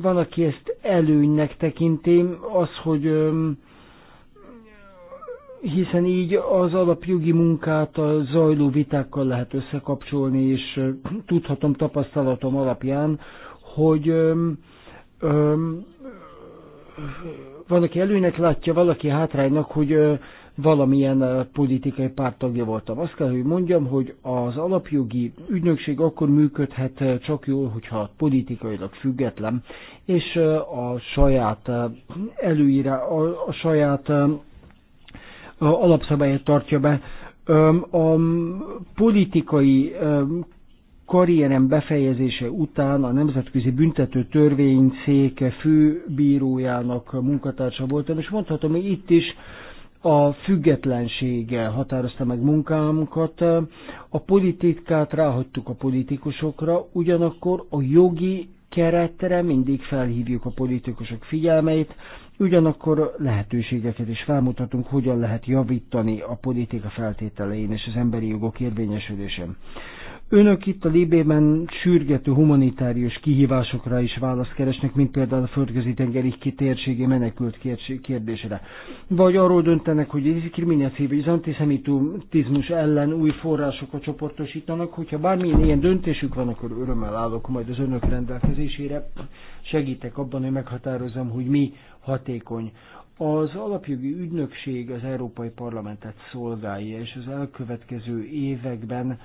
Van, aki ezt előnynek tekinti, az, hogy hiszen így az alapjogi munkát a zajló vitákkal lehet összekapcsolni, és tudhatom tapasztalatom alapján, hogy öm, öm, valaki látja, valaki hátránynak, hogy valamilyen politikai párttagja voltam. Azt kell, hogy mondjam, hogy az alapjogi ügynökség akkor működhet csak jól, hogyha politikailag független, és a saját előírá, a, a saját a alapszabályát tartja be. A politikai karrierem befejezése után a Nemzetközi Büntető Törvényszék főbírójának munkatársa voltam, és mondhatom, hogy itt is a függetlensége határozta meg munkámkat, a politikát ráhagytuk a politikusokra, ugyanakkor a jogi keretre mindig felhívjuk a politikusok figyelmeit, ugyanakkor lehetőségeket is felmutatunk, hogyan lehet javítani a politika feltételein és az emberi jogok érvényesülésén. Önök itt a Libében sürgető humanitárius kihívásokra is választ keresnek, mint például a földközi tengeri kitérségi menekült kérdésére. Vagy arról döntenek, hogy a diszkrimináció vagy az antiszemitizmus ellen új forrásokat csoportosítanak, hogyha bármilyen ilyen döntésük van, akkor örömmel állok majd az önök rendelkezésére. Segítek abban, hogy meghatározom, hogy mi hatékony. Az alapjogi ügynökség az Európai Parlamentet szolgálja, és az elkövetkező években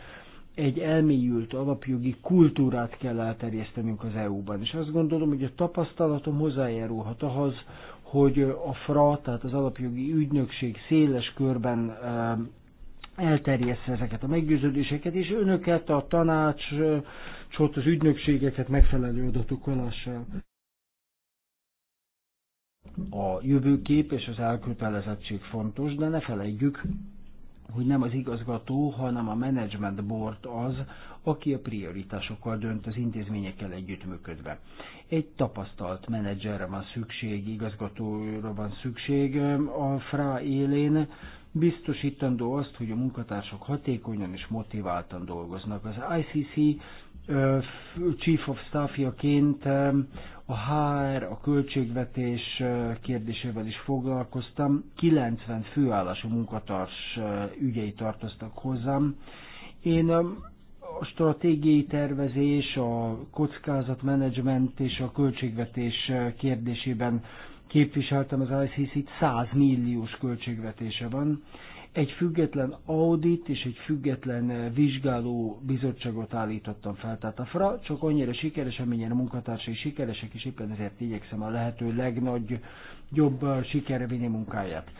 egy elmélyült alapjogi kultúrát kell elterjesztenünk az EU-ban. És azt gondolom, hogy a tapasztalatom hozzájárulhat ahhoz, hogy a FRA, tehát az alapjogi ügynökség széles körben eh, elterjeszte ezeket a meggyőződéseket, és önöket, a tanácsot, az ügynökségeket megfelelő adatokon alással. A jövőkép és az elkötelezettség fontos, de ne felejtjük, hogy nem az igazgató, hanem a management board az, aki a prioritásokkal dönt az intézményekkel együttműködve. Egy tapasztalt menedzserre van szükség, igazgatóra van szükség ehm, a FRA élén, biztosítandó azt, hogy a munkatársak hatékonyan és motiváltan dolgoznak. Az ICC ehm, Chief of Staffjaként ehm, a HR, a költségvetés kérdésével is foglalkoztam. 90 főállású munkatárs ügyei tartoztak hozzám. Én a stratégiai tervezés, a kockázatmenedzsment és a költségvetés kérdésében képviseltem az ICC-t, 100 milliós költségvetése van, egy független audit és egy független eh, vizsgáló bizottságot állítottam fel. Tehát a FRA csak annyira sikeres, amennyire a munkatársai sikeresek, és éppen ezért igyekszem a lehető legnagy jobb eh, sikerre vinni munkáját.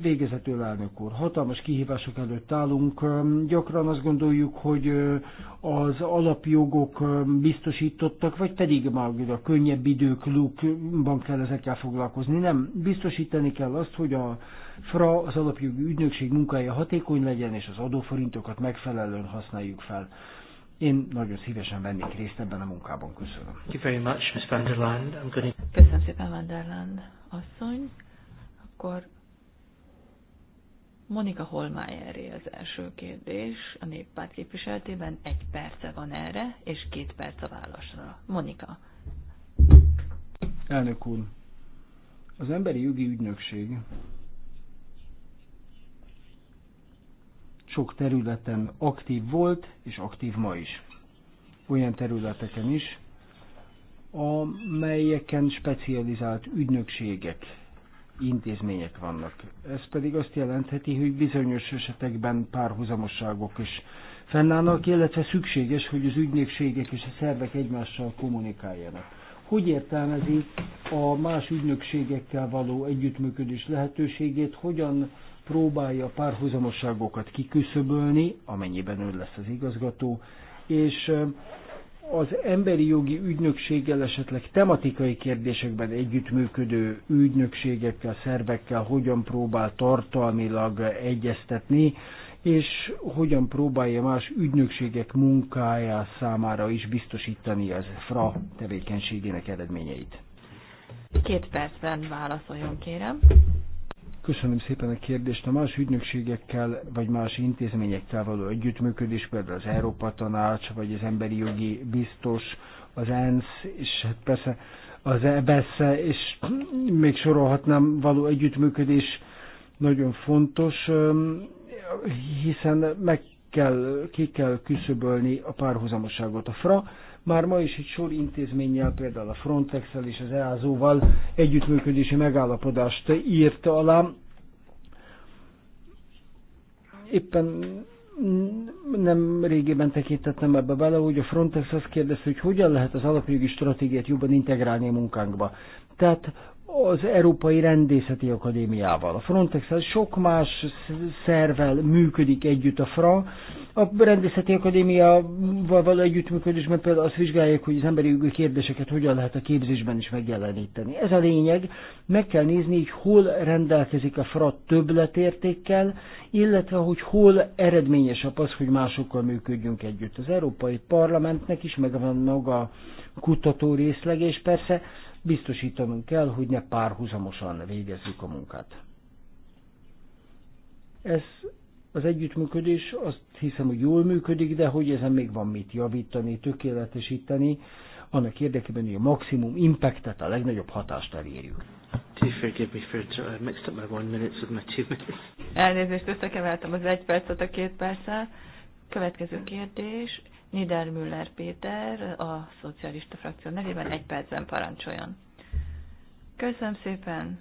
Végezetül elnök úr, hatalmas kihívások előtt állunk. Gyakran azt gondoljuk, hogy eh, az alapjogok biztosítottak, vagy pedig már a könnyebb idők lukban kell ezekkel foglalkozni. Nem, biztosítani kell azt, hogy a fra az alapjogi ügynökség munkája hatékony legyen, és az adóforintokat megfelelően használjuk fel. Én nagyon szívesen vennék részt ebben a munkában. Köszönöm. Thank you very much, Ms. Van der Land. I'm going to... Köszönöm szépen, Van der Land asszony. Akkor Monika Holmájeré az első kérdés. A néppárt képviseltében egy perce van erre, és két perc a válaszra. Monika. Elnök úr, az emberi jogi ügynökség sok területen aktív volt, és aktív ma is. Olyan területeken is, amelyeken specializált ügynökségek, intézmények vannak. Ez pedig azt jelentheti, hogy bizonyos esetekben párhuzamosságok is fennállnak, illetve szükséges, hogy az ügynökségek és a szervek egymással kommunikáljanak hogy értelmezi a más ügynökségekkel való együttműködés lehetőségét, hogyan próbálja a párhuzamosságokat kiküszöbölni, amennyiben ő lesz az igazgató, és um, az emberi jogi ügynökséggel esetleg tematikai kérdésekben együttműködő ügynökségekkel, szervekkel hogyan próbál tartalmilag egyeztetni, és hogyan próbálja más ügynökségek munkája számára is biztosítani az FRA tevékenységének eredményeit. Két percben válaszoljon, kérem. Köszönöm szépen a kérdést. A más ügynökségekkel vagy más intézményekkel való együttműködés, például az Európa Tanács, vagy az Emberi Jogi Biztos, az ENSZ, és hát persze az EBSZ, és még sorolhatnám való együttműködés nagyon fontos, hiszen meg kell, ki kell küszöbölni a párhuzamoságot. A FRA már ma is egy sor intézménnyel, például a frontex el és az EASO-val együttműködési megállapodást írt alá. Éppen nem régében tekintettem ebbe bele, hogy a Frontex azt kérdezte, hogy hogyan lehet az alapjogi stratégiát jobban integrálni a munkánkba. Tehát az Európai Rendészeti Akadémiával. A frontex sok más szervel működik együtt a FRA, a Rendészeti Akadémiával való együttműködésben például azt vizsgálják, hogy az emberi jogi kérdéseket hogyan lehet a képzésben is megjeleníteni. Ez a lényeg, meg kell nézni, hogy hol rendelkezik a FRA többletértékkel, illetve hogy hol eredményesebb az, hogy másokkal működjünk együtt. Az Európai Parlamentnek is megvan maga a kutató részleg, és persze biztosítanunk kell, hogy ne párhuzamosan végezzük a munkát. Ez az együttműködés azt hiszem, hogy jól működik, de hogy ezen még van mit javítani, tökéletesíteni, annak érdekében, hogy a maximum impactet, a legnagyobb hatást elérjük. Elnézést, összekeveltem az egy percet a két perccel. Következő kérdés. Niedermüller Péter a szocialista frakció nevében egy percben parancsoljon. Köszönöm szépen,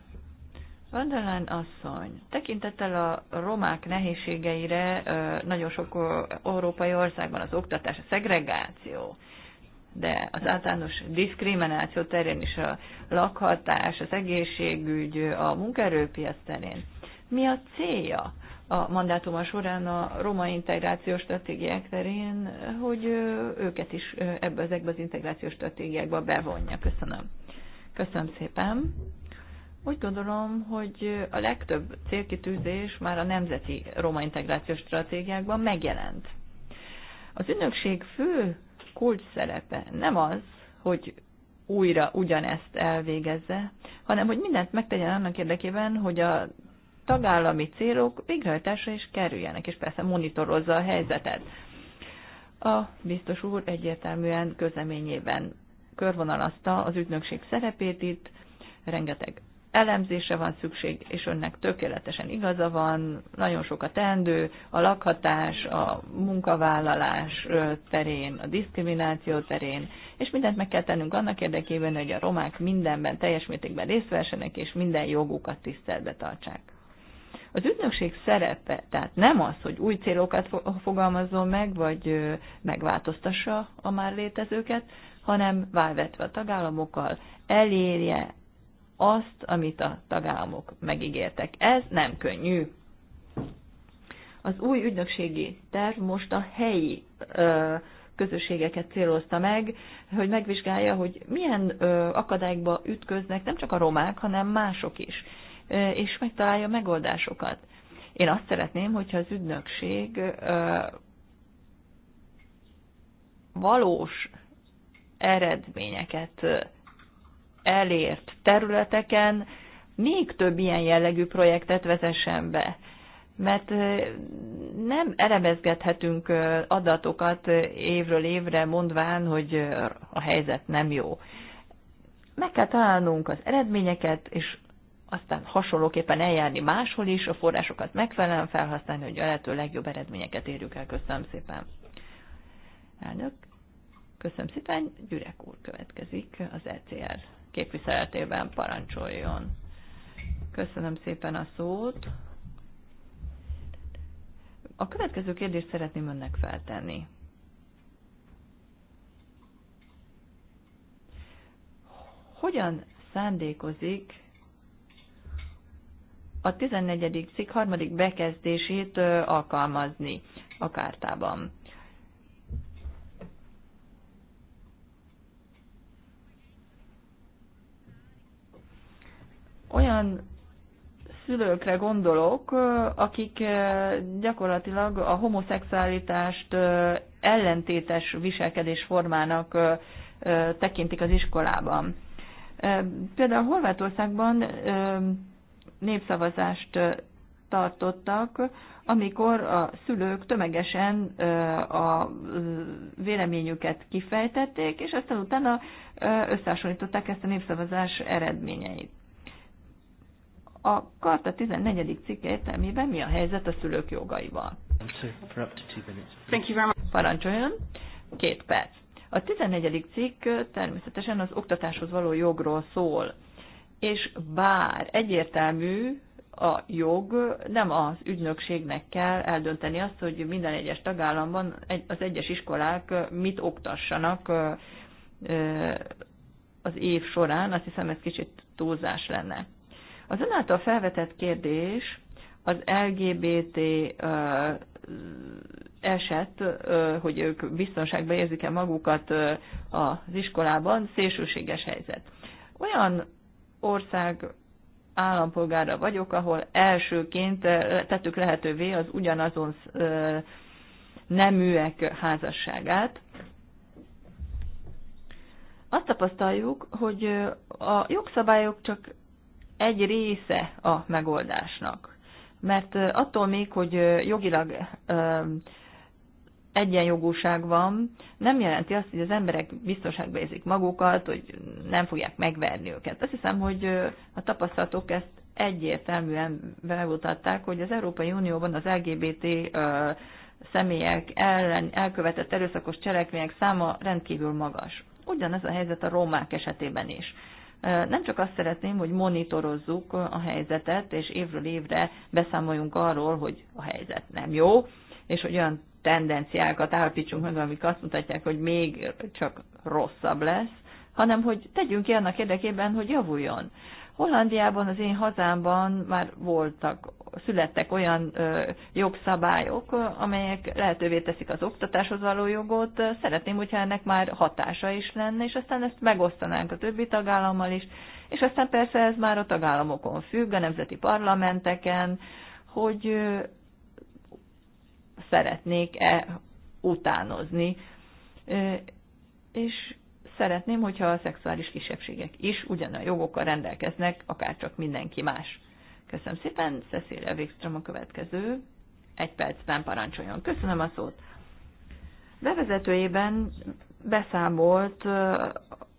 Vandalán asszony, tekintettel a romák nehézségeire nagyon sok európai országban az oktatás, a szegregáció, de az általános diszkrimináció terén is a lakhatás, az egészségügy, a munkaerőpiac terén. Mi a célja a mandátuma során a roma integrációs stratégiák terén, hogy őket is ebbe, ezekbe az integrációs stratégiákba bevonja? Köszönöm. Köszönöm szépen. Úgy gondolom, hogy a legtöbb célkitűzés már a nemzeti roma integrációs stratégiákban megjelent. Az ünnökség fő kulcs szerepe nem az, hogy újra ugyanezt elvégezze, hanem hogy mindent megtegyen annak érdekében, hogy a tagállami célok végrehajtásra is kerüljenek, és persze monitorozza a helyzetet. A biztos úr egyértelműen közleményében körvonalazta az ügynökség szerepét itt, rengeteg elemzése van szükség, és önnek tökéletesen igaza van, nagyon sok a teendő, a lakhatás, a munkavállalás terén, a diszkrimináció terén, és mindent meg kell tennünk annak érdekében, hogy a romák mindenben teljes mértékben részt vessenek, és minden jogukat tiszteletbe tartsák. Az ügynökség szerepe, tehát nem az, hogy új célokat fogalmazzon meg, vagy megváltoztassa a már létezőket, hanem válvetve a tagállamokkal elérje azt, amit a tagállamok megígértek. Ez nem könnyű. Az új ügynökségi terv most a helyi ö, közösségeket célozta meg, hogy megvizsgálja, hogy milyen ö, akadályokba ütköznek nem csak a romák, hanem mások is, ö, és megtalálja megoldásokat. Én azt szeretném, hogyha az ügynökség ö, valós eredményeket elért területeken még több ilyen jellegű projektet vezessen be. Mert nem elemezgethetünk adatokat évről évre, mondván, hogy a helyzet nem jó. Meg kell találnunk az eredményeket, és aztán hasonlóképpen eljárni máshol is, a forrásokat megfelelően felhasználni, hogy a lehető legjobb eredményeket érjük el. Köszönöm szépen. Elnök, köszönöm szépen. Gyurek úr következik az ECR képviseletében parancsoljon. Köszönöm szépen a szót. A következő kérdést szeretném önnek feltenni. Hogyan szándékozik a 14. cikk harmadik bekezdését alkalmazni a kártában? olyan szülőkre gondolok, akik gyakorlatilag a homoszexualitást ellentétes viselkedésformának tekintik az iskolában. Például Horvátországban népszavazást tartottak, amikor a szülők tömegesen a véleményüket kifejtették, és aztán utána összehasonlították ezt a népszavazás eredményeit a Karta 14. cikke értelmében mi a helyzet a szülők jogaival. Parancsoljon, két perc. A 14. cikk természetesen az oktatáshoz való jogról szól, és bár egyértelmű, a jog, nem az ügynökségnek kell eldönteni azt, hogy minden egyes tagállamban az egyes iskolák mit oktassanak az év során, azt hiszem ez kicsit túlzás lenne. Az ön által felvetett kérdés az LGBT eset, hogy ők biztonságban érzik-e magukat az iskolában, szélsőséges helyzet. Olyan ország állampolgára vagyok, ahol elsőként tettük lehetővé az ugyanazon neműek házasságát. Azt tapasztaljuk, hogy a jogszabályok csak egy része a megoldásnak. Mert attól még, hogy jogilag egyenjogúság van, nem jelenti azt, hogy az emberek biztonságba érzik magukat, hogy nem fogják megverni őket. Azt hiszem, hogy a tapasztalatok ezt egyértelműen bemutatták, hogy az Európai Unióban az LGBT személyek ellen elkövetett erőszakos cselekmények száma rendkívül magas. Ugyanez a helyzet a rómák esetében is. Nem csak azt szeretném, hogy monitorozzuk a helyzetet, és évről évre beszámoljunk arról, hogy a helyzet nem jó, és hogy olyan tendenciákat állapítsunk meg, amik azt mutatják, hogy még csak rosszabb lesz, hanem hogy tegyünk ki annak érdekében, hogy javuljon. Hollandiában, az én hazámban már voltak, születtek olyan ö, jogszabályok, amelyek lehetővé teszik az oktatáshoz való jogot. Szeretném, hogyha ennek már hatása is lenne, és aztán ezt megosztanánk a többi tagállammal is, és aztán persze ez már a tagállamokon függ, a nemzeti parlamenteken, hogy ö, szeretnék-e utánozni. Ö, és szeretném, hogyha a szexuális kisebbségek is ugyanolyan jogokkal rendelkeznek, akár csak mindenki más. Köszönöm szépen, Cecilia Wikström a következő. Egy percben parancsoljon. Köszönöm a szót. Bevezetőjében beszámolt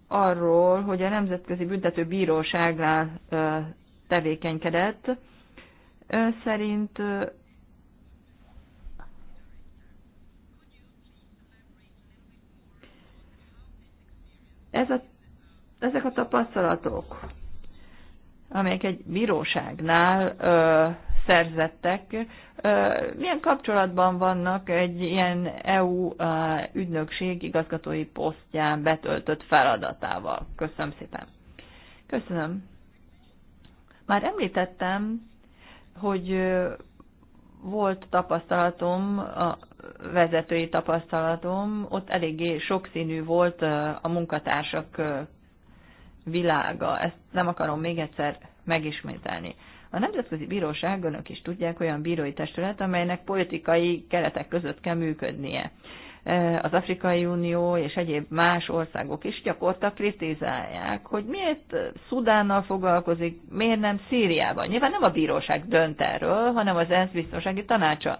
arról, hogy a Nemzetközi Büntető Bíróságnál tevékenykedett. Ön szerint Ez a, ezek a tapasztalatok, amelyek egy bíróságnál ö, szerzettek, ö, milyen kapcsolatban vannak egy ilyen EU ö, ügynökség igazgatói posztján betöltött feladatával? Köszönöm szépen. Köszönöm. Már említettem, hogy volt tapasztalatom vezetői tapasztalatom, ott eléggé sokszínű volt a munkatársak világa. Ezt nem akarom még egyszer megismételni. A Nemzetközi Bíróság, önök is tudják, olyan bírói testület, amelynek politikai keretek között kell működnie. Az Afrikai Unió és egyéb más országok is gyakorta kritizálják, hogy miért Szudánnal foglalkozik, miért nem Szíriában. Nyilván nem a bíróság dönt erről, hanem az ENSZ biztonsági tanácsa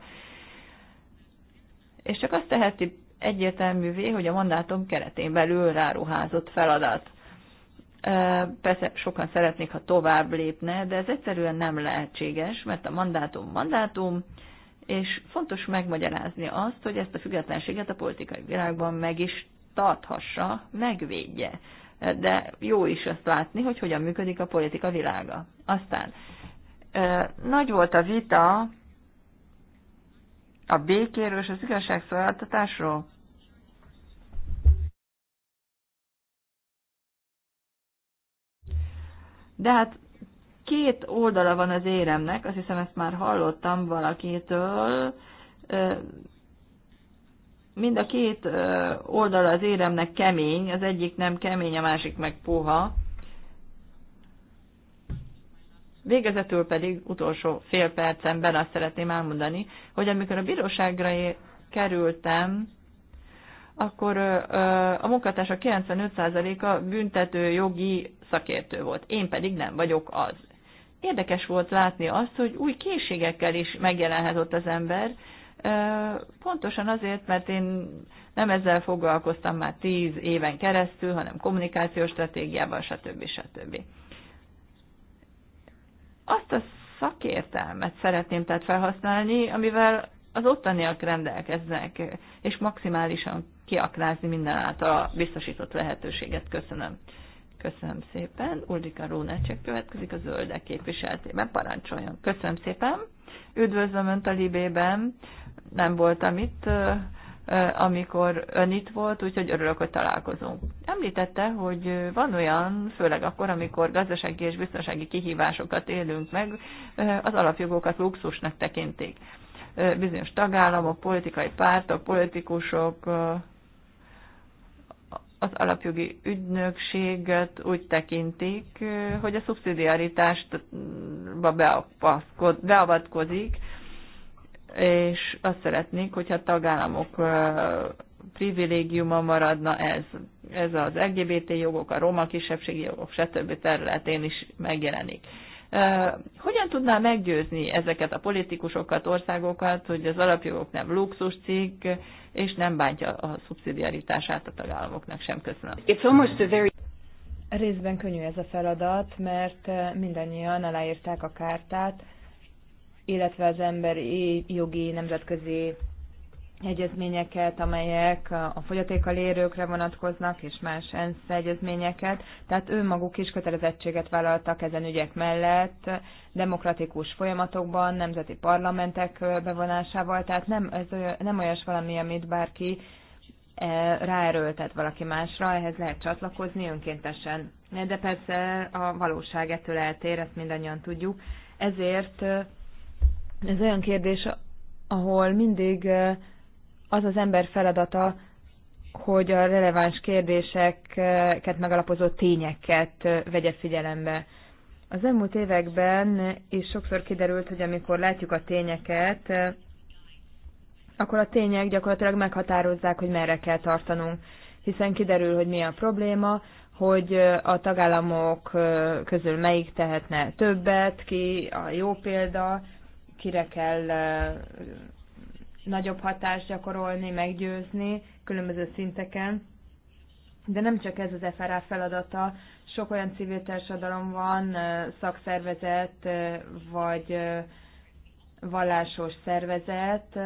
és csak azt teheti egyértelművé, hogy a mandátum keretén belül ráruházott feladat. Persze sokan szeretnék, ha tovább lépne, de ez egyszerűen nem lehetséges, mert a mandátum mandátum, és fontos megmagyarázni azt, hogy ezt a függetlenséget a politikai világban meg is tarthassa, megvédje. De jó is azt látni, hogy hogyan működik a politika világa. Aztán nagy volt a vita a békéről és az igazságszolgáltatásról? De hát két oldala van az éremnek, azt hiszem ezt már hallottam valakitől. Mind a két oldala az éremnek kemény, az egyik nem kemény, a másik meg puha. Végezetül pedig utolsó fél percemben azt szeretném elmondani, hogy amikor a bíróságra kerültem, akkor a munkatársa 95%-a büntető jogi szakértő volt. Én pedig nem vagyok az. Érdekes volt látni azt, hogy új készségekkel is megjelenhet ott az ember, pontosan azért, mert én nem ezzel foglalkoztam már tíz éven keresztül, hanem kommunikációs stratégiával, stb. stb. Azt a szakértelmet szeretném tehát felhasználni, amivel az ottaniak rendelkeznek, és maximálisan kiaknázni minden által a biztosított lehetőséget. Köszönöm. Köszönöm szépen. Uldika Rónecsek következik a zöldek képviseltében. Parancsoljon. Köszönöm szépen. Üdvözlöm Önt a Libében. Nem voltam itt amikor ön itt volt, úgyhogy örülök, hogy találkozunk. Említette, hogy van olyan, főleg akkor, amikor gazdasági és biztonsági kihívásokat élünk meg, az alapjogokat luxusnak tekintik. Bizonyos tagállamok, politikai pártok, politikusok, az alapjogi ügynökséget úgy tekintik, hogy a szubszidiaritást beavatkozik, és azt szeretnék, hogyha a tagállamok privilégiuma maradna ez. Ez az LGBT jogok, a roma kisebbségi jogok, stb. területén is megjelenik. Hogyan tudná meggyőzni ezeket a politikusokat, országokat, hogy az alapjogok nem luxuscikk, és nem bántja a szubszidiaritását a tagállamoknak sem? Köszönöm. It's Részben könnyű ez a feladat, mert mindannyian aláírták a kártát, illetve az emberi jogi nemzetközi egyezményeket, amelyek a fogyatékkal érőkre vonatkoznak, és más ENSZ egyezményeket. Tehát ő maguk is kötelezettséget vállaltak ezen ügyek mellett, demokratikus folyamatokban, nemzeti parlamentek bevonásával, tehát nem, ez olyan, nem olyas valami, amit bárki eh, ráerőltet valaki másra, ehhez lehet csatlakozni önkéntesen. De persze a valóság ettől eltér, ezt mindannyian tudjuk. Ezért eh, ez olyan kérdés, ahol mindig az az ember feladata, hogy a releváns kérdéseket megalapozó tényeket vegye figyelembe. Az elmúlt években is sokszor kiderült, hogy amikor látjuk a tényeket, akkor a tények gyakorlatilag meghatározzák, hogy merre kell tartanunk, hiszen kiderül, hogy mi a probléma, hogy a tagállamok közül melyik tehetne többet, ki a jó példa, kire kell nagyobb hatást gyakorolni, meggyőzni különböző szinteken. De nem csak ez az FRA feladata, sok olyan civil társadalom van, szakszervezet vagy vallásos szervezet,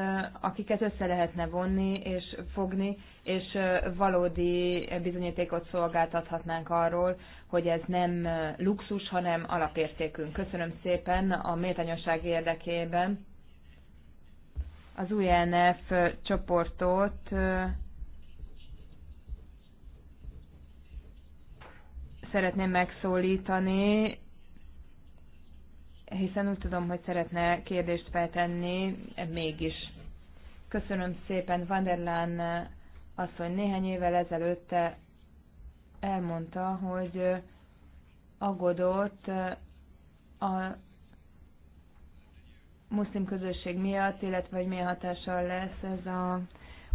akiket össze lehetne vonni és fogni, és valódi bizonyítékot szolgáltathatnánk arról, hogy ez nem luxus, hanem alapértékünk. Köszönöm szépen a méltányosság érdekében. Az UNF e csoportot szeretném megszólítani, hiszen úgy tudom, hogy szeretne kérdést feltenni, mégis. Köszönöm szépen Vanderlán asszony néhány évvel ezelőtt elmondta, hogy aggódott a muszlim közösség miatt, illetve hogy milyen hatással lesz ez a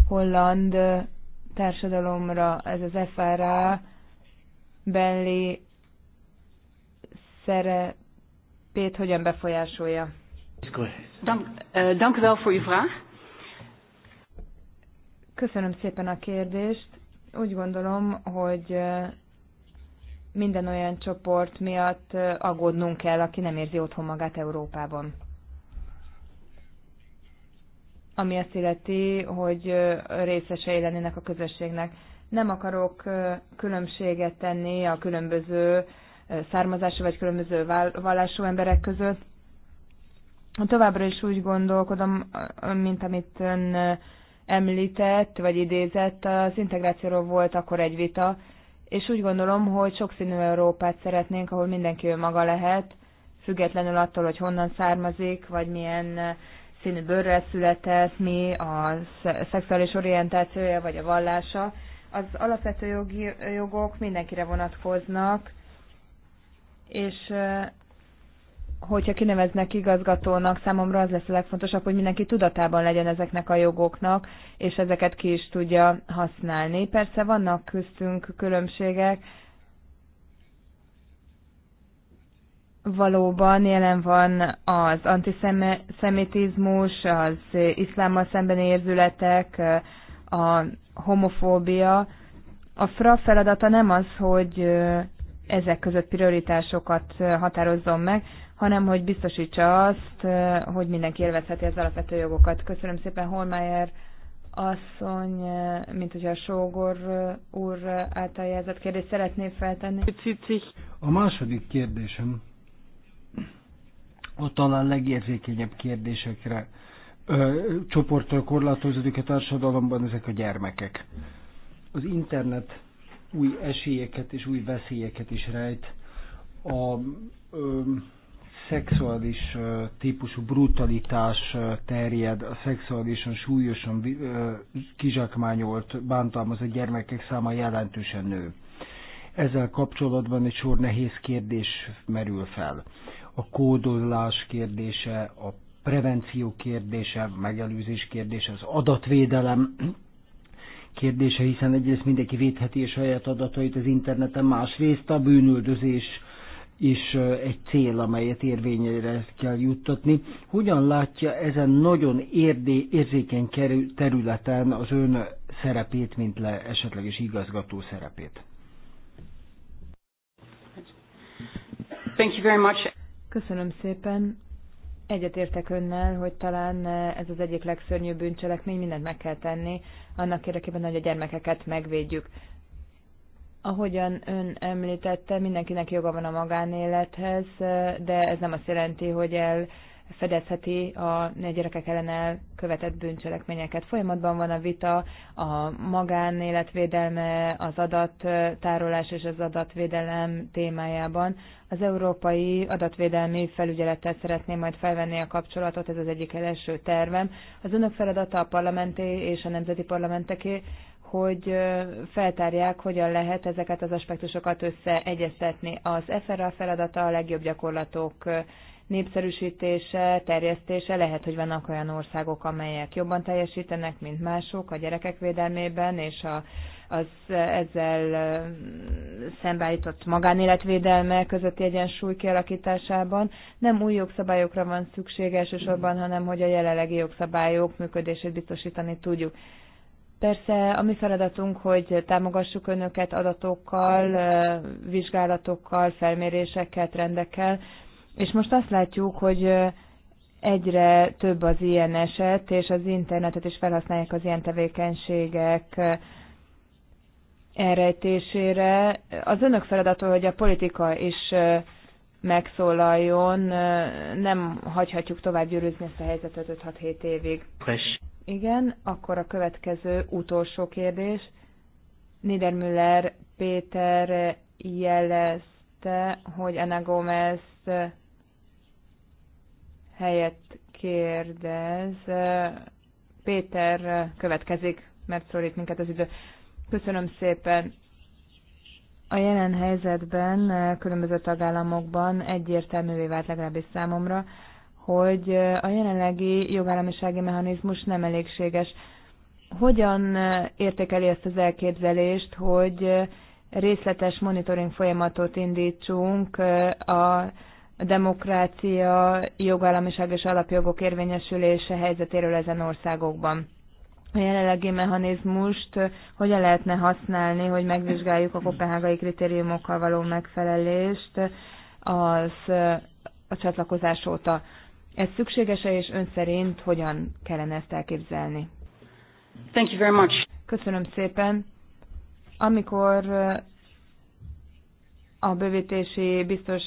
holland társadalomra, ez az FRA benli szerepét hogyan befolyásolja. Dank, dank u wel voor uw vraag. Köszönöm szépen a kérdést. Úgy gondolom, hogy minden olyan csoport miatt aggódnunk kell, aki nem érzi otthon magát Európában. Ami azt illeti, hogy részesei lennének a közösségnek. Nem akarok különbséget tenni a különböző származású vagy különböző vallású emberek között. Továbbra is úgy gondolkodom, mint amit ön említett, vagy idézett, az integrációról volt akkor egy vita, és úgy gondolom, hogy sokszínű Európát szeretnénk, ahol mindenki ő maga lehet, függetlenül attól, hogy honnan származik, vagy milyen eh, színű bőrrel született, mi a szexuális orientációja, vagy a vallása. Az alapvető jogi, jogok mindenkire vonatkoznak, és eh, hogyha kineveznek igazgatónak, számomra az lesz a legfontosabb, hogy mindenki tudatában legyen ezeknek a jogoknak, és ezeket ki is tudja használni. Persze vannak köztünk különbségek, valóban jelen van az antiszemitizmus, az iszlámmal szembeni érzületek, a homofóbia. A FRA feladata nem az, hogy ezek között prioritásokat határozzon meg, hanem hogy biztosítsa azt, hogy mindenki élvezheti az alapvető jogokat. Köszönöm szépen Holmeyer asszony, mint hogy a Sógor úr által jelzett kérdést szeretné feltenni. A második kérdésem a talán legérzékenyebb kérdésekre ö, csoporttól korlátozódik a társadalomban ezek a gyermekek. Az internet új esélyeket és új veszélyeket is rejt. A ö, szexuális típusú brutalitás terjed, a szexuálisan súlyosan kizsákmányolt, bántalmazott gyermekek száma jelentősen nő. Ezzel kapcsolatban egy sor nehéz kérdés merül fel. A kódolás kérdése, a prevenció kérdése, megelőzés kérdése, az adatvédelem kérdése, hiszen egyrészt mindenki védheti a saját adatait az interneten, másrészt a bűnüldözés is egy cél, amelyet érvényre kell juttatni. Hogyan látja ezen nagyon érdé, érzékeny területen az ön szerepét, mint le esetleges igazgató szerepét? Thank you very much. Köszönöm szépen. Egyetértek önnel, hogy talán ez az egyik legszörnyűbb bűncselekmény, mindent meg kell tenni, annak érdekében, hogy a gyermekeket megvédjük. Ahogyan ön említette, mindenkinek joga van a magánélethez, de ez nem azt jelenti, hogy el fedezheti a gyerekek ellen elkövetett bűncselekményeket. Folyamatban van a vita, a magánéletvédelme, az adattárolás és az adatvédelem témájában. Az Európai Adatvédelmi Felügyelettel szeretném majd felvenni a kapcsolatot, ez az egyik első tervem. Az önök feladata a parlamenté és a nemzeti parlamenteké, hogy feltárják, hogyan lehet ezeket az aspektusokat összeegyeztetni. Az FRA feladata a legjobb gyakorlatok népszerűsítése, terjesztése. Lehet, hogy vannak olyan országok, amelyek jobban teljesítenek, mint mások a gyerekek védelmében, és a, az ezzel szembeállított magánéletvédelme közötti egyensúly kialakításában. Nem új jogszabályokra van szükség elsősorban, hanem hogy a jelenlegi jogszabályok működését biztosítani tudjuk. Persze a mi feladatunk, hogy támogassuk önöket adatokkal, vizsgálatokkal, felmérésekkel, trendekkel, és most azt látjuk, hogy egyre több az ilyen eset, és az internetet is felhasználják az ilyen tevékenységek elrejtésére. Az önök feladata, hogy a politika is megszólaljon, nem hagyhatjuk tovább gyűrűzni ezt a helyzetet 5-6-7 évig. Köszönöm. Igen, akkor a következő utolsó kérdés. Niedermüller Péter jelezte, hogy Anna Gomez helyet kérdez. Péter következik, mert szólít minket az idő. Köszönöm szépen. A jelen helyzetben különböző tagállamokban egyértelművé vált legalábbis számomra, hogy a jelenlegi jogállamisági mechanizmus nem elégséges. Hogyan értékeli ezt az elképzelést, hogy részletes monitoring folyamatot indítsunk a demokrácia, jogállamiság és alapjogok érvényesülése helyzetéről ezen országokban? a jelenlegi mechanizmust hogyan lehetne használni, hogy megvizsgáljuk a kopenhágai kritériumokkal való megfelelést az a csatlakozás óta. Ez szükséges-e, és ön szerint hogyan kellene ezt elképzelni? Thank you very much. Köszönöm szépen. Amikor a bővítési biztos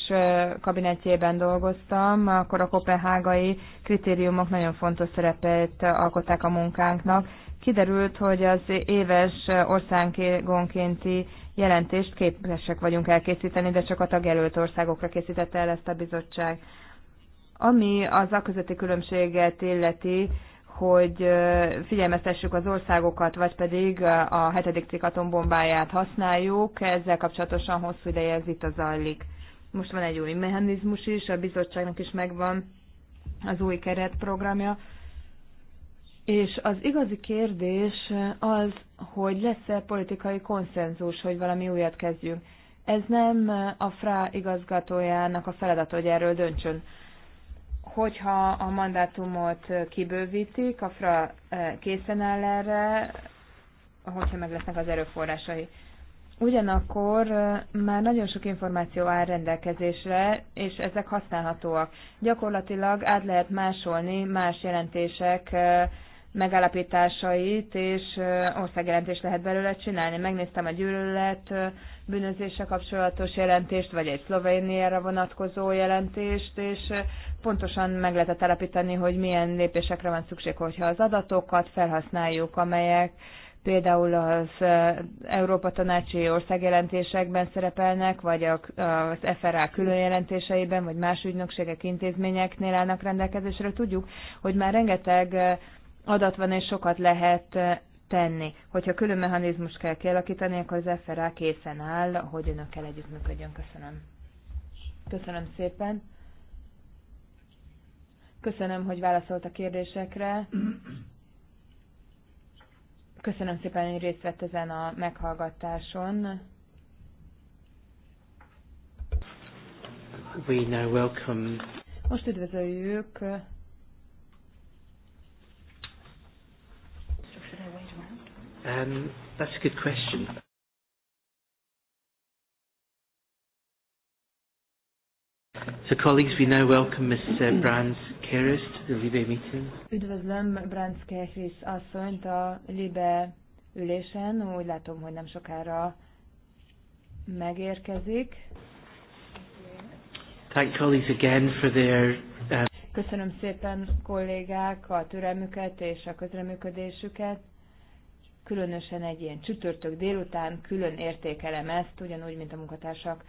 kabinetjében dolgoztam, akkor a kopenhágai kritériumok nagyon fontos szerepet alkották a munkánknak. Kiderült, hogy az éves országonkénti jelentést képesek vagyunk elkészíteni, de csak a tagjelölt országokra készítette el ezt a bizottság. Ami az a közötti különbséget illeti, hogy figyelmeztessük az országokat, vagy pedig a hetedik cikk atombombáját használjuk, ezzel kapcsolatosan hosszú ideje ez itt zajlik. Most van egy új mechanizmus is, a bizottságnak is megvan az új keretprogramja, és az igazi kérdés az, hogy lesz-e politikai konszenzus, hogy valami újat kezdjünk. Ez nem a FRA igazgatójának a feladat, hogy erről döntsön hogyha a mandátumot kibővítik, a FRA eh, készen áll erre, hogyha meg lesznek az erőforrásai. Ugyanakkor eh, már nagyon sok információ áll rendelkezésre, és ezek használhatóak. Gyakorlatilag át lehet másolni más jelentések eh, megállapításait, és országjelentést lehet belőle csinálni. Megnéztem a gyűlölet bűnözése kapcsolatos jelentést, vagy egy Szlovéniára vonatkozó jelentést, és eh, pontosan meg lehetett állapítani, hogy milyen lépésekre van szükség, hogyha az adatokat felhasználjuk, amelyek például az eh, Európa Tanácsi országjelentésekben szerepelnek, vagy az FRA különjelentéseiben, vagy más ügynökségek, intézményeknél állnak rendelkezésre. Tudjuk, hogy már rengeteg eh, adat van, és sokat lehet tenni. Hogyha külön mechanizmus kell kialakítani, akkor az FRA készen áll, hogy önökkel együttműködjön. Köszönöm. Köszönöm szépen. Köszönöm, hogy válaszolt a kérdésekre. Köszönöm szépen, hogy részt vett ezen a meghallgatáson. We now welcome. Most üdvözöljük Um, that's a good question. So colleagues, we now welcome Ms. Uh, Brands Keres to the Libe meeting. Üdvözlöm Brands Keres asszonyt a Libe ülésen. Úgy látom, hogy nem sokára megérkezik. Thank colleagues again for their um... Köszönöm szépen kollégák a türelmüket és a közreműködésüket különösen egy ilyen csütörtök délután külön értékelem ezt, ugyanúgy, mint a munkatársak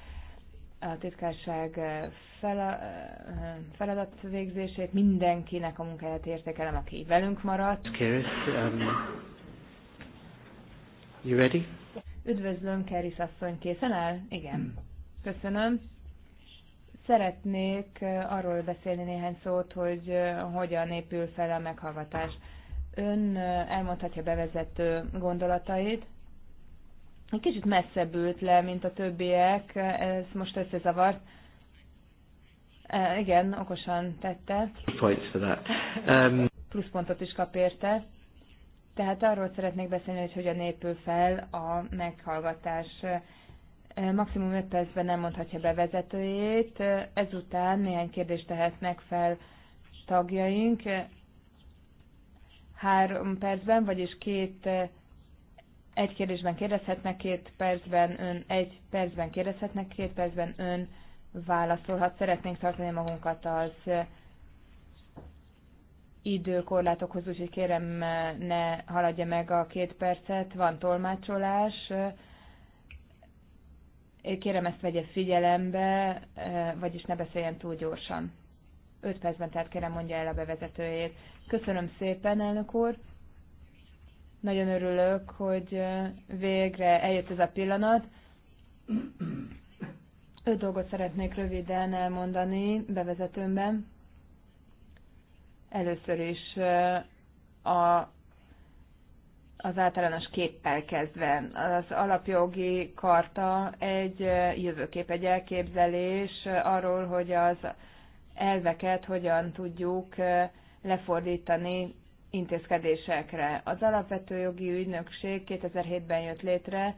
a titkárság eh, eh, feladatvégzését, mindenkinek a munkáját értékelem, aki velünk maradt. Kéris, um, you ready? Üdvözlöm, Keris asszony, készen áll? Igen. Hmm. Köszönöm. Szeretnék eh, arról beszélni néhány szót, hogy hogyan épül fel a meghallgatás. Ön elmondhatja bevezető gondolatait. Egy kicsit messzebb ült le, mint a többiek, ez most összezavart. E, igen, okosan tette. Um, Pluszpontot is kap érte. Tehát arról szeretnék beszélni, hogy hogyan épül fel a meghallgatás. E, maximum 5 percben nem mondhatja bevezetőjét, ezután néhány kérdést tehetnek fel tagjaink három percben, vagyis két eh, egy kérdésben kérdezhetnek, két percben ön egy percben kérdezhetnek, két percben ön válaszolhat. Szeretnénk tartani magunkat az eh, időkorlátokhoz, úgyhogy kérem eh, ne haladja meg a két percet, van tolmácsolás. Én kérem ezt vegye figyelembe, vagyis ne beszéljen túl gyorsan. 5 percben, tehát kérem mondja el a bevezetőjét. Köszönöm szépen, elnök úr. Nagyon örülök, hogy végre eljött ez a pillanat. Öt dolgot szeretnék röviden elmondani bevezetőmben. Először is a az általános képpel kezdve. Az alapjogi karta egy jövőkép, egy elképzelés arról, hogy az elveket hogyan tudjuk lefordítani intézkedésekre. Az alapvető jogi ügynökség 2007-ben jött létre,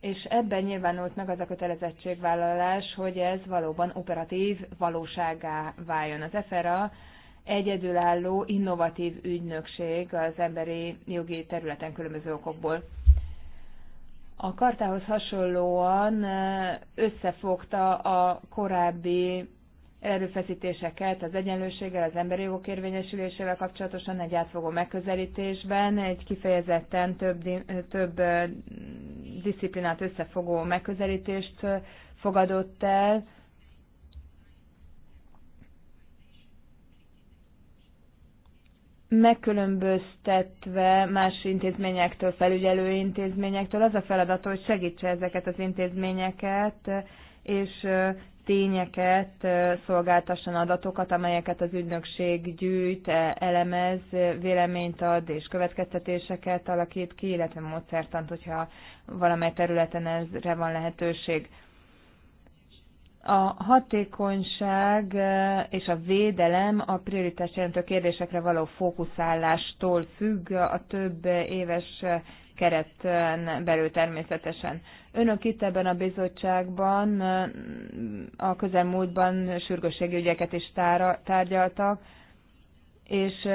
és ebben nyilvánult meg az a kötelezettségvállalás, hogy ez valóban operatív valóságá váljon. Az EFERA egyedülálló innovatív ügynökség az emberi jogi területen különböző okokból. A kartához hasonlóan összefogta a korábbi erőfeszítéseket az egyenlőséggel, az emberi jogok érvényesülésével kapcsolatosan egy átfogó megközelítésben, egy kifejezetten több, több disziplinát összefogó megközelítést fogadott el. megkülönböztetve más intézményektől, felügyelő intézményektől, az a feladat, hogy segítse ezeket az intézményeket, és tényeket, szolgáltasson adatokat, amelyeket az ügynökség gyűjt, e, elemez, véleményt ad és következtetéseket alakít ki, illetve módszertant, hogyha valamely területen ezre van lehetőség. A hatékonyság és a védelem a prioritás jelentő kérdésekre való fókuszálástól függ, a több éves kereten belül természetesen. Önök itt ebben a bizottságban a közelmúltban sürgősségi ügyeket is tárgyaltak, és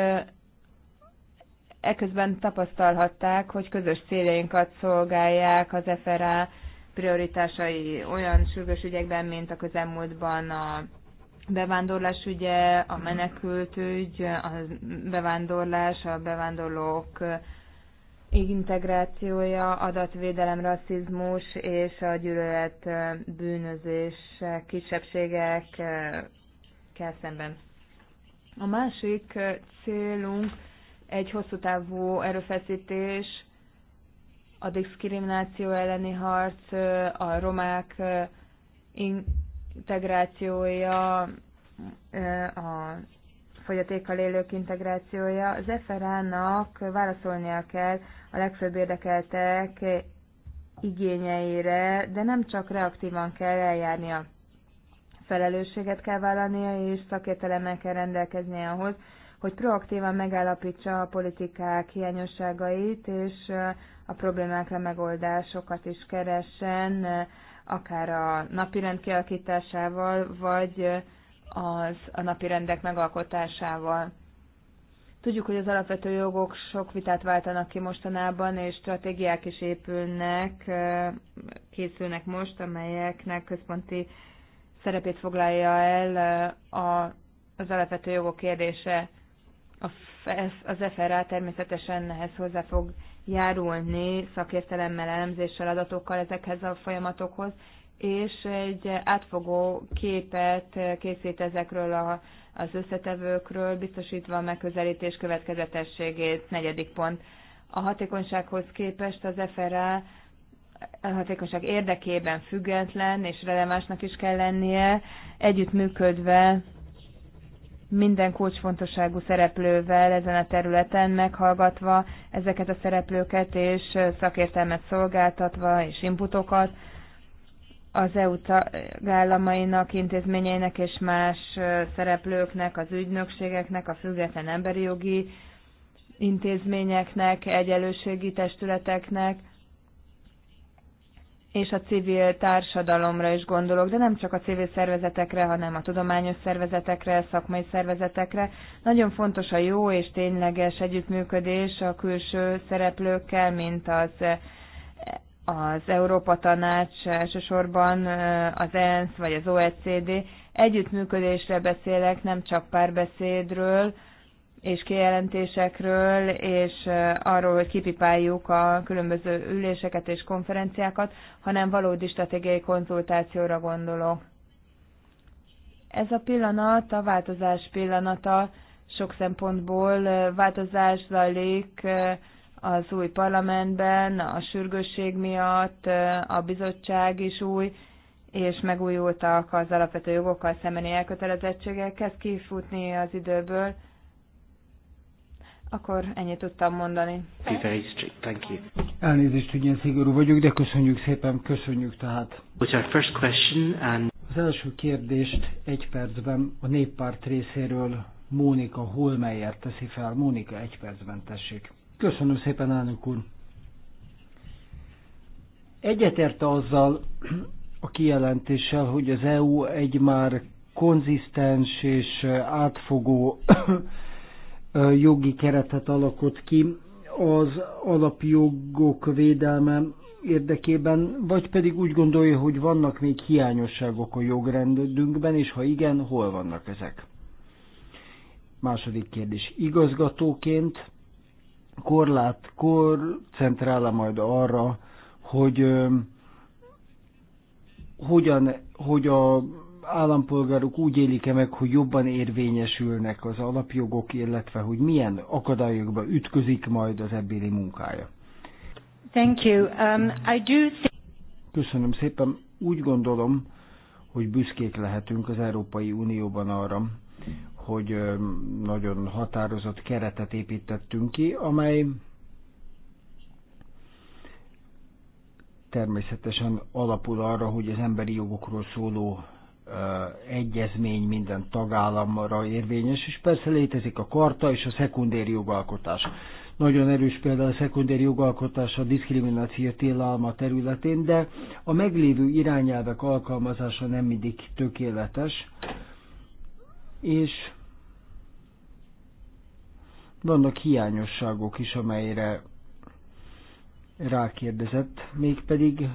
ekközben tapasztalhatták, hogy közös céljainkat szolgálják az FRA prioritásai olyan sürgős ügyekben, mint a közelmúltban a bevándorlás ügye, a menekültügy, a bevándorlás, a bevándorlók integrációja, adatvédelem, rasszizmus és a gyűlölet bűnözés kisebbségekkel szemben. A másik célunk egy hosszú távú erőfeszítés, a diszkrimináció elleni harc, a romák integrációja, a fogyatékkal élők integrációja, az FRA-nak válaszolnia kell a legfőbb érdekeltek igényeire, de nem csak reaktívan kell eljárnia. Felelősséget kell vállalnia, és szakértelemmel kell rendelkeznie ahhoz, hogy proaktívan megállapítsa a politikák hiányosságait, és a problémákra megoldásokat is keressen, akár a napirend kialakításával, vagy az a napi rendek megalkotásával. Tudjuk, hogy az alapvető jogok sok vitát váltanak ki mostanában, és stratégiák is épülnek, készülnek most, amelyeknek központi szerepét foglalja el a, az alapvető jogok kérdése. A, az FRA természetesen ehhez hozzá fog járulni szakértelemmel, elemzéssel, adatokkal ezekhez a folyamatokhoz, és egy átfogó képet készít ezekről a, az összetevőkről, biztosítva a megközelítés következetességét, negyedik pont. A hatékonysághoz képest az FRA a hatékonyság érdekében független és relevánsnak is kell lennie, együttműködve minden kulcsfontosságú szereplővel ezen a területen meghallgatva ezeket a szereplőket és szakértelmet szolgáltatva és inputokat, az EU tagállamainak, intézményeinek és más szereplőknek, az ügynökségeknek, a független emberi jogi intézményeknek, egyenlőségi testületeknek, és a civil társadalomra is gondolok, de nem csak a civil szervezetekre, hanem a tudományos szervezetekre, szakmai szervezetekre. Nagyon fontos a jó és tényleges együttműködés a külső szereplőkkel, mint az az Európa Tanács, elsősorban az ENSZ vagy az OECD. Együttműködésre beszélek, nem csak párbeszédről és kijelentésekről, és arról, hogy kipipáljuk a különböző üléseket és konferenciákat, hanem valódi stratégiai konzultációra gondolok. Ez a pillanat a változás pillanata, sok szempontból változás zajlik, az új parlamentben, a sürgősség miatt a bizottság is új, és megújultak az alapvető jogokkal szembeni elkötelezettségek, kezd kifutni az időből. Akkor ennyit tudtam mondani. Thank you. Elnézést, hogy ilyen szigorú vagyok, de köszönjük szépen, köszönjük tehát. Az első kérdést egy percben a néppárt részéről Mónika Holmeyer teszi fel. Mónika, egy percben tessék. Köszönöm szépen, elnök úr. Egyetérte azzal a kijelentéssel, hogy az EU egy már konzisztens és átfogó [COUGHS] jogi keretet alakott ki az alapjogok védelme érdekében, vagy pedig úgy gondolja, hogy vannak még hiányosságok a jogrendünkben, és ha igen, hol vannak ezek? Második kérdés. Igazgatóként korlát, koncentrál majd arra, hogy ö, hogyan, hogy a állampolgárok úgy élik-e meg, hogy jobban érvényesülnek az alapjogok, illetve hogy milyen akadályokba ütközik majd az ebbéli munkája. Thank you. Um, I do think... Köszönöm szépen. Úgy gondolom, hogy büszkék lehetünk az Európai Unióban arra, hogy nagyon határozott keretet építettünk ki, amely természetesen alapul arra, hogy az emberi jogokról szóló egyezmény minden tagállamra érvényes, és persze létezik a karta és a szekundéri jogalkotás. Nagyon erős például a szekundéri jogalkotás a diszkrimináció tilalma területén, de a meglévő irányelvek alkalmazása nem mindig tökéletes és vannak hiányosságok is, amelyre rákérdezett, mégpedig,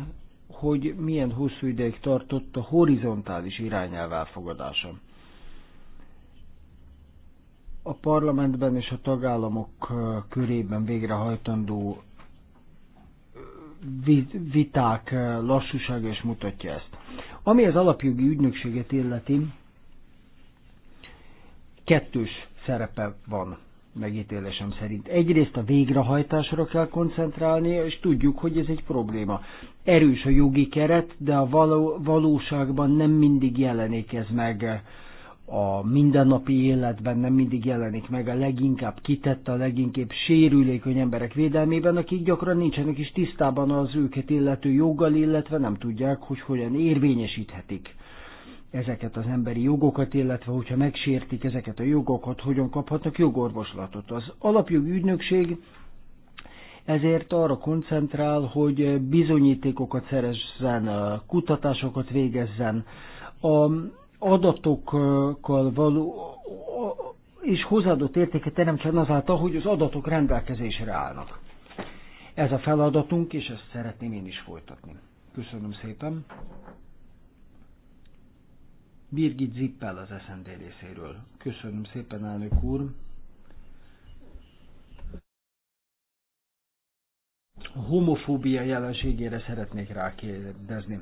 hogy milyen hosszú ideig tartott a horizontális irányelv elfogadása. A parlamentben és a tagállamok körében végrehajtandó viták lassúsága is mutatja ezt. Ami az alapjogi ügynökséget illeti, kettős szerepe van megítélésem szerint. Egyrészt a végrehajtásra kell koncentrálni, és tudjuk, hogy ez egy probléma. Erős a jogi keret, de a való, valóságban nem mindig jelenik ez meg a mindennapi életben nem mindig jelenik meg a leginkább kitett, a leginkább sérülékony emberek védelmében, akik gyakran nincsenek is tisztában az őket illető joggal, illetve nem tudják, hogy hogyan érvényesíthetik ezeket az emberi jogokat, illetve hogyha megsértik ezeket a jogokat, hogyan kaphatnak jogorvoslatot. Az alapjogi ügynökség ezért arra koncentrál, hogy bizonyítékokat szerezzen, kutatásokat végezzen, a adatokkal való és hozzáadott értéket teremtsen azáltal, hogy az adatok rendelkezésre állnak. Ez a feladatunk, és ezt szeretném én is folytatni. Köszönöm szépen! Birgit Zippel az SND részéről. Köszönöm szépen, elnök úr! A homofóbia jelenségére szeretnék rákérdezni.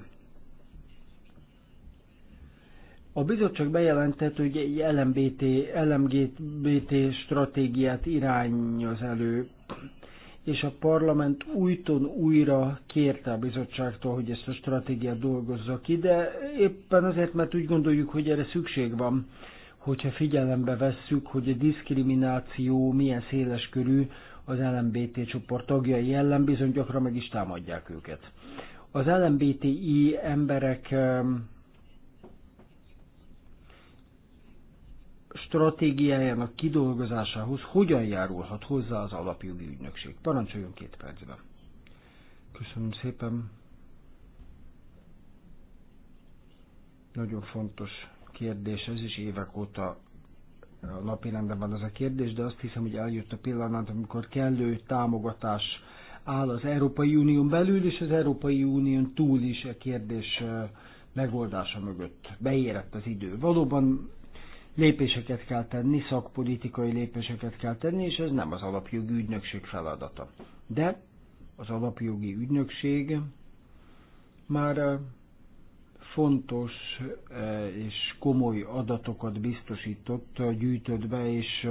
A bizottság bejelentett, hogy egy LMBT, lmgbt stratégiát irányoz elő és a parlament újton újra kérte a bizottságtól, hogy ezt a stratégiát dolgozza ki, de éppen azért, mert úgy gondoljuk, hogy erre szükség van, hogyha figyelembe vesszük, hogy a diszkrimináció milyen széles körű az LMBT csoport tagjai ellen, bizony gyakran meg is támadják őket. Az LMBTI emberek stratégiájának kidolgozásához hogyan járulhat hozzá az alapjogi ügynökség? Parancsoljon két percben. Köszönöm szépen. Nagyon fontos kérdés ez, is évek óta a napirenden van az a kérdés, de azt hiszem, hogy eljött a pillanat, amikor kellő támogatás áll az Európai Unión belül és az Európai Unión túl is a e kérdés e, megoldása mögött. Beérett az idő. Valóban lépéseket kell tenni, szakpolitikai lépéseket kell tenni, és ez nem az alapjogi ügynökség feladata. De az alapjogi ügynökség már eh, fontos eh, és komoly adatokat biztosított, eh, gyűjtött be, és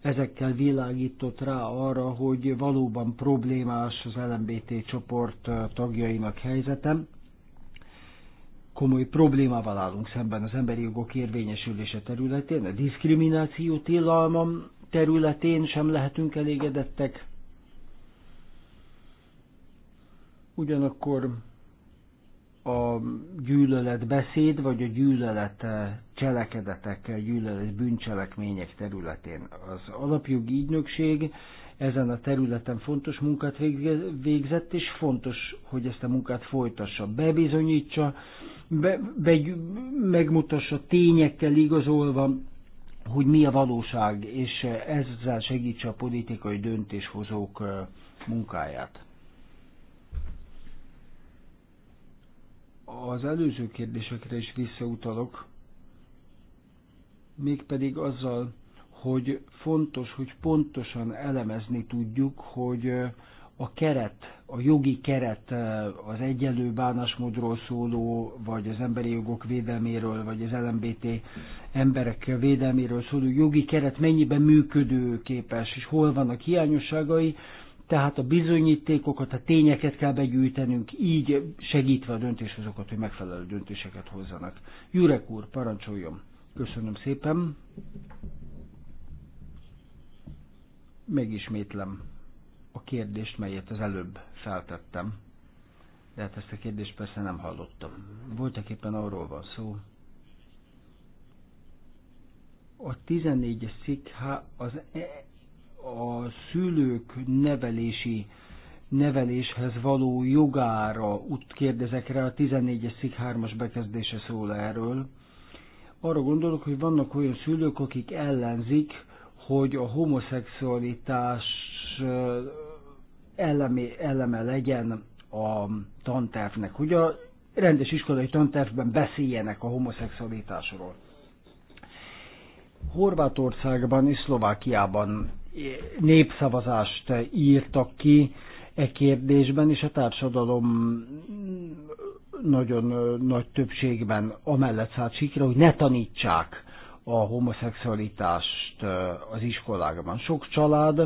ezekkel világított rá arra, hogy valóban problémás az LMBT csoport tagjainak helyzetem, komoly problémával állunk szemben az emberi jogok érvényesülése területén, a diszkrimináció tilalma területén sem lehetünk elégedettek. Ugyanakkor a gyűlölet beszéd, vagy a gyűlölet eh, cselekedetek, gyűlölet bűncselekmények területén. Az alapjogi ügynökség ezen a területen fontos munkát végzett, és fontos, hogy ezt a munkát folytassa, bebizonyítsa, be, be, megmutassa tényekkel igazolva, hogy mi a valóság, és ezzel segítse a politikai döntéshozók munkáját. Az előző kérdésekre is visszautalok, mégpedig azzal, hogy fontos, hogy pontosan elemezni tudjuk, hogy a keret, a jogi keret az egyenlő bánásmódról szóló, vagy az emberi jogok védelméről, vagy az LMBT emberek védelméről szóló jogi keret mennyiben működőképes, és hol vannak hiányosságai, tehát a bizonyítékokat, a tényeket kell begyűjtenünk, így segítve a döntéshozokat, hogy megfelelő döntéseket hozzanak. Jurek úr, parancsoljon! Köszönöm szépen! megismétlem a kérdést, melyet az előbb feltettem, de hát ezt a kérdést persze nem hallottam. Voltak éppen arról van szó, a 14-es cikk az e, a szülők nevelési neveléshez való jogára út kérdezek rá, a 14-es szik 3-as bekezdése szól erről. Arra gondolok, hogy vannak olyan szülők, akik ellenzik hogy a homoszexualitás elemi, eleme legyen a tantervnek, hogy a rendes iskolai tantervben beszéljenek a homoszexualitásról. Horvátországban és Szlovákiában népszavazást írtak ki e kérdésben, és a társadalom nagyon nagy többségben amellett szállt sikra, hogy ne tanítsák a homoszexualitást az iskolában Sok család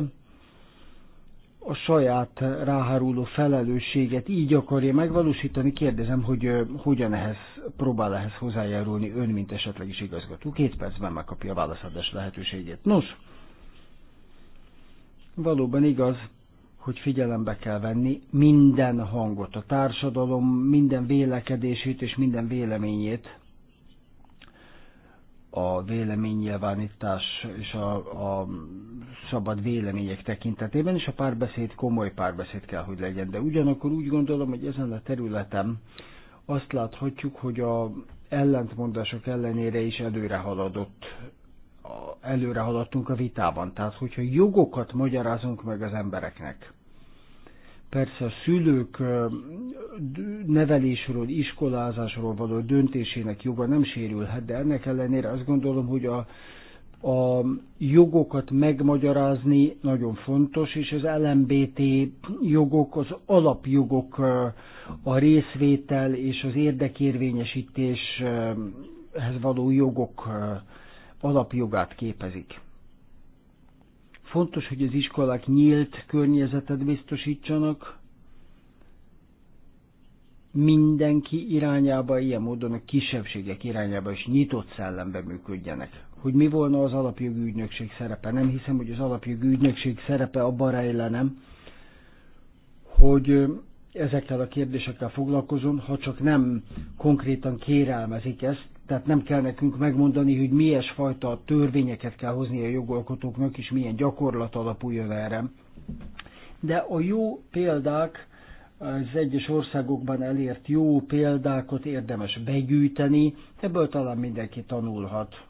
a saját ráháruló felelősséget így akarja megvalósítani. Kérdezem, hogy hogyan ehhez, próbál ehhez hozzájárulni ön, mint is igazgató. Két percben megkapja a válaszadás lehetőségét. Nos, valóban igaz, hogy figyelembe kell venni minden hangot, a társadalom minden vélekedését és minden véleményét, a véleménynyilvánítás és a, a szabad vélemények tekintetében, és a párbeszéd komoly párbeszéd kell, hogy legyen. De ugyanakkor úgy gondolom, hogy ezen a területen azt láthatjuk, hogy a ellentmondások ellenére is előre haladott előre haladtunk a vitában. Tehát, hogyha jogokat magyarázunk meg az embereknek, Persze a szülők nevelésről, iskolázásról való döntésének joga nem sérülhet, de ennek ellenére azt gondolom, hogy a, a jogokat megmagyarázni nagyon fontos, és az LMBT jogok, az alapjogok, a részvétel és az érdekérvényesítéshez való jogok alapjogát képezik. Fontos, hogy az iskolák nyílt környezetet biztosítsanak mindenki irányába, ilyen módon a kisebbségek irányába is nyitott szellemben működjenek. Hogy mi volna az alapjogi ügynökség szerepe? Nem hiszem, hogy az alapjogi ügynökség szerepe abban rejlenem, hogy ezekkel a kérdésekkel foglalkozom, ha csak nem konkrétan kérelmezik ezt, tehát nem kell nekünk megmondani, hogy milyes fajta törvényeket kell hozni a jogalkotóknak, és milyen gyakorlat alapú erre. De a jó példák, az egyes országokban elért jó példákat érdemes begyűjteni, ebből talán mindenki tanulhat.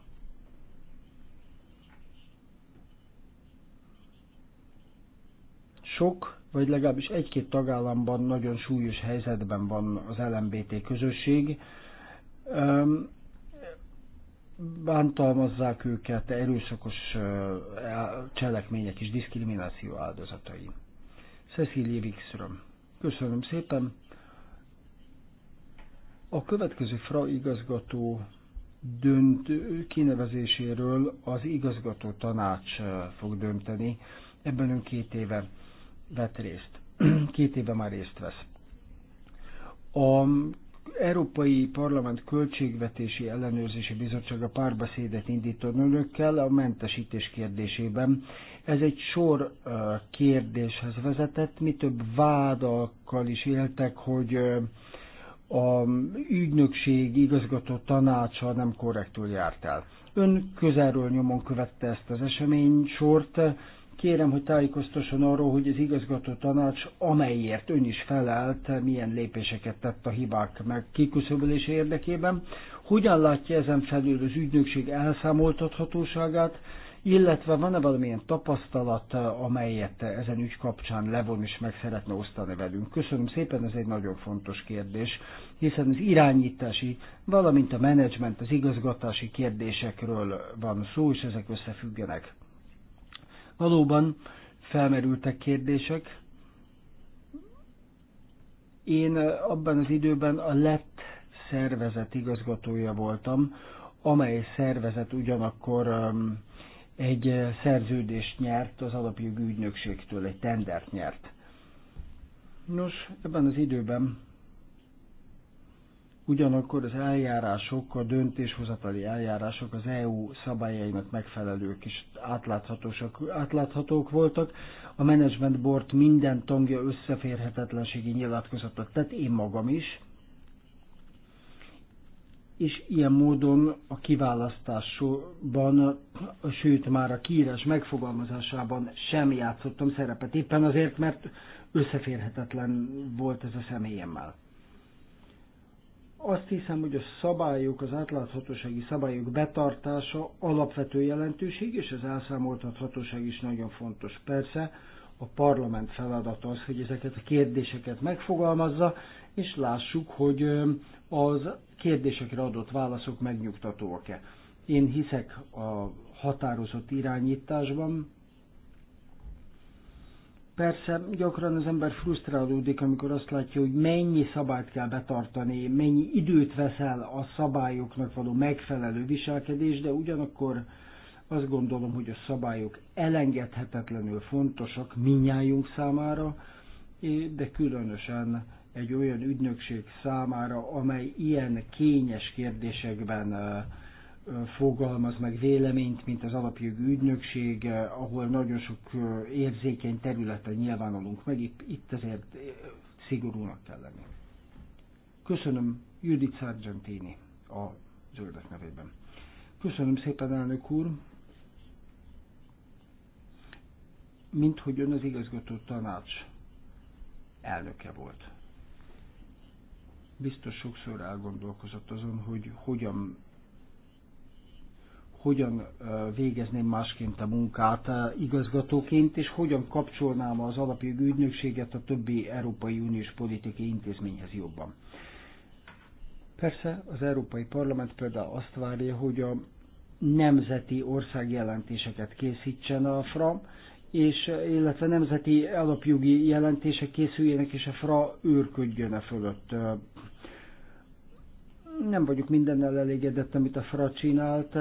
Sok, vagy legalábbis egy-két tagállamban nagyon súlyos helyzetben van az LMBT közösség, bántalmazzák őket, erőszakos cselekmények és diszkrimináció áldozatai. Cecilia Wikström. Köszönöm szépen. A következő FRA igazgató dönt kinevezéséről az igazgató tanács fog dönteni. Ebben ön két éve vett részt. [CLEARS THROAT] Két éve már részt vesz. A Európai Parlament Költségvetési Ellenőrzési Bizottsága párbeszédet indított önökkel a mentesítés kérdésében. Ez egy sor kérdéshez vezetett, mi több vádakkal is éltek, hogy a ügynökség igazgató tanácsa nem korrektül járt el. Ön közelről nyomon követte ezt az esemény sort, Kérem, hogy tájékoztasson arról, hogy az igazgató tanács, amelyért ön is felelt, milyen lépéseket tett a hibák meg kiküszöbölése érdekében, hogyan látja ezen felül az ügynökség elszámoltathatóságát, illetve van-e valamilyen tapasztalat, amelyet ezen ügy kapcsán Levon is meg szeretne osztani velünk? Köszönöm szépen, ez egy nagyon fontos kérdés, hiszen az irányítási, valamint a menedzsment, az igazgatási kérdésekről van szó, és ezek összefüggenek. Valóban felmerültek kérdések. Én abban az időben a lett szervezet igazgatója voltam, amely szervezet ugyanakkor egy szerződést nyert az alapjogi ügynökségtől, egy tendert nyert. Nos, ebben az időben Ugyanakkor az eljárások, a döntéshozatali eljárások az EU szabályainak megfelelők és átláthatósak, átláthatók voltak. A Management Board minden tagja összeférhetetlenségi nyilatkozatot tett, én magam is. És ilyen módon a kiválasztásban, sőt már a kiírás megfogalmazásában sem játszottam szerepet, éppen azért, mert összeférhetetlen volt ez a személyemmel azt hiszem, hogy a szabályok, az átláthatósági szabályok betartása alapvető jelentőség, és az elszámoltathatóság is nagyon fontos. Persze a parlament feladata az, hogy ezeket a kérdéseket megfogalmazza, és lássuk, hogy az kérdésekre adott válaszok megnyugtatóak-e. Én hiszek a határozott irányításban, Persze, gyakran az ember frusztrálódik, amikor azt látja, hogy mennyi szabályt kell betartani, mennyi időt veszel a szabályoknak való megfelelő viselkedés, de ugyanakkor azt gondolom, hogy a szabályok elengedhetetlenül fontosak minnyájunk számára, de különösen egy olyan ügynökség számára, amely ilyen kényes kérdésekben fogalmaz meg véleményt, mint az alapjogi ügynökség, ahol nagyon sok érzékeny területen nyilvánulunk meg, itt ezért szigorúnak kell lenni. Köszönöm Judith Sargentini a zöldek nevében. Köszönöm szépen, elnök úr! Mint hogy ön az igazgató tanács elnöke volt. Biztos sokszor elgondolkozott azon, hogy hogyan hogyan végezném másként a munkát igazgatóként, és hogyan kapcsolnám az alapjogi ügynökséget a többi Európai Uniós politikai intézményhez jobban. Persze az Európai Parlament például azt várja, hogy a nemzeti országjelentéseket készítsen a FRA, és illetve nemzeti alapjogi jelentések készüljenek, és a FRA őrködjön a e fölött nem vagyok mindennel elégedett, amit a FRA csinált.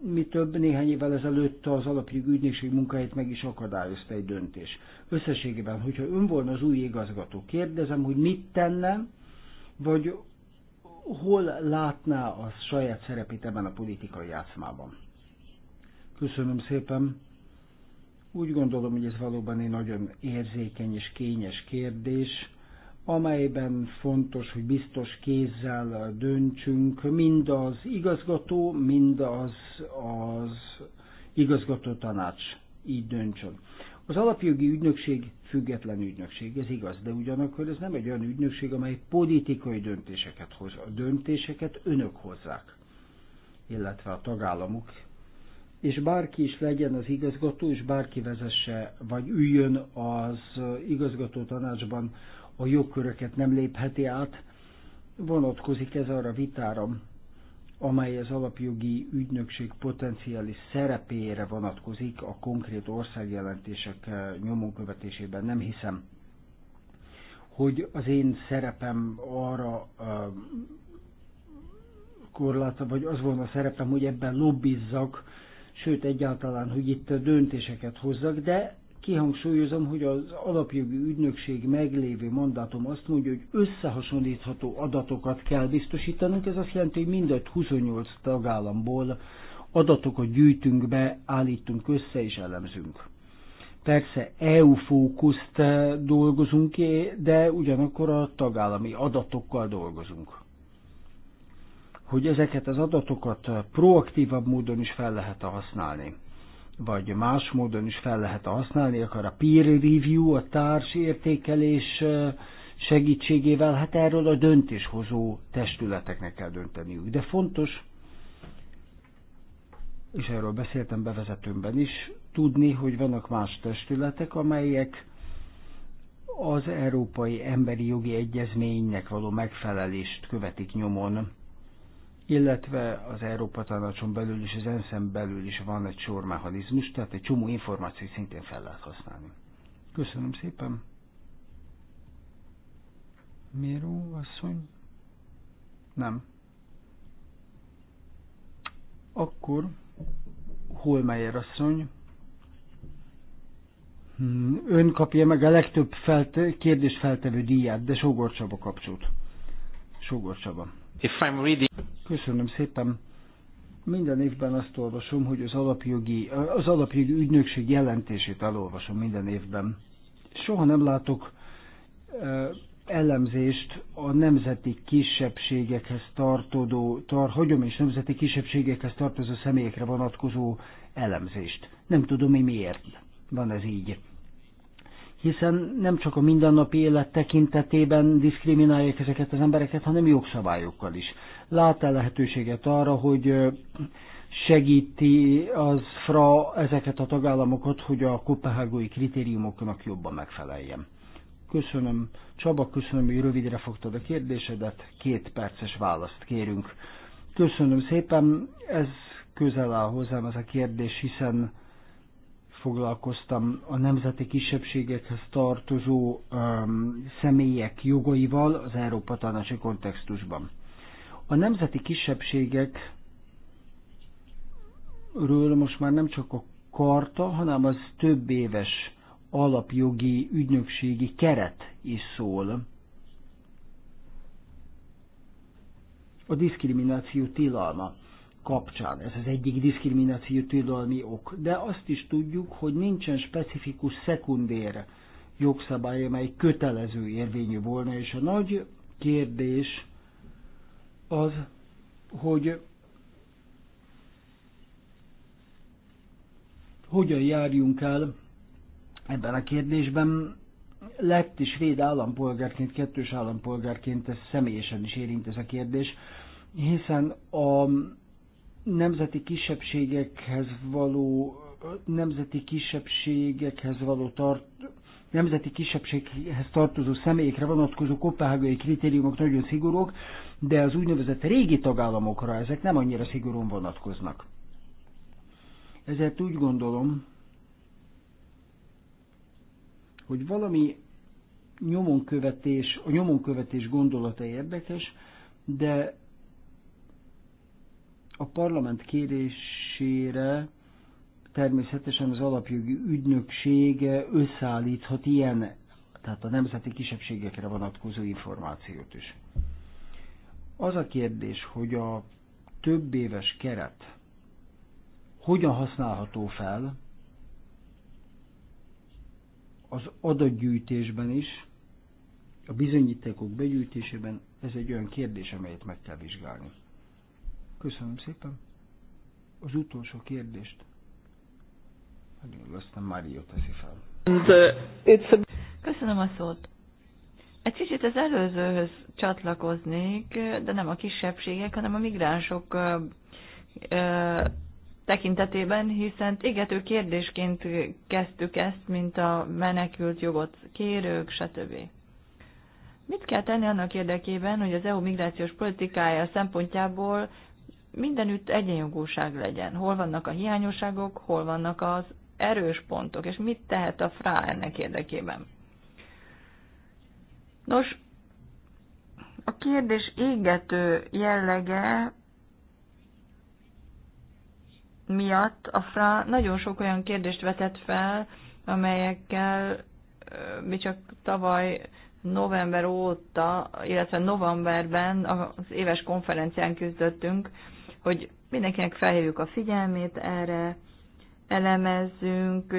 Mi több, néhány évvel ezelőtt az alapjogi ügynökség munkáit meg is akadályozta egy döntés. Összességében, hogyha ön volna az új igazgató, kérdezem, hogy mit tenne, vagy hol látná a saját szerepét ebben a politikai játszmában? Köszönöm szépen. Úgy gondolom, hogy ez valóban egy nagyon érzékeny és kényes kérdés amelyben fontos, hogy biztos kézzel döntsünk, mind az igazgató, mind az, az igazgató tanács így döntsön. Az alapjogi ügynökség független ügynökség, ez igaz, de ugyanakkor ez nem egy olyan ügynökség, amely politikai döntéseket hoz. A döntéseket önök hozzák, illetve a tagállamok. És bárki is legyen az igazgató, és bárki vezesse, vagy üljön az igazgató tanácsban, a jogköröket nem lépheti át. Vonatkozik ez arra vitára, amely az alapjogi ügynökség potenciális szerepére vonatkozik a konkrét országjelentések eh, követésében. Nem hiszem, hogy az én szerepem arra eh, korláta, vagy az volna a szerepem, hogy ebben lobbizzak, sőt egyáltalán, hogy itt döntéseket hozzak, de Kihangsúlyozom, hogy az alapjogi ügynökség meglévő mandátum azt mondja, hogy összehasonlítható adatokat kell biztosítanunk, ez azt jelenti, hogy mindegy 28 tagállamból adatokat gyűjtünk be, állítunk össze és elemzünk. Persze EU fókuszt eh, dolgozunk ki, de ugyanakkor a tagállami adatokkal dolgozunk. Hogy ezeket az adatokat eh, proaktívabb módon is fel lehet használni vagy más módon is fel lehet használni, akár a peer review, a társ értékelés segítségével, hát erről a döntéshozó testületeknek kell dönteniük. De fontos, és erről beszéltem bevezetőmben is, tudni, hogy vannak más testületek, amelyek az Európai Emberi Jogi Egyezménynek való megfelelést követik nyomon, illetve az Európa Tanácson belül és az ensz belül is van egy sor mechanizmus, tehát egy csomó információt szintén fel lehet használni. Köszönöm szépen. Miró asszony? Nem. Akkor Holmeyer asszony. Hm, ön kapja meg a legtöbb felt kérdés feltevő díját, de Sogor Csaba kapcsolt. Sogor Csaba. If I'm reading... Köszönöm szépen. Minden évben azt olvasom, hogy az alapjogi, az alapjogi ügynökség jelentését elolvasom minden évben. Soha nem látok elemzést a nemzeti kisebbségekhez tartozó, tar, és nemzeti kisebbségekhez tartozó személyekre vonatkozó elemzést. Nem tudom, hogy miért van ez így hiszen nem csak a mindennapi élet tekintetében diszkriminálják ezeket az embereket, hanem jogszabályokkal is. Lát-e lehetőséget arra, hogy segíti az FRA ezeket a tagállamokat, hogy a kopenhágói kritériumoknak jobban megfeleljen? Köszönöm, Csaba, köszönöm, hogy rövidre fogtad a kérdésedet, két perces választ kérünk. Köszönöm szépen, ez közel áll hozzám ez a kérdés, hiszen foglalkoztam a nemzeti kisebbségekhez tartozó um, személyek jogaival az Európa Tanácsi kontextusban. A nemzeti kisebbségekről ről most már nem csak a karta, hanem az több éves alapjogi ügynökségi keret is szól. A diszkrimináció tilalma kapcsán. Ez az egyik diszkrimináció tilalmi ok. De azt is tudjuk, hogy nincsen specifikus szekundér jogszabály, amely kötelező érvényű volna, és a nagy kérdés az, hogy hogyan járjunk el ebben a kérdésben. Lett is véd állampolgárként, kettős állampolgárként ez személyesen is érint ez a kérdés, hiszen a nemzeti kisebbségekhez való nemzeti kisebbségekhez való tart, nemzeti kisebbséghez tartozó személyekre vonatkozó kopenhágai kritériumok nagyon szigorúk, de az úgynevezett régi tagállamokra ezek nem annyira szigorúan vonatkoznak. Ezért úgy gondolom, hogy valami nyomonkövetés, a nyomonkövetés gondolata érdekes, de a parlament kérésére természetesen az alapjogi ügynöksége összeállíthat ilyen, tehát a nemzeti kisebbségekre vonatkozó információt is. Az a kérdés, hogy a több éves keret hogyan használható fel az adatgyűjtésben is, a bizonyítékok begyűjtésében, ez egy olyan kérdés, amelyet meg kell vizsgálni. Köszönöm szépen. Az utolsó kérdést. Aztán Mária teszi fel. Uh, Köszönöm a szót. Egy kicsit az előzőhöz csatlakoznék, de nem a kisebbségek, hanem a migránsok tekintetében, hiszen égető kérdésként kezdtük ezt, mint a menekült jogot kérők, stb. Mit kell tenni annak érdekében, hogy az EU migrációs politikája szempontjából mindenütt egyenjogúság legyen. Hol vannak a hiányosságok, hol vannak az erős pontok, és mit tehet a frá ennek érdekében. Nos, a kérdés égető jellege miatt a FRA nagyon sok olyan kérdést vetett fel, amelyekkel mi csak tavaly november óta, illetve novemberben az éves konferencián küzdöttünk, hogy mindenkinek felhívjuk a figyelmét erre, elemezzünk,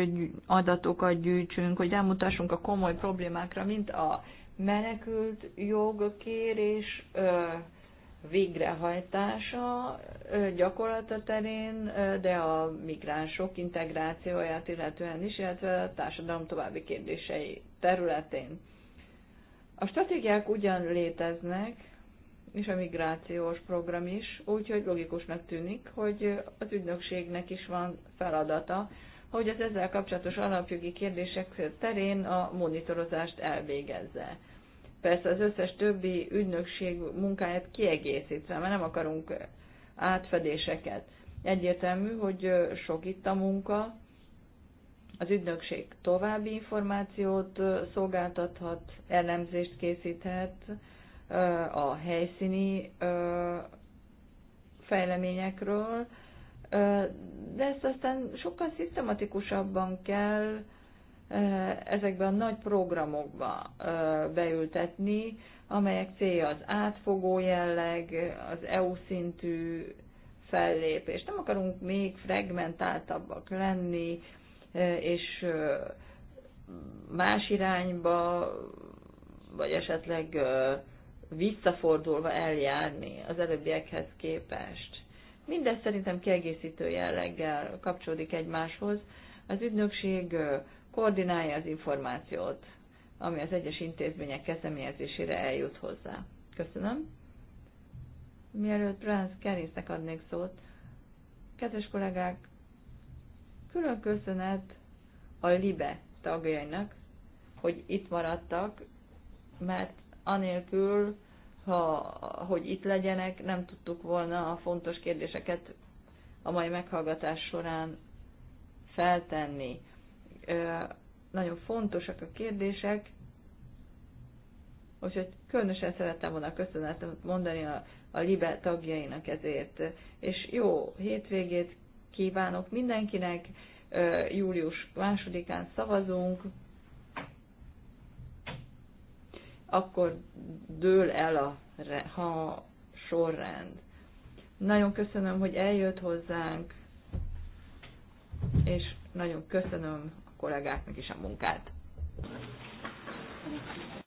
adatokat gyűjtsünk, hogy elmutassunk a komoly problémákra, mint a menekült jogkérés végrehajtása gyakorlata terén, de a migránsok integrációját illetően is, illetve a társadalom további kérdései területén. A stratégiák ugyan léteznek, és a migrációs program is, úgyhogy logikusnak tűnik, hogy az ügynökségnek is van feladata, hogy az ezzel kapcsolatos alapjogi kérdések terén a monitorozást elvégezze. Persze az összes többi ügynökség munkáját kiegészítve, mert nem akarunk átfedéseket. Egyértelmű, hogy sok itt a munka, az ügynökség további információt szolgáltathat, elemzést készíthet, a helyszíni fejleményekről, de ezt aztán sokkal szisztematikusabban kell ezekben a nagy programokba beültetni, amelyek célja az átfogó jelleg, az EU szintű fellépés. Nem akarunk még fragmentáltabbak lenni, és más irányba, vagy esetleg visszafordulva eljárni az előbbiekhez képest. Mindez szerintem kiegészítő jelleggel kapcsolódik egymáshoz. Az ügynökség koordinálja az információt, ami az egyes intézmények kezdeményezésére eljut hozzá. Köszönöm. Mielőtt Bránz Kerésznek adnék szót, kedves kollégák, külön köszönet a LIBE tagjainak, hogy itt maradtak, mert anélkül, ha, hogy itt legyenek, nem tudtuk volna a fontos kérdéseket a mai meghallgatás során feltenni. Nagyon fontosak a kérdések, úgyhogy különösen szerettem volna köszönetet mondani a, a LIBE tagjainak ezért. És jó hétvégét kívánok mindenkinek, július másodikán szavazunk, akkor dől el a, ha sorrend. Nagyon köszönöm, hogy eljött hozzánk, és nagyon köszönöm a kollégáknak is a munkát. Thank you.